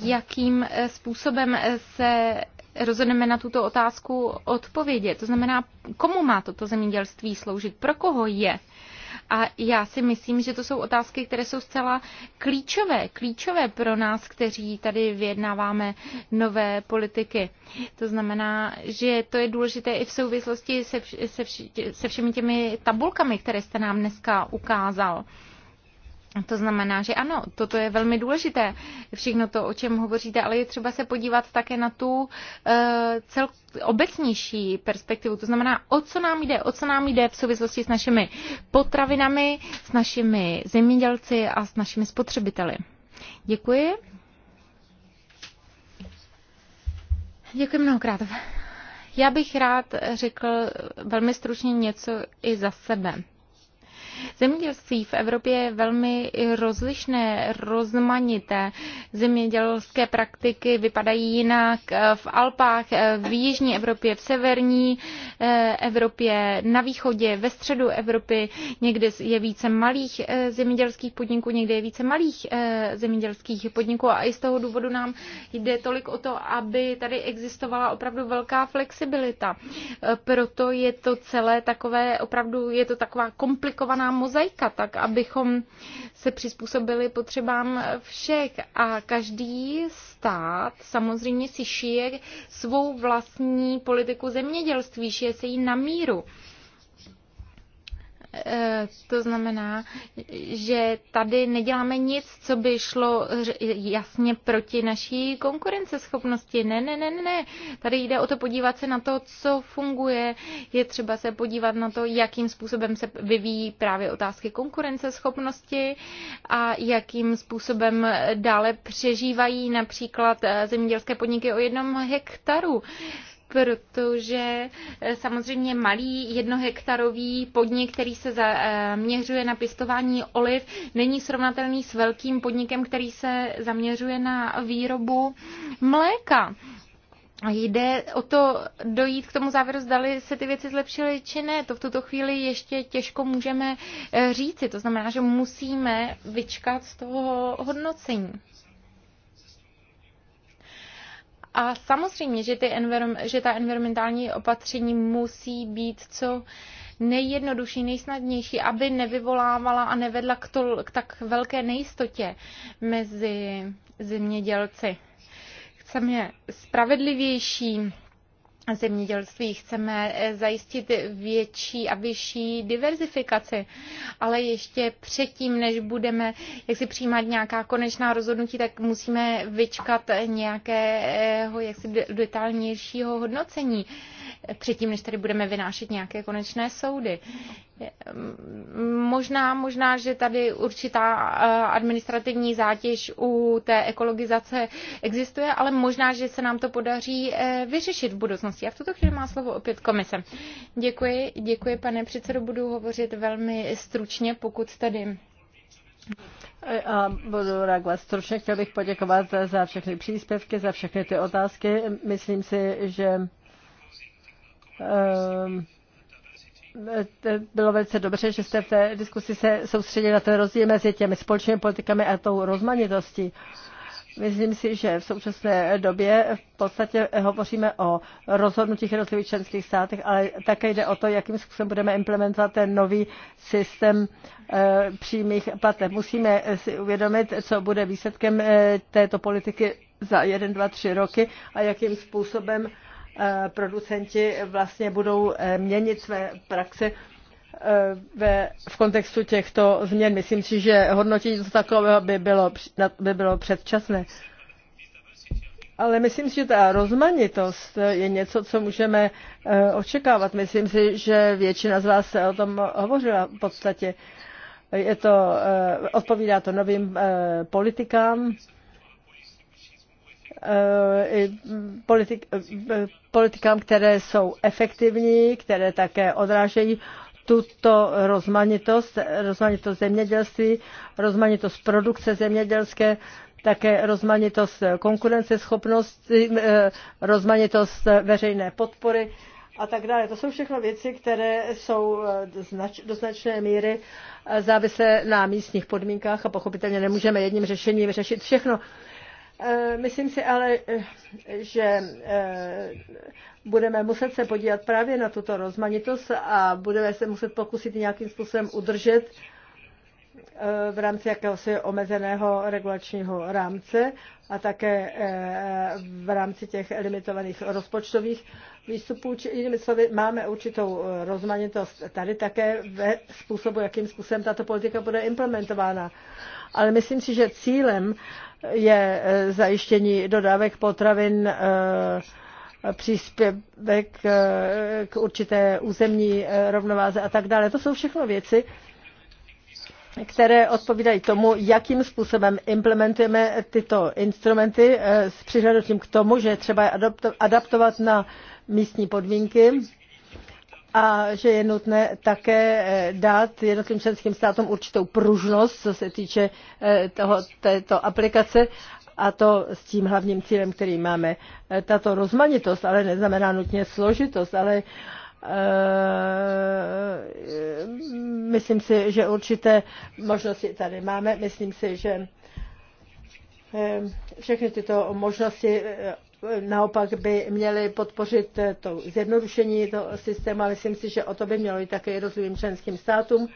jakým způsobem se rozhodneme na tuto otázku odpovědět. To znamená, komu má toto zemědělství sloužit, pro koho je. A já si myslím, že to jsou otázky, které jsou zcela klíčové, klíčové pro nás, kteří tady vyjednáváme nové politiky. To znamená, že to je důležité i v souvislosti se, vš- se, vš- se všemi těmi tabulkami, které jste nám dneska ukázal. To znamená, že ano, toto je velmi důležité, všechno to, o čem hovoříte, ale je třeba se podívat také na tu uh, cel, obecnější perspektivu. To znamená, o co nám jde, o co nám jde v souvislosti s našimi potravinami, s našimi zemědělci a s našimi spotřebiteli. Děkuji. Děkuji mnohokrát. Já bych rád řekl velmi stručně něco i za sebe. Zemědělství v Evropě je velmi rozlišné, rozmanité. Zemědělské praktiky vypadají jinak eh, v Alpách, eh, v jižní Evropě, v severní eh, Evropě, na východě, ve středu Evropy. Někde je více malých zemědělských podniků, někde je více malých zemědělských podniků a i z toho důvodu nám jde tolik o to, aby tady existovala opravdu velká flexibilita. Proto je to celé takové, opravdu je to taková komplikovaná mozaika, tak abychom se přizpůsobili potřebám všech. A každý stát samozřejmě si šije svou vlastní politiku zemědělství, šije se jí na míru. Eh, to znamená, že tady neděláme nic, co by šlo jasně proti naší konkurenceschopnosti. Ne, ne, ne, ne. Tady jde o to podívat se na to, co funguje. Je třeba se podívat na to, jakým způsobem se vyvíjí právě otázky konkurenceschopnosti a jakým způsobem dále přežívají například eh, zemědělské podniky o jednom hektaru protože eh, samozřejmě malý jednohektarový podnik, který se zaměřuje eh, na pěstování oliv, není srovnatelný s velkým podnikem, který se zaměřuje na výrobu mléka. Jde o to dojít k tomu závěru, zdali se ty věci zlepšily či ne. To v tuto chvíli ještě těžko můžeme eh, říci. To znamená, že musíme vyčkat z toho hodnocení. A samozřejmě, že, ty envirom, že ta environmentální opatření musí být co nejjednodušší, nejsnadnější, aby nevyvolávala a nevedla k, to, k tak velké nejistotě mezi zemědělci. Chceme spravedlivější zemědělství. Chceme eh, zajistit větší a vyšší diverzifikaci, ale ještě předtím, než budeme jak si přijímat nějaká konečná rozhodnutí, tak musíme vyčkat nějakého eh, jaksi detailnějšího hodnocení předtím, než tady budeme vynášet nějaké konečné soudy. Možná, možná, že tady určitá eh, administrativní zátěž u té ekologizace existuje, ale možná, že se nám to podaří eh, vyřešit v budoucnosti. A v tuto chvíli má slovo opět komise. Děkuji, děkuji pane předsedo, budu hovořit velmi stručně, pokud tady eh, a budu reagovat stručně. Chtěl bych poděkovat za všechny příspěvky, za všechny ty otázky. Myslím si, že Ehm, bylo velice dobře, že jste v té diskusi se soustředili na ten rozdíl mezi těmi společnými politikami a tou rozmanitostí. Myslím si, že v současné době v podstatě hovoříme o rozhodnutích jednotlivých členských státech, ale také jde o to, jakým způsobem budeme implementovat ten nový systém eh, přímých plateb. Musíme si uvědomit, co bude výsledkem eh, této politiky za jeden, dva, tři roky a jakým způsobem Eh, producenti vlastně budou eh, měnit své praxe eh, v kontextu těchto změn. Myslím si, že hodnotit něco takového by bylo, by bylo předčasné. Ale myslím si, že ta rozmanitost je něco, co můžeme očekávat. Myslím si, že většina z vás se o tom hovořila v podstatě. Je to, odpovídá to novým politikám, Eh, politik, eh, politikám, které jsou efektivní, které také odrážejí tuto rozmanitost, rozmanitost zemědělství, rozmanitost produkce zemědělské, také rozmanitost konkurenceschopnosti, eh, rozmanitost veřejné podpory a tak dále. To jsou všechno věci, které jsou do značné míry závislé na místních podmínkách a pochopitelně nemůžeme jedním řešením řešit všechno. Eh, myslím si ale, eh, že eh, budeme muset se podívat právě na tuto rozmanitost a budeme se muset pokusit nějakým způsobem udržet v rámci jakéhosi omezeného regulačního rámce a také v rámci těch limitovaných rozpočtových výstupů. jinými slovy, máme určitou rozmanitost tady také ve způsobu, jakým způsobem tato politika bude implementována. Ale myslím si, že cílem je eh, zajištění dodávek potravin eh, příspěvek eh, k určité územní rovnováze a tak dále. To jsou všechno věci, které odpovídají tomu, jakým způsobem implementujeme tyto instrumenty s přihlednutím k tomu, že je třeba adaptovat na místní podmínky a že je nutné také eh, dát jednotlivým členským státům určitou pružnost, co se týče eh, toho, této aplikace a to s tím hlavním cílem, který máme. Eh, tato rozmanitost ale neznamená nutně složitost, ale myslím si, že určité možnosti tady máme. Myslím si, že všechny tyto možnosti naopak by měly podpořit to zjednodušení toho systému, ale myslím si, že o to by mělo jít také jednotlivým členským státům.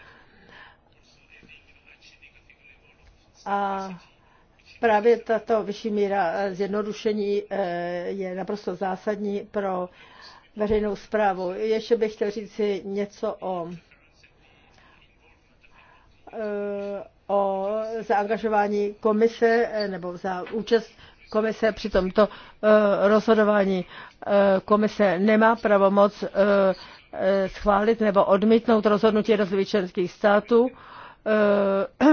A právě tato vyšší míra zjednodušení eh, je naprosto zásadní pro veřejnou zprávu. Ještě bych chtěl říct si něco o eh, o zaangažování komise eh, nebo za účast komise při tomto eh, rozhodování. Eh, komise nemá pravomoc eh, schválit nebo odmítnout rozhodnutí jednotlivých členských států.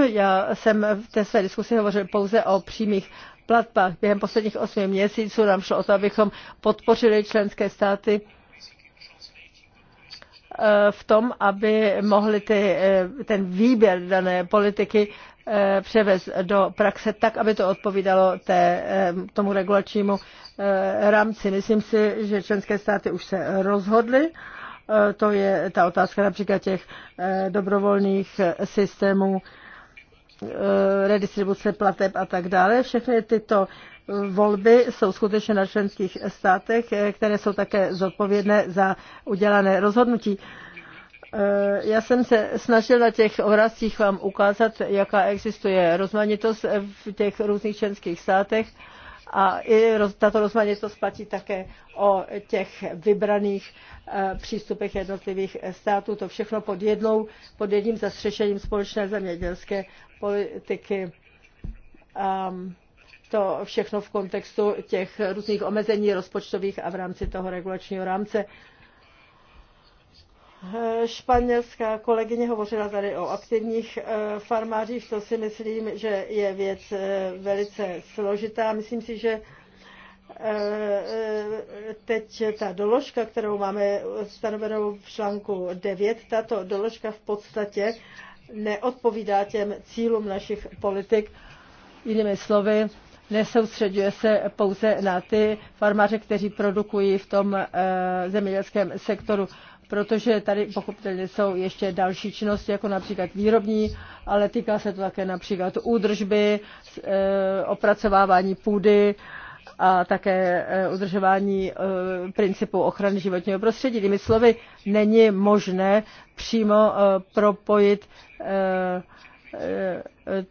Já jsem v té své diskusi hovořil pouze o přímých platbách. Během posledních osmi měsíců nám šlo o to, abychom podpořili členské státy v tom, aby mohli ty, ten výběr dané politiky Eh, převést do praxe tak, aby to odpovídalo té, eh, tomu regulačnímu eh, rámci. Myslím si, že členské státy už se rozhodly. To je ta otázka například těch dobrovolných systémů redistribuce plateb a tak dále. Všechny tyto volby jsou skutečně na členských státech, které jsou také zodpovědné za udělané rozhodnutí. Eh, já jsem se snažil na těch obrazcích vám ukázat, jaká existuje rozmanitost v těch různých členských státech a i tato rozmanitost platí také o těch vybraných eh, přístupech jednotlivých států. To všechno pod, jednou, pod jedním zastřešením společné zemědělské politiky. Um, to všechno v kontextu těch různých omezení rozpočtových a v rámci toho regulačního rámce. Uh, Eh, španělská kolegyně hovořila tady o aktivních eh, farmářích, to si myslím, že je věc eh, velice složitá. Myslím si, že teď ta doložka, kterou máme stanovenou v článku 9, tato doložka v podstatě neodpovídá těm cílům našich politik. Jinými slovy, nesoustředuje se pouze na ty farmáře, kteří produkují v tom zemědělském sektoru protože tady pochopitelně jsou ještě další činnosti, jako například výrobní, ale týká se to také například údržby, e, opracovávání půdy a také e, udržování e, principu ochrany životního prostředí. Jinými slovy, není možné přímo propojit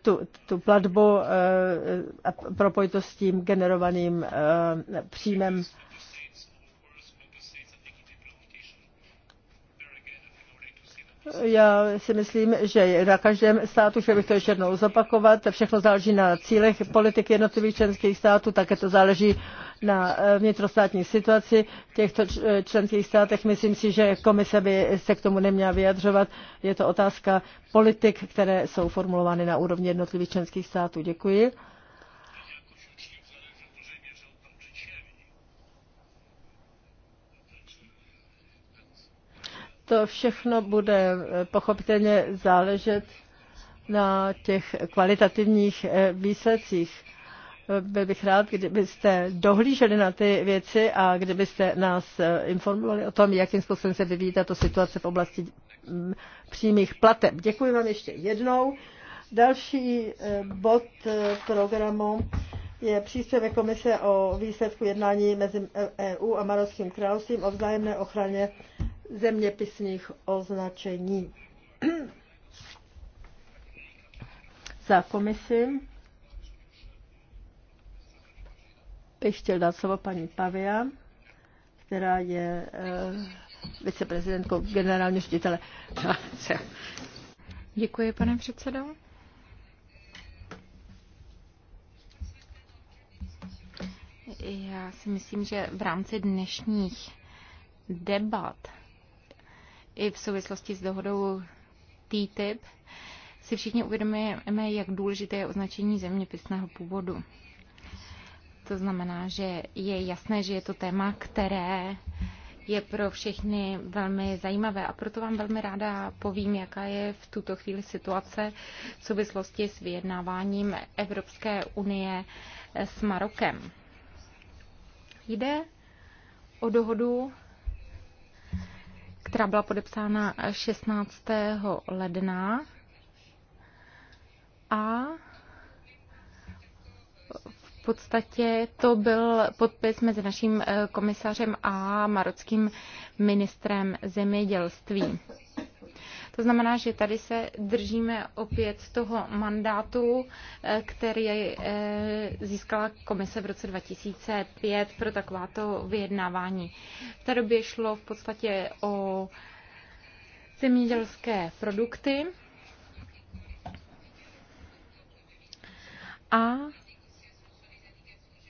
tu, tu platbu a propojit to s tím generovaným příjmem Já si myslím, že na každém státu, že bych to ještě jednou zopakovat, všechno záleží na cílech politiky jednotlivých členských států, také to záleží na eh, vnitrostátní situaci v těchto eh, členských státech. Myslím si, že komise by se k tomu neměla vyjadřovat. Je to otázka politik, které jsou formulovány na úrovni jednotlivých členských států. Děkuji. To všechno bude eh, pochopitelně záležet na těch kvalitativních eh, výsledcích. Eh, byl bych rád, kdybyste dohlíželi na ty věci a kdybyste nás informovali o tom, jakým způsobem se vyvíjí tato situace v oblasti mm, přímých plateb. Děkuji vám ještě jednou. Další bod programu je příspěvek komise o výsledku jednání mezi EU e a Marovským královstvím o vzájemné ochraně zeměpisných označení. Za komisi bych chtěl dát slovo paní Pavia, která je uh, viceprezidentkou generálního ředitele. Děkuji, pane předsedo. Já si myslím, že v rámci dnešních debat i v souvislosti s dohodou TTIP si všichni uvědomujeme, jak důležité je označení zeměpisného původu. To znamená, že je jasné, že je to téma, které je pro všechny velmi zajímavé a proto vám velmi ráda povím, jaká je v tuto chvíli situace v souvislosti s vyjednáváním Evropské unie s Marokem. Jde o dohodu, která byla podepsána 16. ledna a v podstatě to byl podpis mezi naším eh, komisařem a marockým ministrem zemědělství. To znamená, že tady se držíme opět toho mandátu, eh, který eh, získala komise v roce 2005 pro takováto vyjednávání. V té době šlo v podstatě o zemědělské produkty a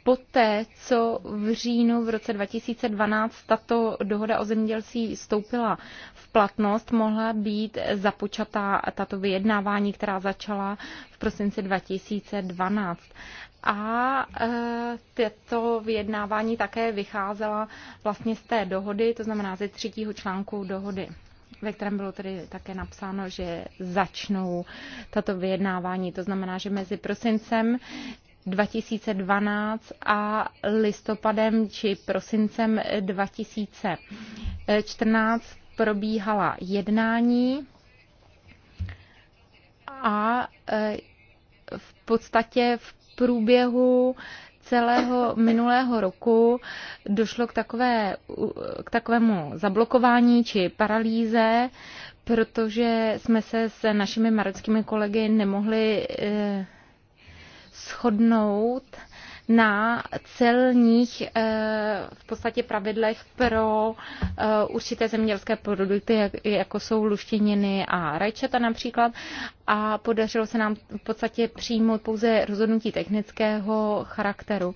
Poté, co v říjnu v roce 2012 tato dohoda o zemědělství stoupila v platnost, mohla být započatá tato vyjednávání, která začala v prosinci 2012 a e, tyto vyjednávání také vycházela vlastně z té dohody, to znamená ze třetího článku dohody ve kterém bylo tedy také napsáno, že začnou tato vyjednávání. To znamená, že mezi prosincem 2012 a listopadem či prosincem 2014 probíhala jednání a e, v podstatě v průběhu celého minulého roku došlo k, takové, k takovému zablokování či paralýze, protože jsme se s našimi marockými kolegy nemohli e, shodnout na celních eh, v podstatě pravidlech pro eh, určité zemědělské produkty, jako jsou luštěniny a rajčata například. A podařilo se nám v podstatě přijmout pouze rozhodnutí technického charakteru,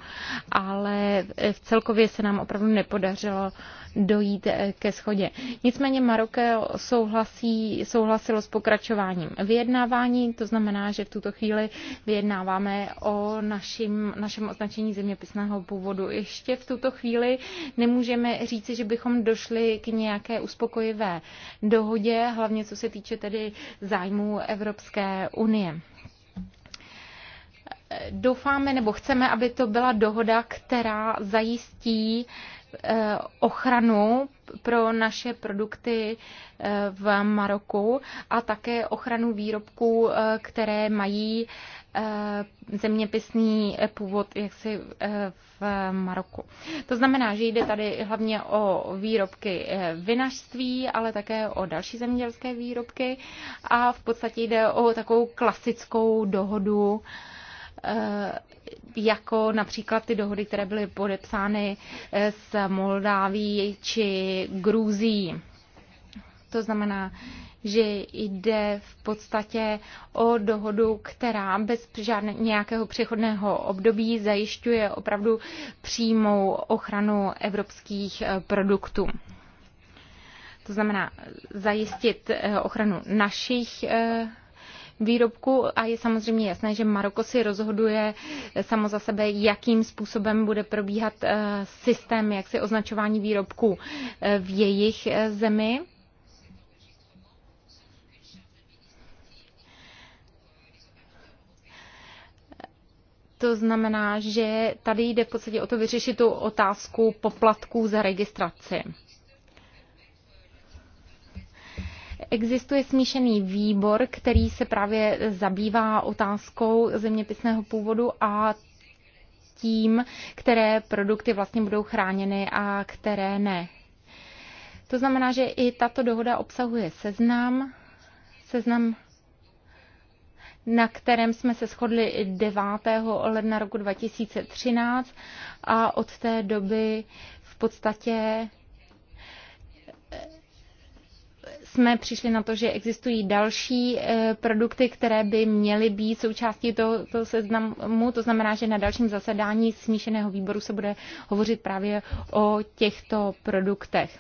ale v eh, celkově se nám opravdu nepodařilo dojít eh, ke schodě. Nicméně Maroké souhlasí, souhlasilo s pokračováním vyjednávání, to znamená, že v tuto chvíli vyjednáváme o našim, našem označení zeměpisného původu. Ještě v tuto chvíli nemůžeme říci, že bychom došli k nějaké uspokojivé dohodě, hlavně co se týče tedy zájmů Evropské unie doufáme nebo chceme, aby to byla dohoda, která zajistí Eh, ochranu pro naše produkty eh, v Maroku a také ochranu výrobků, eh, které mají zeměpisný původ jaksi v Maroku. To znamená, že jde tady hlavně o výrobky vinařství, ale také o další zemědělské výrobky a v podstatě jde o takovou klasickou dohodu Eh, jako například ty dohody, které byly podepsány eh, s Moldáví či Gruzí. To znamená, že jde v podstatě o dohodu, která bez žádné, nějakého přechodného období zajišťuje opravdu přímou ochranu evropských eh, produktů. To znamená zajistit ochranu našich výrobku a je samozřejmě jasné, že Maroko si rozhoduje samo za sebe, jakým způsobem bude probíhat eh, systém jak si označování výrobku eh, v jejich eh, zemi. To znamená, že tady jde v podstatě o to vyřešit tu otázku poplatků za registraci. Existuje smíšený výbor, který se právě zabývá otázkou zeměpisného původu a tím, které produkty vlastně budou chráněny a které ne. To znamená, že i tato dohoda obsahuje seznam, seznam na kterém jsme se shodli 9. ledna roku 2013 a od té doby v podstatě jsme přišli na to, že existují další eh, produkty, které by měly být součástí toho, toho seznamu. To znamená, že na dalším zasedání smíšeného výboru se bude hovořit právě o těchto produktech.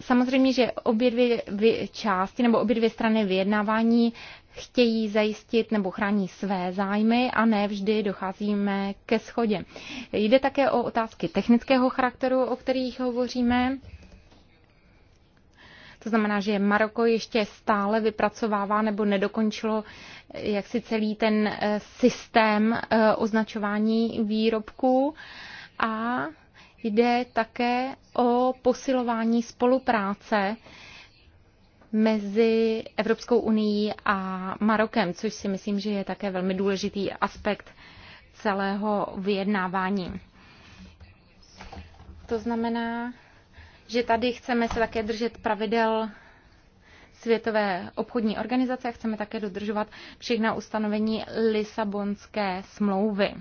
Samozřejmě, že obě dvě části nebo obě dvě strany vyjednávání chtějí zajistit nebo chrání své zájmy a ne vždy docházíme ke schodě. Jde také o otázky technického charakteru, o kterých hovoříme. To znamená, že Maroko ještě stále vypracovává nebo nedokončilo eh, jaksi celý ten eh, systém eh, označování výrobků a jde také o posilování spolupráce mezi Evropskou unii a Marokem, což si myslím, že je také velmi důležitý aspekt celého vyjednávání. To znamená, že tady chceme se také držet pravidel Světové obchodní organizace a chceme také dodržovat všechna ustanovení Lisabonské smlouvy.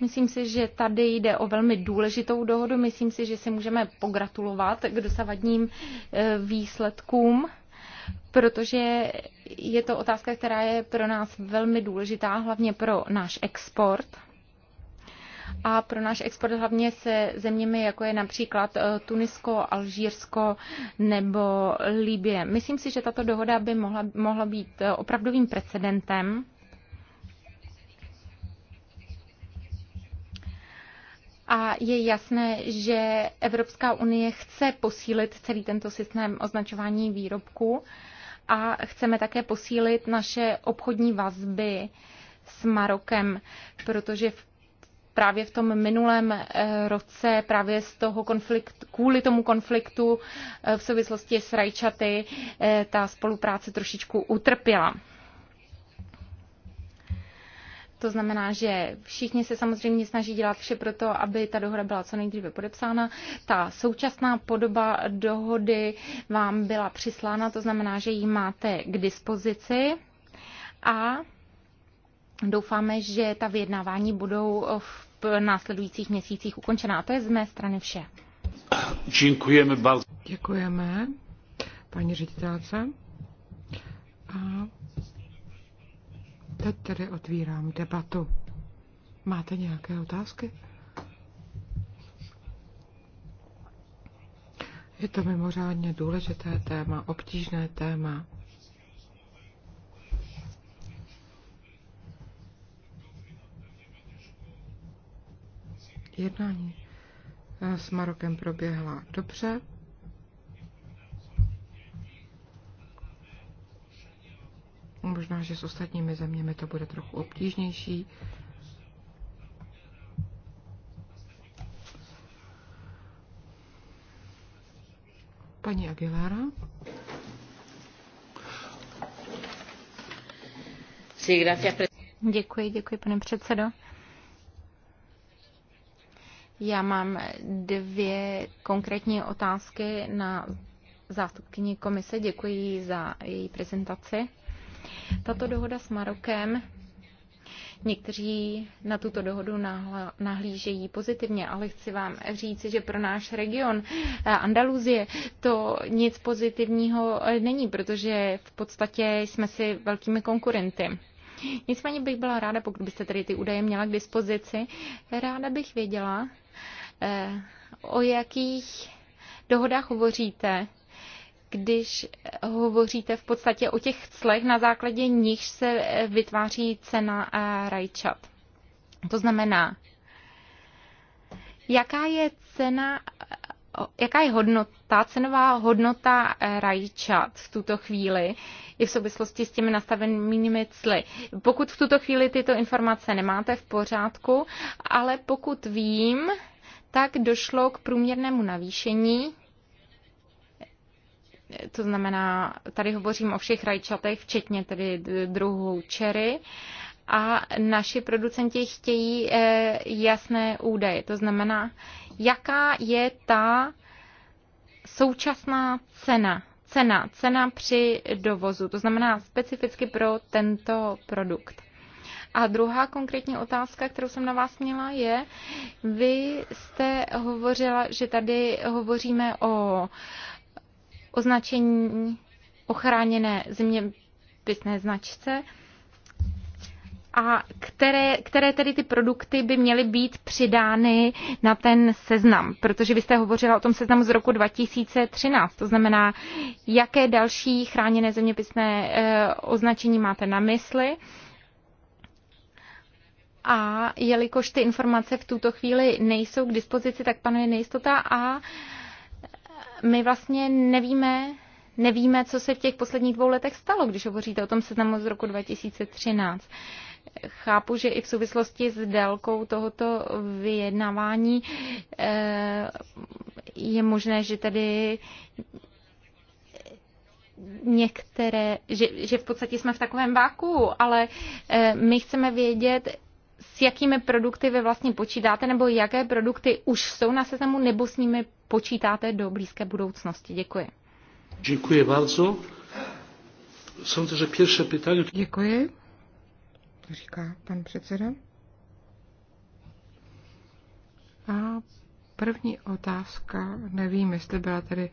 Myslím si, že tady jde o velmi důležitou dohodu. Myslím si, že si můžeme pogratulovat k dosavadním e, výsledkům, protože je to otázka, která je pro nás velmi důležitá, hlavně pro náš export a pro náš export hlavně se zeměmi, jako je například eh, Tunisko, Alžírsko nebo Líbie. Myslím si, že tato dohoda by mohla, mohla být eh, opravdovým precedentem. A je jasné, že Evropská unie chce posílit celý tento systém označování výrobků a chceme také posílit naše obchodní vazby s Marokem, protože v právě v tom minulém eh, roce, právě z toho konfliktu, kvůli tomu konfliktu eh, v souvislosti s rajčaty, eh, ta spolupráce trošičku utrpěla. To znamená, že všichni se samozřejmě snaží dělat vše pro to, aby ta dohoda byla co nejdříve podepsána. Ta současná podoba dohody vám byla přislána, to znamená, že ji máte k dispozici a doufáme, že ta vyjednávání budou v v následujících měsících ukončena. A to je z mé strany vše. Děkujeme Děkujeme, paní ředitelce. A teď tedy otvírám debatu. Máte nějaké otázky? Je to mimořádně důležité téma, obtížné téma. Jednání eh, s Marokem proběhla dobře. Možná, že s ostatními zeměmi to bude trochu obtížnější. Paní Aguilera. Děkuji, děkuji, pane předsedo. Já mám dvě konkrétní otázky na zástupkyni komise. Děkuji za její prezentaci. Tato dohoda s Marokem, někteří na tuto dohodu nahlížejí pozitivně, ale chci vám říci, že pro náš region eh, Andaluzie to nic pozitivního eh, není, protože v podstatě jsme si velkými konkurenty. Nicméně bych byla ráda, pokud byste tedy ty údaje měla k dispozici, ráda bych věděla, Eh, o jakých dohodách hovoříte, když hovoříte v podstatě o těch clech, na základě nich se eh, vytváří cena eh, rajčat? To znamená, jaká je cena jaká je hodnota, cenová hodnota rajčat v tuto chvíli i v souvislosti s těmi nastavenými cly. Pokud v tuto chvíli tyto informace nemáte v pořádku, ale pokud vím, tak došlo k průměrnému navýšení to znamená, tady hovořím o všech rajčatech, včetně tedy druhou čery. A naši producenti chtějí eh, jasné údaje. To znamená, jaká je ta současná cena. Cena, cena při dovozu. To znamená specificky pro tento produkt. A druhá konkrétní otázka, kterou jsem na vás měla, je, vy jste hovořila, že tady hovoříme o označení ochráněné zeměpisné značce a které, které tedy ty produkty by měly být přidány na ten seznam? Protože vy jste hovořila o tom seznamu z roku 2013, to znamená, jaké další chráněné zeměpisné e, označení máte na mysli? a jelikož ty informace v tuto chvíli nejsou k dispozici, tak panuje nejistota a my vlastně nevíme, nevíme, co se v těch posledních dvou letech stalo, když hovoříte o tom seznamu z roku 2013. Chápu, že i v souvislosti s délkou tohoto vyjednávání eh, je možné, že tady některé, že, že v podstatě jsme v takovém váku, ale eh, my chceme vědět, s jakými produkty vy vlastně počítáte, nebo jaké produkty už jsou na seznamu, nebo s nimi počítáte do blízké budoucnosti. Děkuji. Děkuji bardzo. to, že pierwsze pytání. Děkuji, říká pan předseda. A první otázka, nevím, jestli byla tedy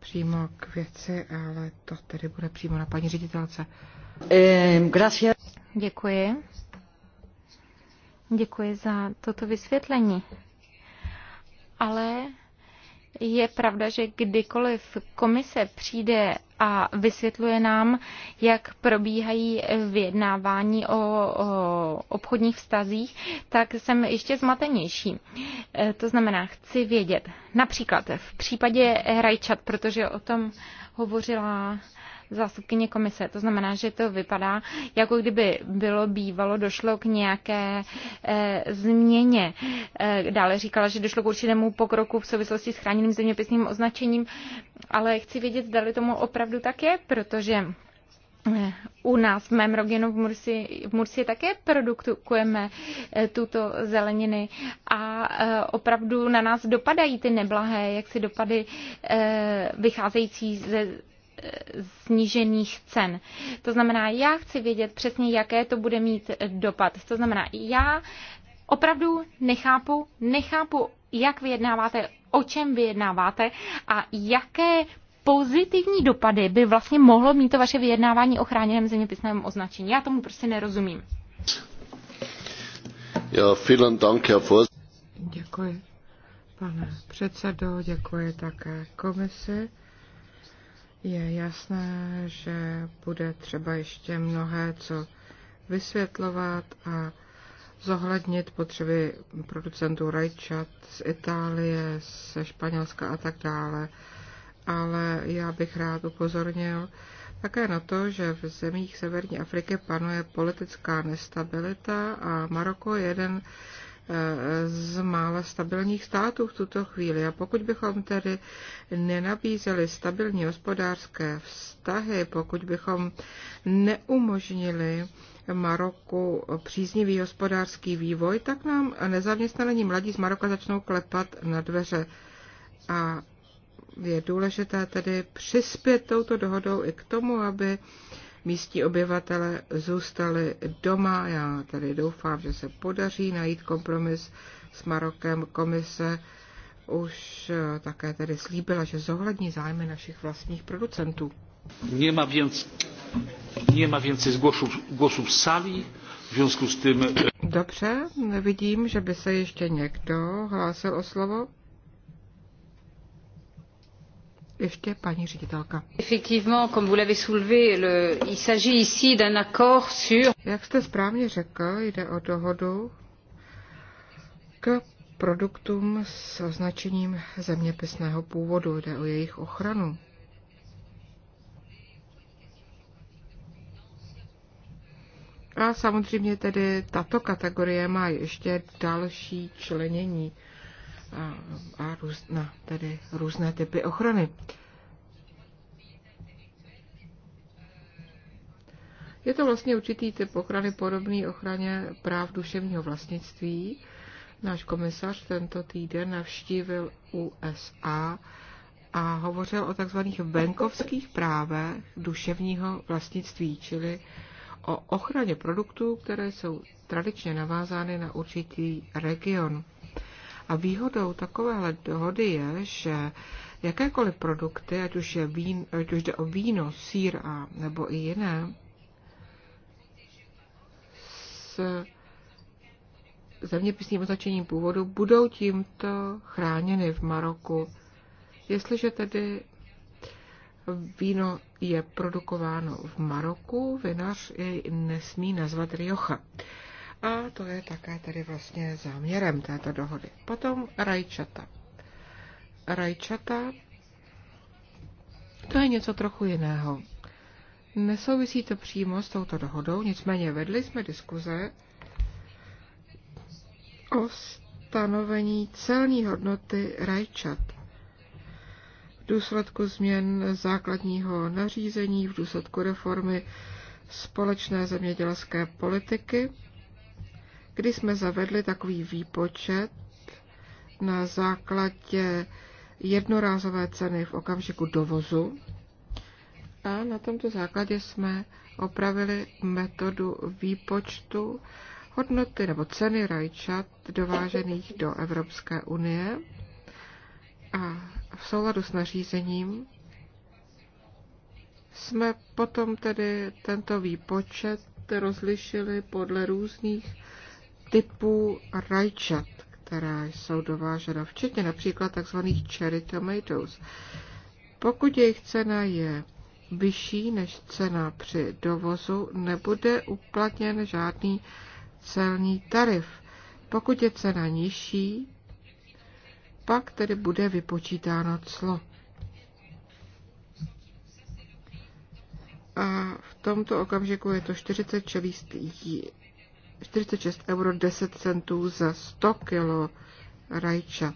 přímo k věci, ale to tedy bude přímo na paní ředitelce. Eh, Děkuji. Děkuji za toto vysvětlení. Ale je pravda, že kdykoliv komise přijde a vysvětluje nám, jak probíhají vyjednávání o, o obchodních vztazích, tak jsem ještě zmatenější. E, to znamená, chci vědět. Například v případě rajčat, protože o tom hovořila zástupkyně komise. To znamená, že to vypadá, jako kdyby bylo bývalo, došlo k nějaké e, změně. E, dále říkala, že došlo k určitému pokroku v souvislosti s chráněným zeměpisným označením, ale chci vědět, zda tomu opravdu tak je, protože eh, u nás v mém regionu v Mursi, v Mursi také produkujeme tuto zeleniny a opravdu na nás dopadají ty neblahé, jak si dopady vycházející ze snížených cen. To znamená, já chci vědět přesně, jaké to bude mít dopad. To znamená, já opravdu nechápu, nechápu, jak vyjednáváte, o čem vyjednáváte a jaké pozitivní dopady by vlastně mohlo mít to vaše vyjednávání o chráněném zeměpisném označení. Já tomu prostě nerozumím. Ja, vielen Dank, Herr Vors. Děkuji, pane předsedo, děkuji také komisi. Je jasné, že bude třeba ještě mnohé co vysvětlovat a zohlednit potřeby producentů rajčat z Itálie, ze Španělska a tak dále. Ale já bych rád upozornil také na to, že v zemích Severní Afriky panuje politická nestabilita a Maroko je jeden z mála stabilních států v tuto chvíli. A pokud bychom tedy nenabízeli stabilní hospodářské vztahy, pokud bychom neumožnili Maroku příznivý hospodářský vývoj, tak nám nezaměstnaní mladí z Maroka začnou klepat na dveře. A je důležité tedy přispět touto dohodou i k tomu, aby místní obyvatele zůstali doma. Já tady doufám, že se podaří najít kompromis s Marokem. Komise už eh, také tedy slíbila, že zohlední zájmy našich vlastních producentů. Nemá víc, więc, nie zgłosů więcej sali, związku e, Dobře, vidím, že by se ještě někdo hlásil o slovo ještě paní ředitelka. Jak jste správně řekl, jde o dohodu k produktům s označením zeměpisného původu, jde o jejich ochranu. A samozřejmě tedy tato kategorie má ještě další členění a, a růz, na tedy různé typy ochrany. Je to vlastně určitý typ ochrany podobný ochraně práv duševního vlastnictví. Náš komisař tento týden navštívil USA a hovořil o takzvaných venkovských právech duševního vlastnictví, čili o ochraně produktů, které jsou tradičně navázány na určitý region. A výhodou takovéhle dohody je, že jakékoliv produkty, ať už, je vín, ať už jde o víno, sír a nebo i jiné, s zeměpisným označením původu budou tímto chráněny v Maroku. Jestliže tedy víno je produkováno v Maroku, vinař jej nesmí nazvat Riocha. A to je také tedy vlastně záměrem této dohody. Potom rajčata. Rajčata, to je něco trochu jiného. Nesouvisí to přímo s touto dohodou, nicméně vedli jsme diskuze o stanovení celní hodnoty rajčat. V důsledku změn základního nařízení, v důsledku reformy společné zemědělské politiky, kdy jsme zavedli takový výpočet na základě jednorázové ceny v okamžiku dovozu. A na tomto základě jsme opravili metodu výpočtu hodnoty nebo ceny rajčat dovážených do Evropské unie a v souladu s nařízením jsme potom tedy tento výpočet rozlišili podle různých typů rajčat, která jsou dováženo, včetně například tzv. cherry tomatoes. Pokud jejich cena je vyšší než cena při dovozu, nebude uplatněn žádný celní tarif. Pokud je cena nižší, pak tedy bude vypočítáno clo. A v tomto okamžiku je to 40 čelist 46 euro 10 centů za 100 kilo rajčat.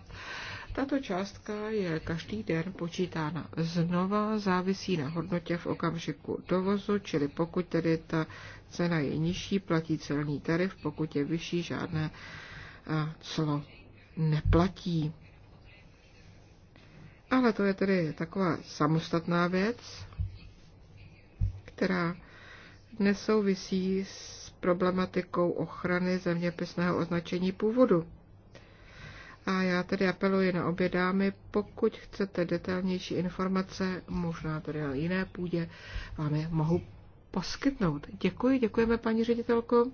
Tato částka je každý den počítána znova, závisí na hodnotě v okamžiku dovozu, čili pokud tedy ta cena je nižší, platí celní tarif, pokud je vyšší, žádné clo neplatí. Ale to je tedy taková samostatná věc, která nesouvisí s problematikou ochrany zeměpisného označení původu. A já tedy apeluji na obě dámy, pokud chcete detailnější informace, možná tedy na jiné půdě, vám je mohu poskytnout. Děkuji, děkujeme paní ředitelko.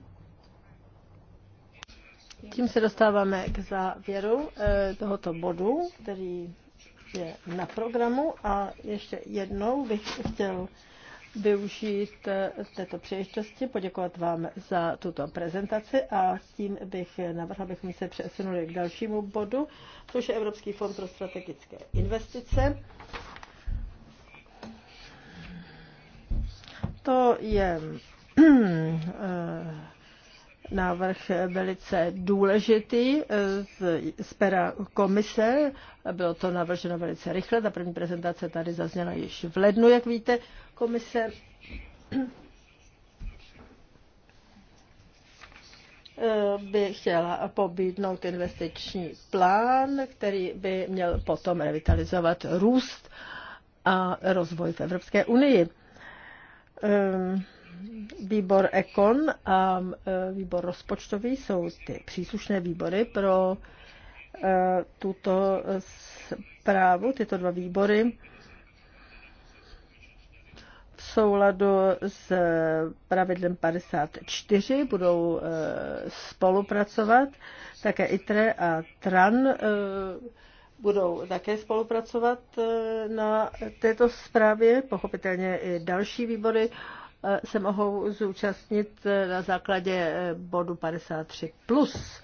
Tím se dostáváme k závěru eh, tohoto bodu, který je na programu a ještě jednou bych chtěl využít eh, této příležitosti, poděkovat vám za tuto prezentaci a tím bych navrhla, abychom se přesunuli k dalšímu bodu, což je Evropský fond pro strategické investice. To je eh, návrh velice důležitý eh, z, z pera komise. Bylo to navrženo velice rychle. Ta první prezentace tady zazněla již v lednu, jak víte. Komise eh, by chtěla pobídnout investiční plán, který by měl potom revitalizovat růst a rozvoj v Evropské unii. Eh, výbor Ekon a eh, výbor rozpočtový jsou ty příslušné výbory pro tuto zprávu, tyto dva výbory v souladu s pravidlem 54 budou eh, spolupracovat, také ITRE a TRAN eh, budou také spolupracovat eh, na této zprávě. Pochopitelně i další výbory se mohou zúčastnit na základě bodu 53+. Plus.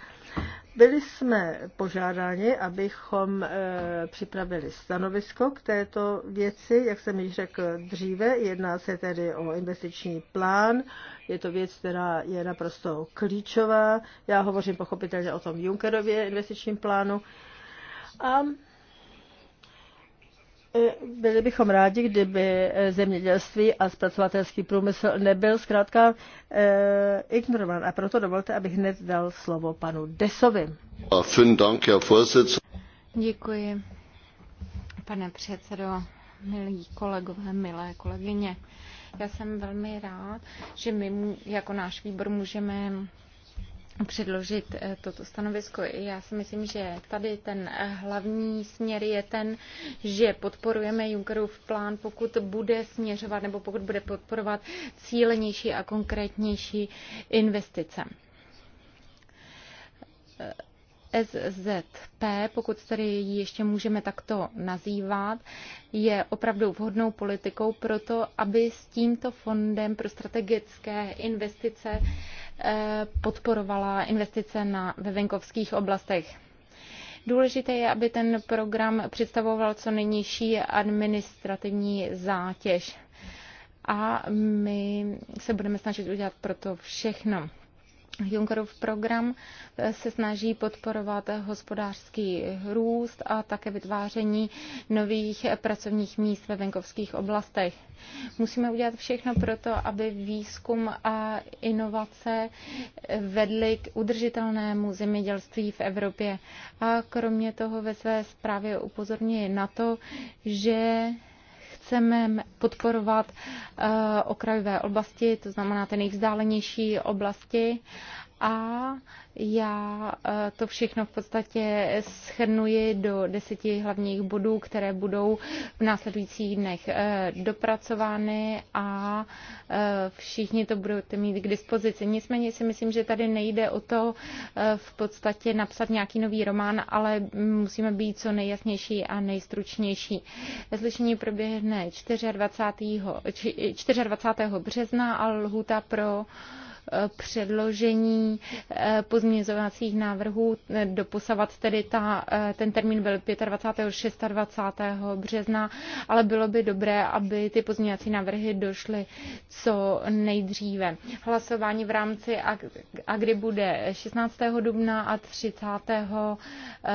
Byli jsme požádáni, abychom eh, připravili stanovisko k této věci, jak jsem již řekl dříve. Jedná se tedy o investiční plán. Je to věc, která je naprosto klíčová. Já hovořím pochopitelně o tom Junckerově investičním plánu. A E, byli bychom rádi, kdyby e, zemědělství a zpracovatelský průmysl nebyl zkrátka eh, ignorován. A proto dovolte, abych hned dal slovo panu Desovi. Děkuji, pane předsedo, milí kolegové, milé kolegyně. Já jsem velmi rád, že my jako náš výbor můžeme předložit eh, toto stanovisko. Já si myslím, že tady ten hlavní směr je ten, že podporujeme Junckerův plán, pokud bude směřovat nebo pokud bude podporovat cílenější a konkrétnější investice. Eh, SZP, pokud tady ji ještě můžeme takto nazývat, je opravdu vhodnou politikou pro to, aby s tímto fondem pro strategické investice Eh, podporovala investice na, ve venkovských oblastech. Důležité je, aby ten program představoval co nejnižší administrativní zátěž. A my se budeme snažit udělat pro to všechno. Junckerův program eh, se snaží podporovat hospodářský růst a také vytváření nových pracovních míst ve venkovských oblastech. Musíme udělat všechno pro to, aby výzkum a inovace eh, vedly k udržitelnému zemědělství v Evropě. A kromě toho ve své zprávě upozorňuji na to, že chceme podporovat eh, okrajové oblasti, to znamená ty nejvzdálenější oblasti a já e, to všechno v podstatě schrnuji do deseti hlavních bodů, které budou v následujících dnech e, dopracovány a e, všichni to budete mít k dispozici. Nicméně si myslím, že tady nejde o to v podstatě napsat nějaký nový román, ale musíme být co nejjasnější a nejstručnější. Zlišení proběhne 24. 24. března a lhůta pro předložení eh, pozměňovacích návrhů. Eh, doposavat tedy ta, eh, ten termín byl 25. 26. března, ale bylo by dobré, aby ty pozměňovací návrhy došly co nejdříve. Hlasování v rámci Agri bude 16. dubna a 30.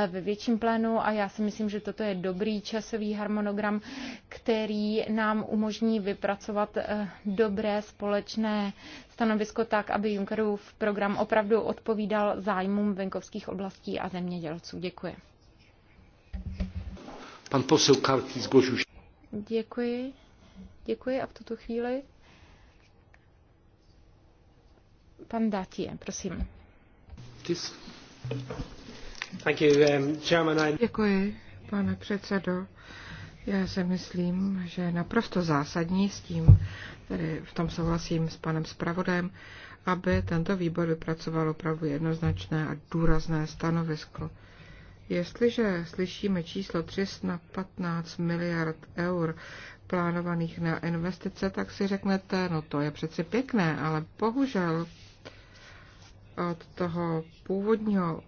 ve větším plénu a já si myslím, že toto je dobrý časový harmonogram, který nám umožní vypracovat dobré společné stanovisko tak, aby Junckerův program opravdu odpovídal zájmům venkovských oblastí a zemědělců. Děkuji. Pan posel Karty zgožil. Děkuji. Děkuji a v tuto chvíli pan Datie, prosím. Um, Děkuji, pane předsedo. Já si myslím, že je naprosto zásadní s tím tedy v tom souhlasím s panem zpravodem, aby tento výbor vypracoval opravdu jednoznačné a důrazné stanovisko. Jestliže slyšíme číslo 315 miliard eur plánovaných na investice, tak si řeknete, no to je přeci pěkné, ale bohužel od toho původního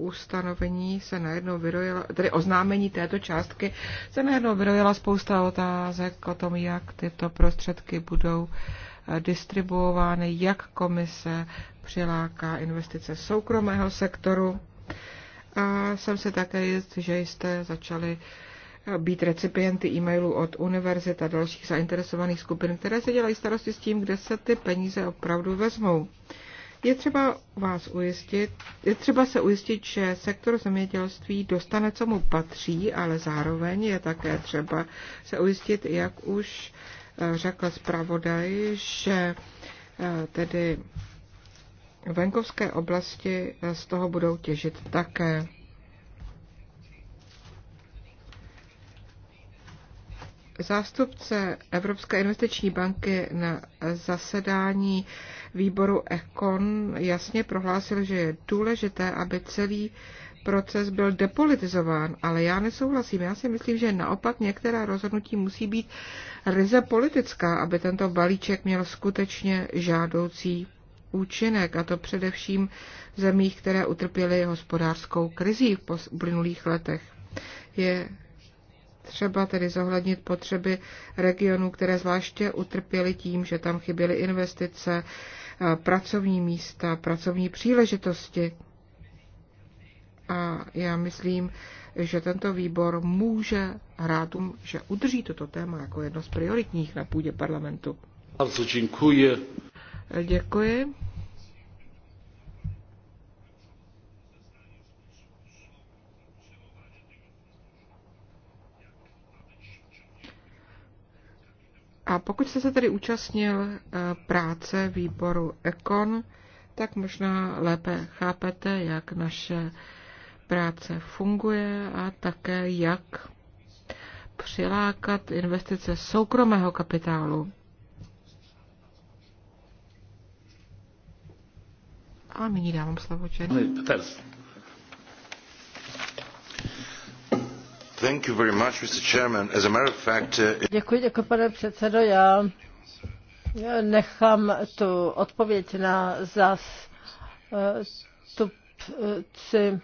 ustanovení se najednou vyrojila, tedy oznámení této částky, se najednou vyrojila spousta otázek o tom, jak tyto prostředky budou eh, distribuovány, jak komise přiláká investice soukromého sektoru. A jsem se také jist, že jste začali eh, být recipienty e-mailů od univerzit a dalších zainteresovaných skupin, které se dělají starosti s tím, kde se ty peníze opravdu vezmou. Je třeba vás ujistit, je třeba se ujistit, že sektor zemědělství dostane, co mu patří, ale zároveň je také třeba se ujistit, jak už eh, řekl zpravodaj, že eh, tedy venkovské oblasti eh, z toho budou těžit také. Zástupce Evropské investiční banky na zasedání výboru ECON jasně prohlásil, že je důležité, aby celý proces byl depolitizován, ale já nesouhlasím. Já si myslím, že naopak některá rozhodnutí musí být ryze politická, aby tento balíček měl skutečně žádoucí účinek, a to především v zemích, které utrpěly hospodářskou krizí v uplynulých letech. Je třeba tedy zohlednit potřeby regionů, které zvláště utrpěly tím, že tam chyběly investice, eh, pracovní místa, pracovní příležitosti. A já myslím, že tento výbor může hrát, um, že udrží toto téma jako jedno z prioritních na půdě parlamentu. Bardzo Děkuji. A pokud jste se tedy účastnil eh, práce výboru Econ, tak možná lépe chápete, jak naše práce funguje a také jak přilákat investice soukromého kapitálu. A nyní dávám slovo Jenny. Uh, děkuji, pane předsedo. Já nechám tu odpověď na zástupci eh, eh,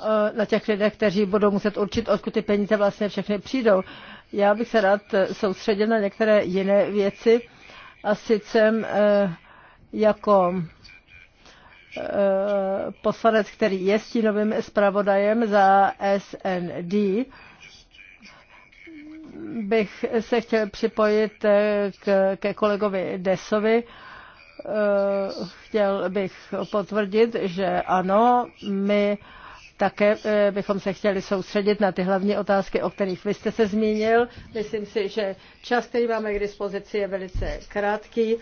eh, na těch lidech, kteří budou muset určit, odkud ty peníze vlastně všechny přijdou. Já bych se rád soustředil na některé jiné věci a sice jako Eh, poslanec, který je stínovým zpravodajem za SND, bych se chtěl připojit eh, k, ke kolegovi Desovi. Eh, chtěl bych potvrdit, že ano, my také bychom se chtěli soustředit na ty hlavní otázky, o kterých vy jste se zmínil. Myslím si, že čas, který máme k dispozici, je velice krátký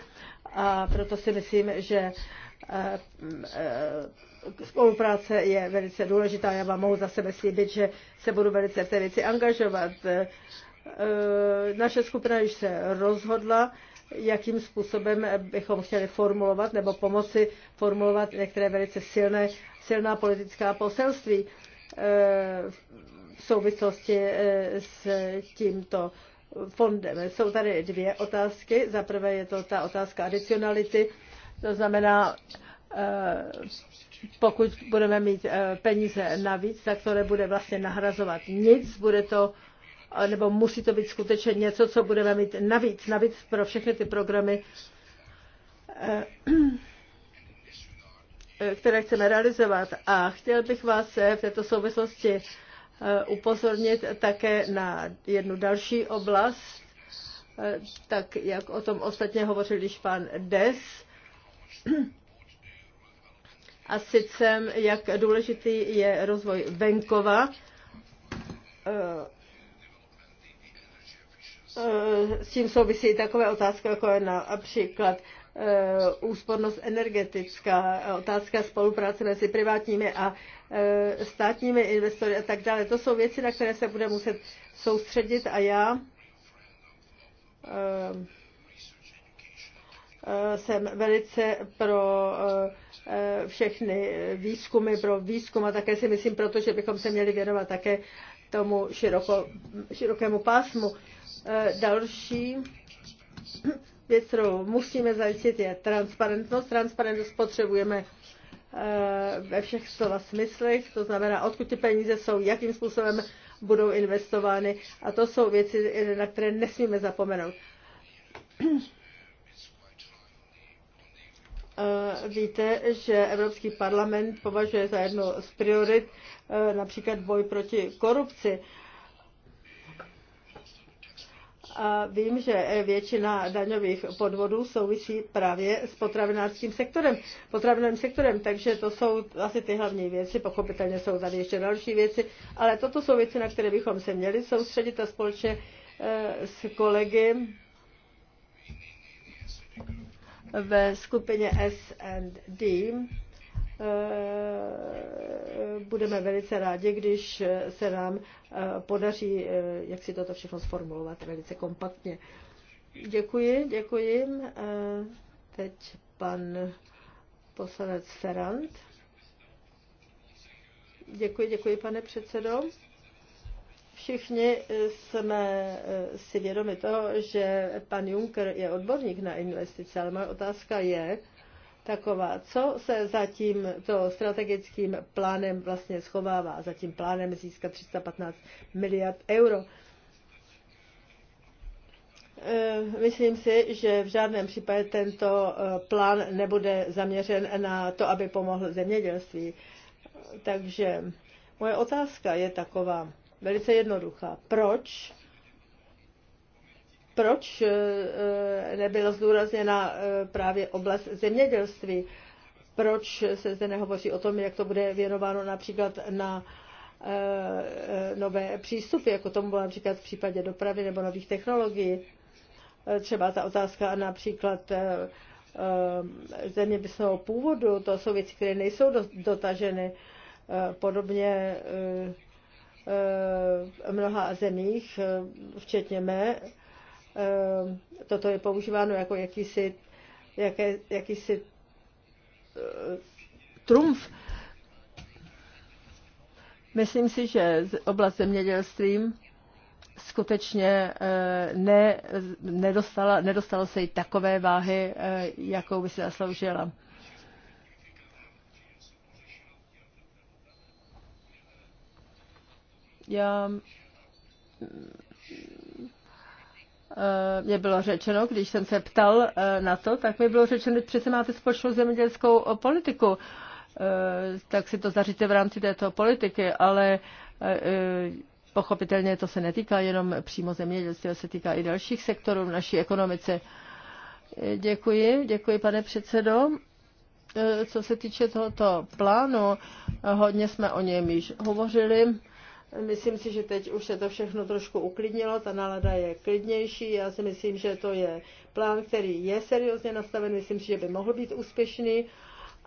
a proto si myslím, že uh, Eh, eh, spolupráce je velice důležitá. Já vám mohu za sebe slíbit, že se budu velice v té věci angažovat. Eh, naše skupina již se rozhodla, jakým způsobem bychom chtěli formulovat nebo pomoci formulovat některé velice silné, silná politická poselství v souvislosti s tímto fondem. Jsou tady dvě otázky. Za prvé je to ta otázka adicionality to znamená, eh, pokud budeme mít eh, peníze navíc, tak to nebude vlastně nahrazovat nic, bude to eh, nebo musí to být skutečně něco, co budeme mít navíc, navíc pro všechny ty programy, které chceme realizovat. A chtěl bych vás v této souvislosti upozornit také na jednu další oblast, tak jak o tom ostatně hovořil již pan Des a sice jak důležitý je rozvoj venkova eh, s tím souvisí takové otázky, jako je například eh, úspornost energetická, otázka spolupráce mezi privátními a eh, státními investory a tak dále. To jsou věci, na které se bude muset soustředit a já Eh, jsem velice pro eh, všechny výzkumy, pro výzkum a také si myslím, protože bychom se měli věnovat také tomu široko, širokému pásmu. Eh, další věc, kterou musíme zajistit, je transparentnost. Transparentnost potřebujeme ve všech slova smyslech, to znamená, odkud ty peníze jsou, jakým způsobem budou investovány. A to jsou věci, na které nesmíme zapomenout. Eh, víte, že Evropský parlament považuje za jednu z priorit eh, například boj proti korupci. A vím, že většina daňových podvodů souvisí právě s potravinářským sektorem, potravinovým sektorem, takže to jsou asi ty hlavní věci, pochopitelně jsou tady ještě další věci, ale toto jsou věci, na které bychom se měli soustředit a společně eh, s kolegy ve skupině S&D eh, budeme velice rádi, když se nám eh, podaří, eh, jak si toto všechno sformulovat velice kompaktně. Děkuji, děkuji. Teď pan poslanec Ferrand. Děkuji, děkuji, pane předsedo. Všichni eh, jsme eh, si vědomi toho, že pan Juncker je odborník na investice, ale moje otázka je taková, co se za to strategickým plánem vlastně schovává, za tím plánem získat 315 miliard euro. Eh, myslím si, že v žádném případě tento plán nebude zaměřen na to, aby pomohl zemědělství. Takže moje otázka je taková velice jednoduchá. Proč? Proč eh, eh, nebyla zdůrazněna eh, právě oblast zemědělství? Proč se zde nehovoří o tom, jak to bude věnováno například na nové přístupy, jako tomu bylo například v případě dopravy nebo nových technologií? Třeba ta otázka například zeměpisného původu, to jsou věci, které nejsou dotaženy. Podobně v eh, mnoha zemích, eh, včetně mé, eh, toto je používáno jako jakýsi, jaké, jakýsi trumf. Myslím si, že oblast zemědělství skutečně ne, nedostala, nedostalo se jí takové váhy, jakou by si zasloužila. Já eh, mě bylo řečeno, když jsem se ptal eh, na to, tak mi bylo řečeno, že přece máte společnou zemědělskou eh, politiku, tak si to zaříte v rámci této politiky, ale pochopitelně to se netýká jenom přímo zemědělství, ale se týká i dalších sektorů v naší ekonomice. Děkuji, děkuji pane předsedo. Co se týče tohoto plánu, hodně jsme o něm již hovořili. Myslím si, že teď už se to všechno trošku uklidnilo, ta nálada je klidnější. Já si myslím, že to je plán, který je seriózně nastaven, myslím si, že by mohl být úspěšný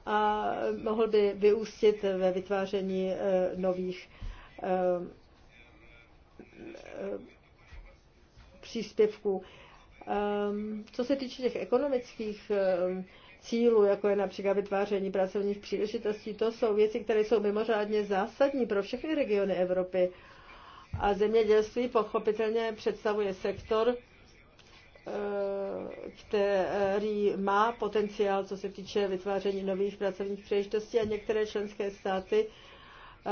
a mohl by vyústit ve vytváření eh, nových eh, eh, příspěvků. Ehm, co se týče těch ekonomických ehm, cílů, jako je například vytváření pracovních příležitostí, to jsou věci, které jsou mimořádně zásadní pro všechny regiony Evropy. A zemědělství pochopitelně představuje sektor, eh, který má potenciál, co se týče vytváření nových pracovních příležitostí a některé členské státy eh,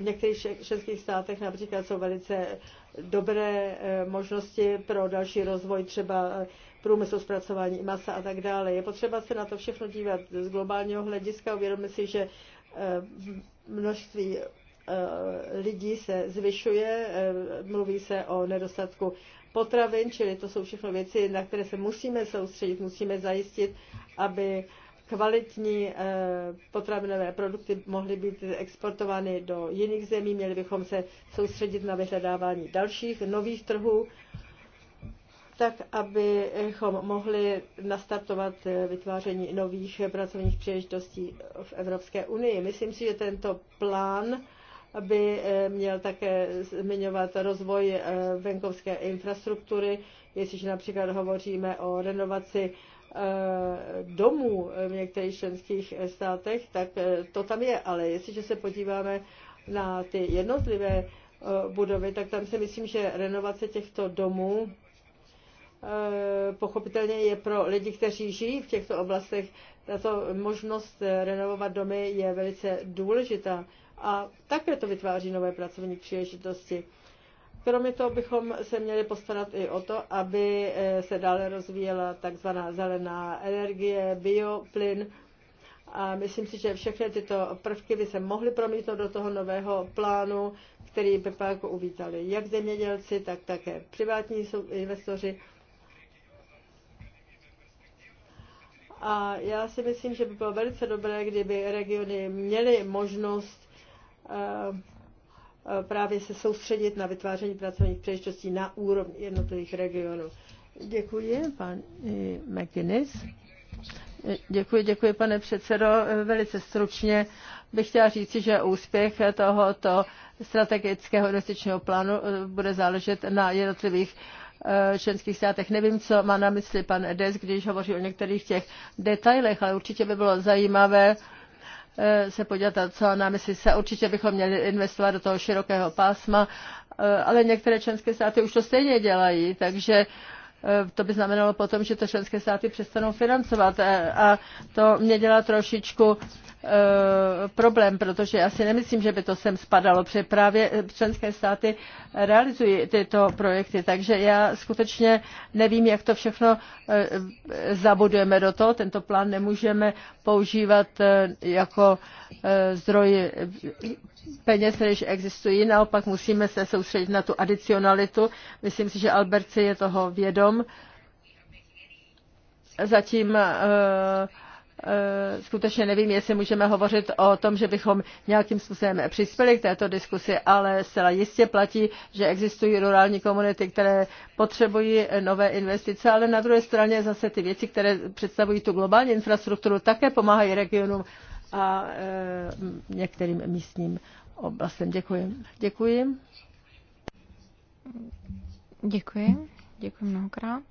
v některých českých státech například jsou velice dobré eh, možnosti pro další rozvoj třeba průmysl zpracování masa a tak dále. Je potřeba se na to všechno dívat z globálního hlediska. Uvědomme si, že eh, množství eh, lidí se zvyšuje, eh, mluví se o nedostatku potravin, čili to jsou všechno věci, na které se musíme soustředit, musíme zajistit, aby kvalitní potravinové produkty mohly být exportovány do jiných zemí. Měli bychom se soustředit na vyhledávání dalších nových trhů tak abychom mohli nastartovat eh, vytváření nových pracovních příležitostí v Evropské unii. Myslím si, že tento plán by eh, měl také zmiňovat rozvoj eh, venkovské infrastruktury, jestliže například hovoříme o renovaci domů v některých členských státech, tak to tam je, ale jestliže se podíváme na ty jednotlivé budovy, tak tam si myslím, že renovace těchto domů Eh, pochopitelně je pro lidi, kteří žijí v těchto oblastech, tato možnost eh, renovovat domy je velice důležitá a také to vytváří nové pracovní příležitosti. Kromě toho bychom se měli postarat i o to, aby eh, se dále rozvíjela takzvaná zelená energie, bioplyn. A myslím si, že všechny tyto prvky by se mohly promítnout do toho nového plánu, který by pak uvítali jak zemědělci, tak také privátní investoři A já si myslím, že by bylo velice dobré, kdyby regiony měly možnost eh, právě se soustředit na vytváření pracovních příležitostí na úrovni jednotlivých regionů. Děkuji, pan eh, McInnes. Děkuji, děkuji, pane předsedo. Velice stručně bych chtěla říci, že úspěch tohoto strategického investičního plánu eh, bude záležet na jednotlivých Eh, členských státech. Nevím, co má na mysli pan Edes, když hovoří o některých těch detailech, ale určitě by bylo zajímavé eh, se podívat, co na mysli se. Určitě bychom měli investovat do toho širokého pásma, eh, ale některé členské státy už to stejně dělají, takže to by znamenalo potom, že to členské státy přestanou financovat a to mě dělá trošičku Eh, problém, protože já si nemyslím, že by to sem spadalo, protože právě eh, členské státy realizují tyto projekty, takže já skutečně nevím, jak to všechno eh, zabudujeme do toho. Tento plán nemůžeme používat jako zdroj peněz, které existují, naopak musíme se soustředit na tu adicionalitu. Myslím si, že Albert si je toho vědom. Zatím uh, Eh, skutečně nevím, jestli můžeme hovořit o tom, že bychom nějakým způsobem přispěli k této diskusi, ale zcela jistě platí, že existují rurální komunity, které potřebují nové investice, ale na druhé straně zase ty věci, které představují tu globální infrastrukturu, také pomáhají regionům a eh, některým místním oblastem. Děkuji. Děkuji. Děkuji. Děkuji mnohokrát.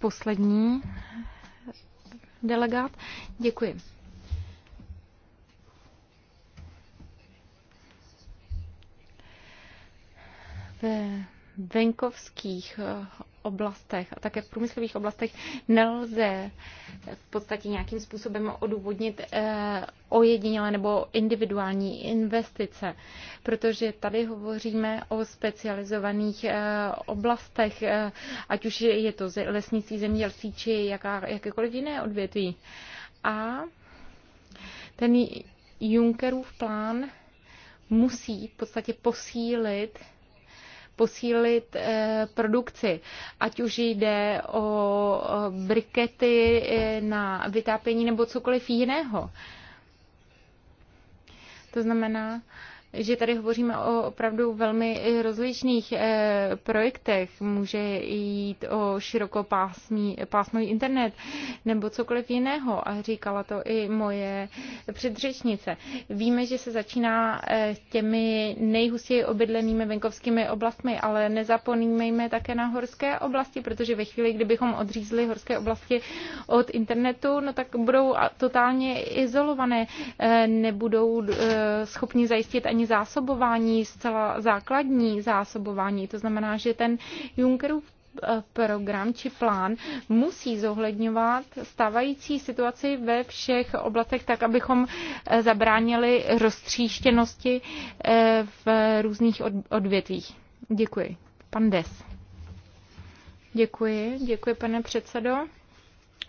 poslední delegát. Děkuji. Ve venkovských oblastech a také v průmyslových oblastech nelze v podstatě nějakým způsobem odůvodnit eh, ojedinělé nebo individuální investice, protože tady hovoříme o specializovaných eh, oblastech, eh, ať už je to lesnictví, zemědělství či jaká, jakékoliv jiné odvětví. A ten Junckerův plán musí v podstatě posílit posílit eh, produkci. Ať už jde o brikety eh, na vytápění nebo cokoliv jiného. To znamená, že tady hovoříme o opravdu velmi eh, rozličných eh, projektech. Může jít o širokopásmý pásmový internet nebo cokoliv jiného. A říkala to i moje předřečnice. Víme, že se začíná eh, těmi nejhustěji obydlenými venkovskými oblastmi, ale nezapomínejme také na horské oblasti, protože ve chvíli, kdybychom odřízli horské oblasti od internetu, no tak budou totálně izolované, nebudou schopni zajistit ani ani zásobování, zcela základní zásobování. To znamená, že ten Junckerův eh, program či plán musí zohledňovat stávající situaci ve všech oblastech tak, abychom eh, zabránili roztříštěnosti eh, v různých odvětvích. Děkuji. Pan Des. Děkuji, děkuji pane předsedo.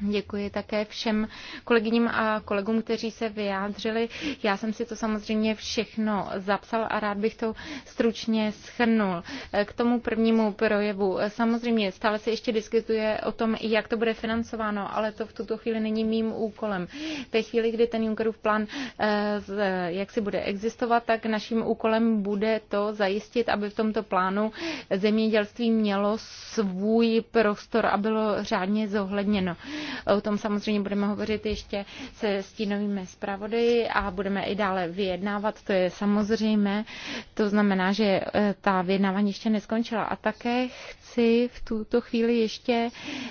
Děkuji také všem kolegyním a kolegům, kteří se vyjádřili. Já jsem si to samozřejmě všechno zapsal a rád bych to stručně schrnul. K tomu prvnímu projevu. Samozřejmě stále se ještě diskutuje o tom, jak to bude financováno, ale to v tuto chvíli není mým úkolem. V té chvíli, kdy ten Junckerův plán eh, jak si bude existovat, tak naším úkolem bude to zajistit, aby v tomto plánu zemědělství mělo svůj prostor a bylo řádně zohledněno. O tom samozřejmě budeme hovořit ještě se stínovými zpravodaji a budeme i dále vyjednávat, to je samozřejmé. To znamená, že e, ta vyjednávání ještě neskončila. A také chci v tuto chvíli ještě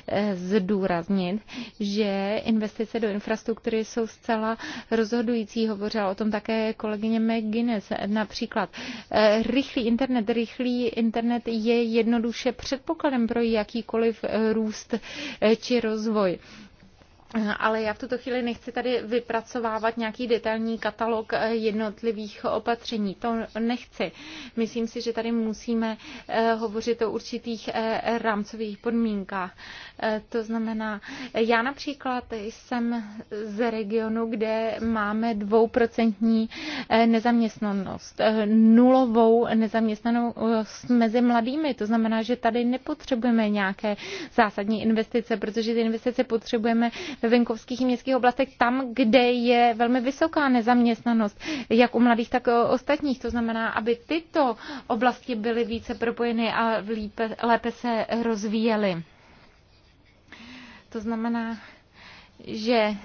e, zdůraznit, že investice do infrastruktury jsou zcela rozhodující. Hovořila o tom také kolegyně McGuinness. Například e, rychlý internet. Rychlý internet je jednoduše předpokladem pro jakýkoliv růst či rozvoj ale já v tuto chvíli nechci tady vypracovávat nějaký detailní katalog eh, jednotlivých opatření. To nechci. Myslím si, že tady musíme eh, hovořit o určitých eh, rámcových podmínkách. To znamená, já například jsem z regionu, kde máme dvouprocentní nezaměstnanost, nulovou nezaměstnanost mezi mladými. To znamená, že tady nepotřebujeme nějaké zásadní investice, protože ty investice potřebujeme ve venkovských městských oblastech, tam, kde je velmi vysoká nezaměstnanost, jak u mladých, tak u ostatních. To znamená, aby tyto oblasti byly více propojeny a lípe, lépe se rozvíjely. To znamená, že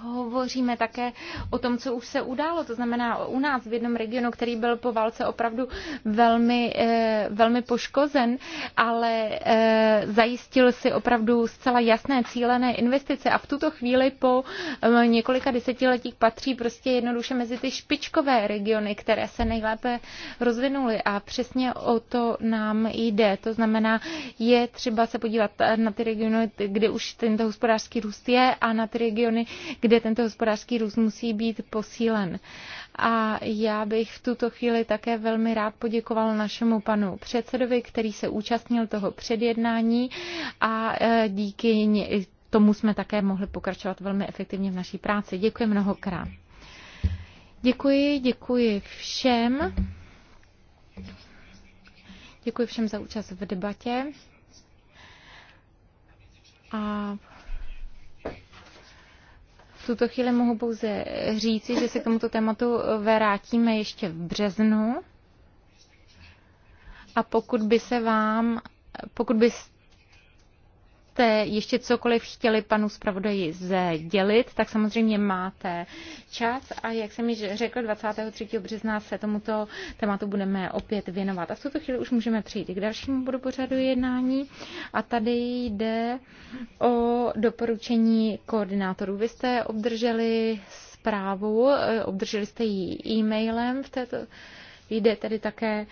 hovoříme také o tom, co už se událo. To znamená u nás v jednom regionu, který byl po válce opravdu velmi, eh, velmi poškozen, ale eh, zajistil si opravdu zcela jasné cílené investice a v tuto chvíli po eh, několika desetiletích patří prostě jednoduše mezi ty špičkové regiony, které se nejlépe rozvinuly a přesně o to nám jde. To znamená, je třeba se podívat na ty regiony, kde už tento hospodářský růst je a na ty regiony, kde tento hospodářský růst musí být posílen. A já bych v tuto chvíli také velmi rád poděkoval našemu panu předsedovi, který se účastnil toho předjednání a e, díky tomu jsme také mohli pokračovat velmi efektivně v naší práci. Děkuji mnohokrát. Děkuji, děkuji všem. Děkuji všem za účast v debatě. A v tuto chvíli mohu pouze říci, že se k tomuto tématu vrátíme ještě v březnu. A pokud by se vám, pokud by jste ještě cokoliv chtěli panu zpravodaji sdělit, tak samozřejmě máte čas a jak jsem již řekl, 23. března se tomuto tématu budeme opět věnovat. A v tuto chvíli už můžeme přijít k dalšímu bodu pořadu jednání a tady jde o doporučení koordinátorů. Vy jste obdrželi zprávu, eh, obdrželi jste ji e-mailem v této Jde tedy také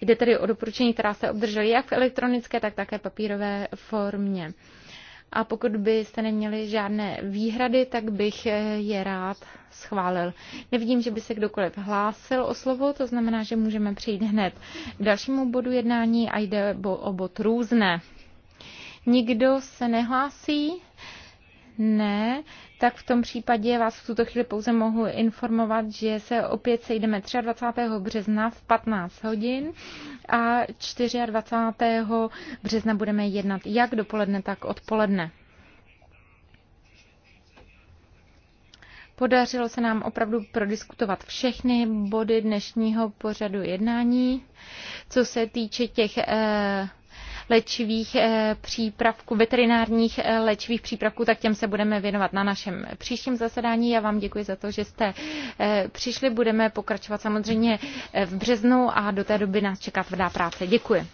Jde tedy o doporučení, která se obdrželi jak v elektronické, tak také papírové formě. A pokud byste neměli žádné výhrady, tak bych je rád schválil. Nevidím, že by se kdokoliv hlásil o slovo, to znamená, že můžeme přejít hned k dalšímu bodu jednání a jde o bod různé. Nikdo se nehlásí, ne, tak v tom případě vás v tuto chvíli pouze mohu informovat, že se opět sejdeme 23. března v 15 hodin a 24. března budeme jednat jak dopoledne, tak odpoledne. Podařilo se nám opravdu prodiskutovat všechny body dnešního pořadu jednání. Co se týče těch eh, léčivých eh, přípravků, veterinárních eh, léčivých přípravků, tak těm se budeme věnovat na našem příštím zasedání. Já vám děkuji za to, že jste eh, přišli. Budeme pokračovat samozřejmě v březnu a do té doby nás čeká tvrdá práce. Děkuji.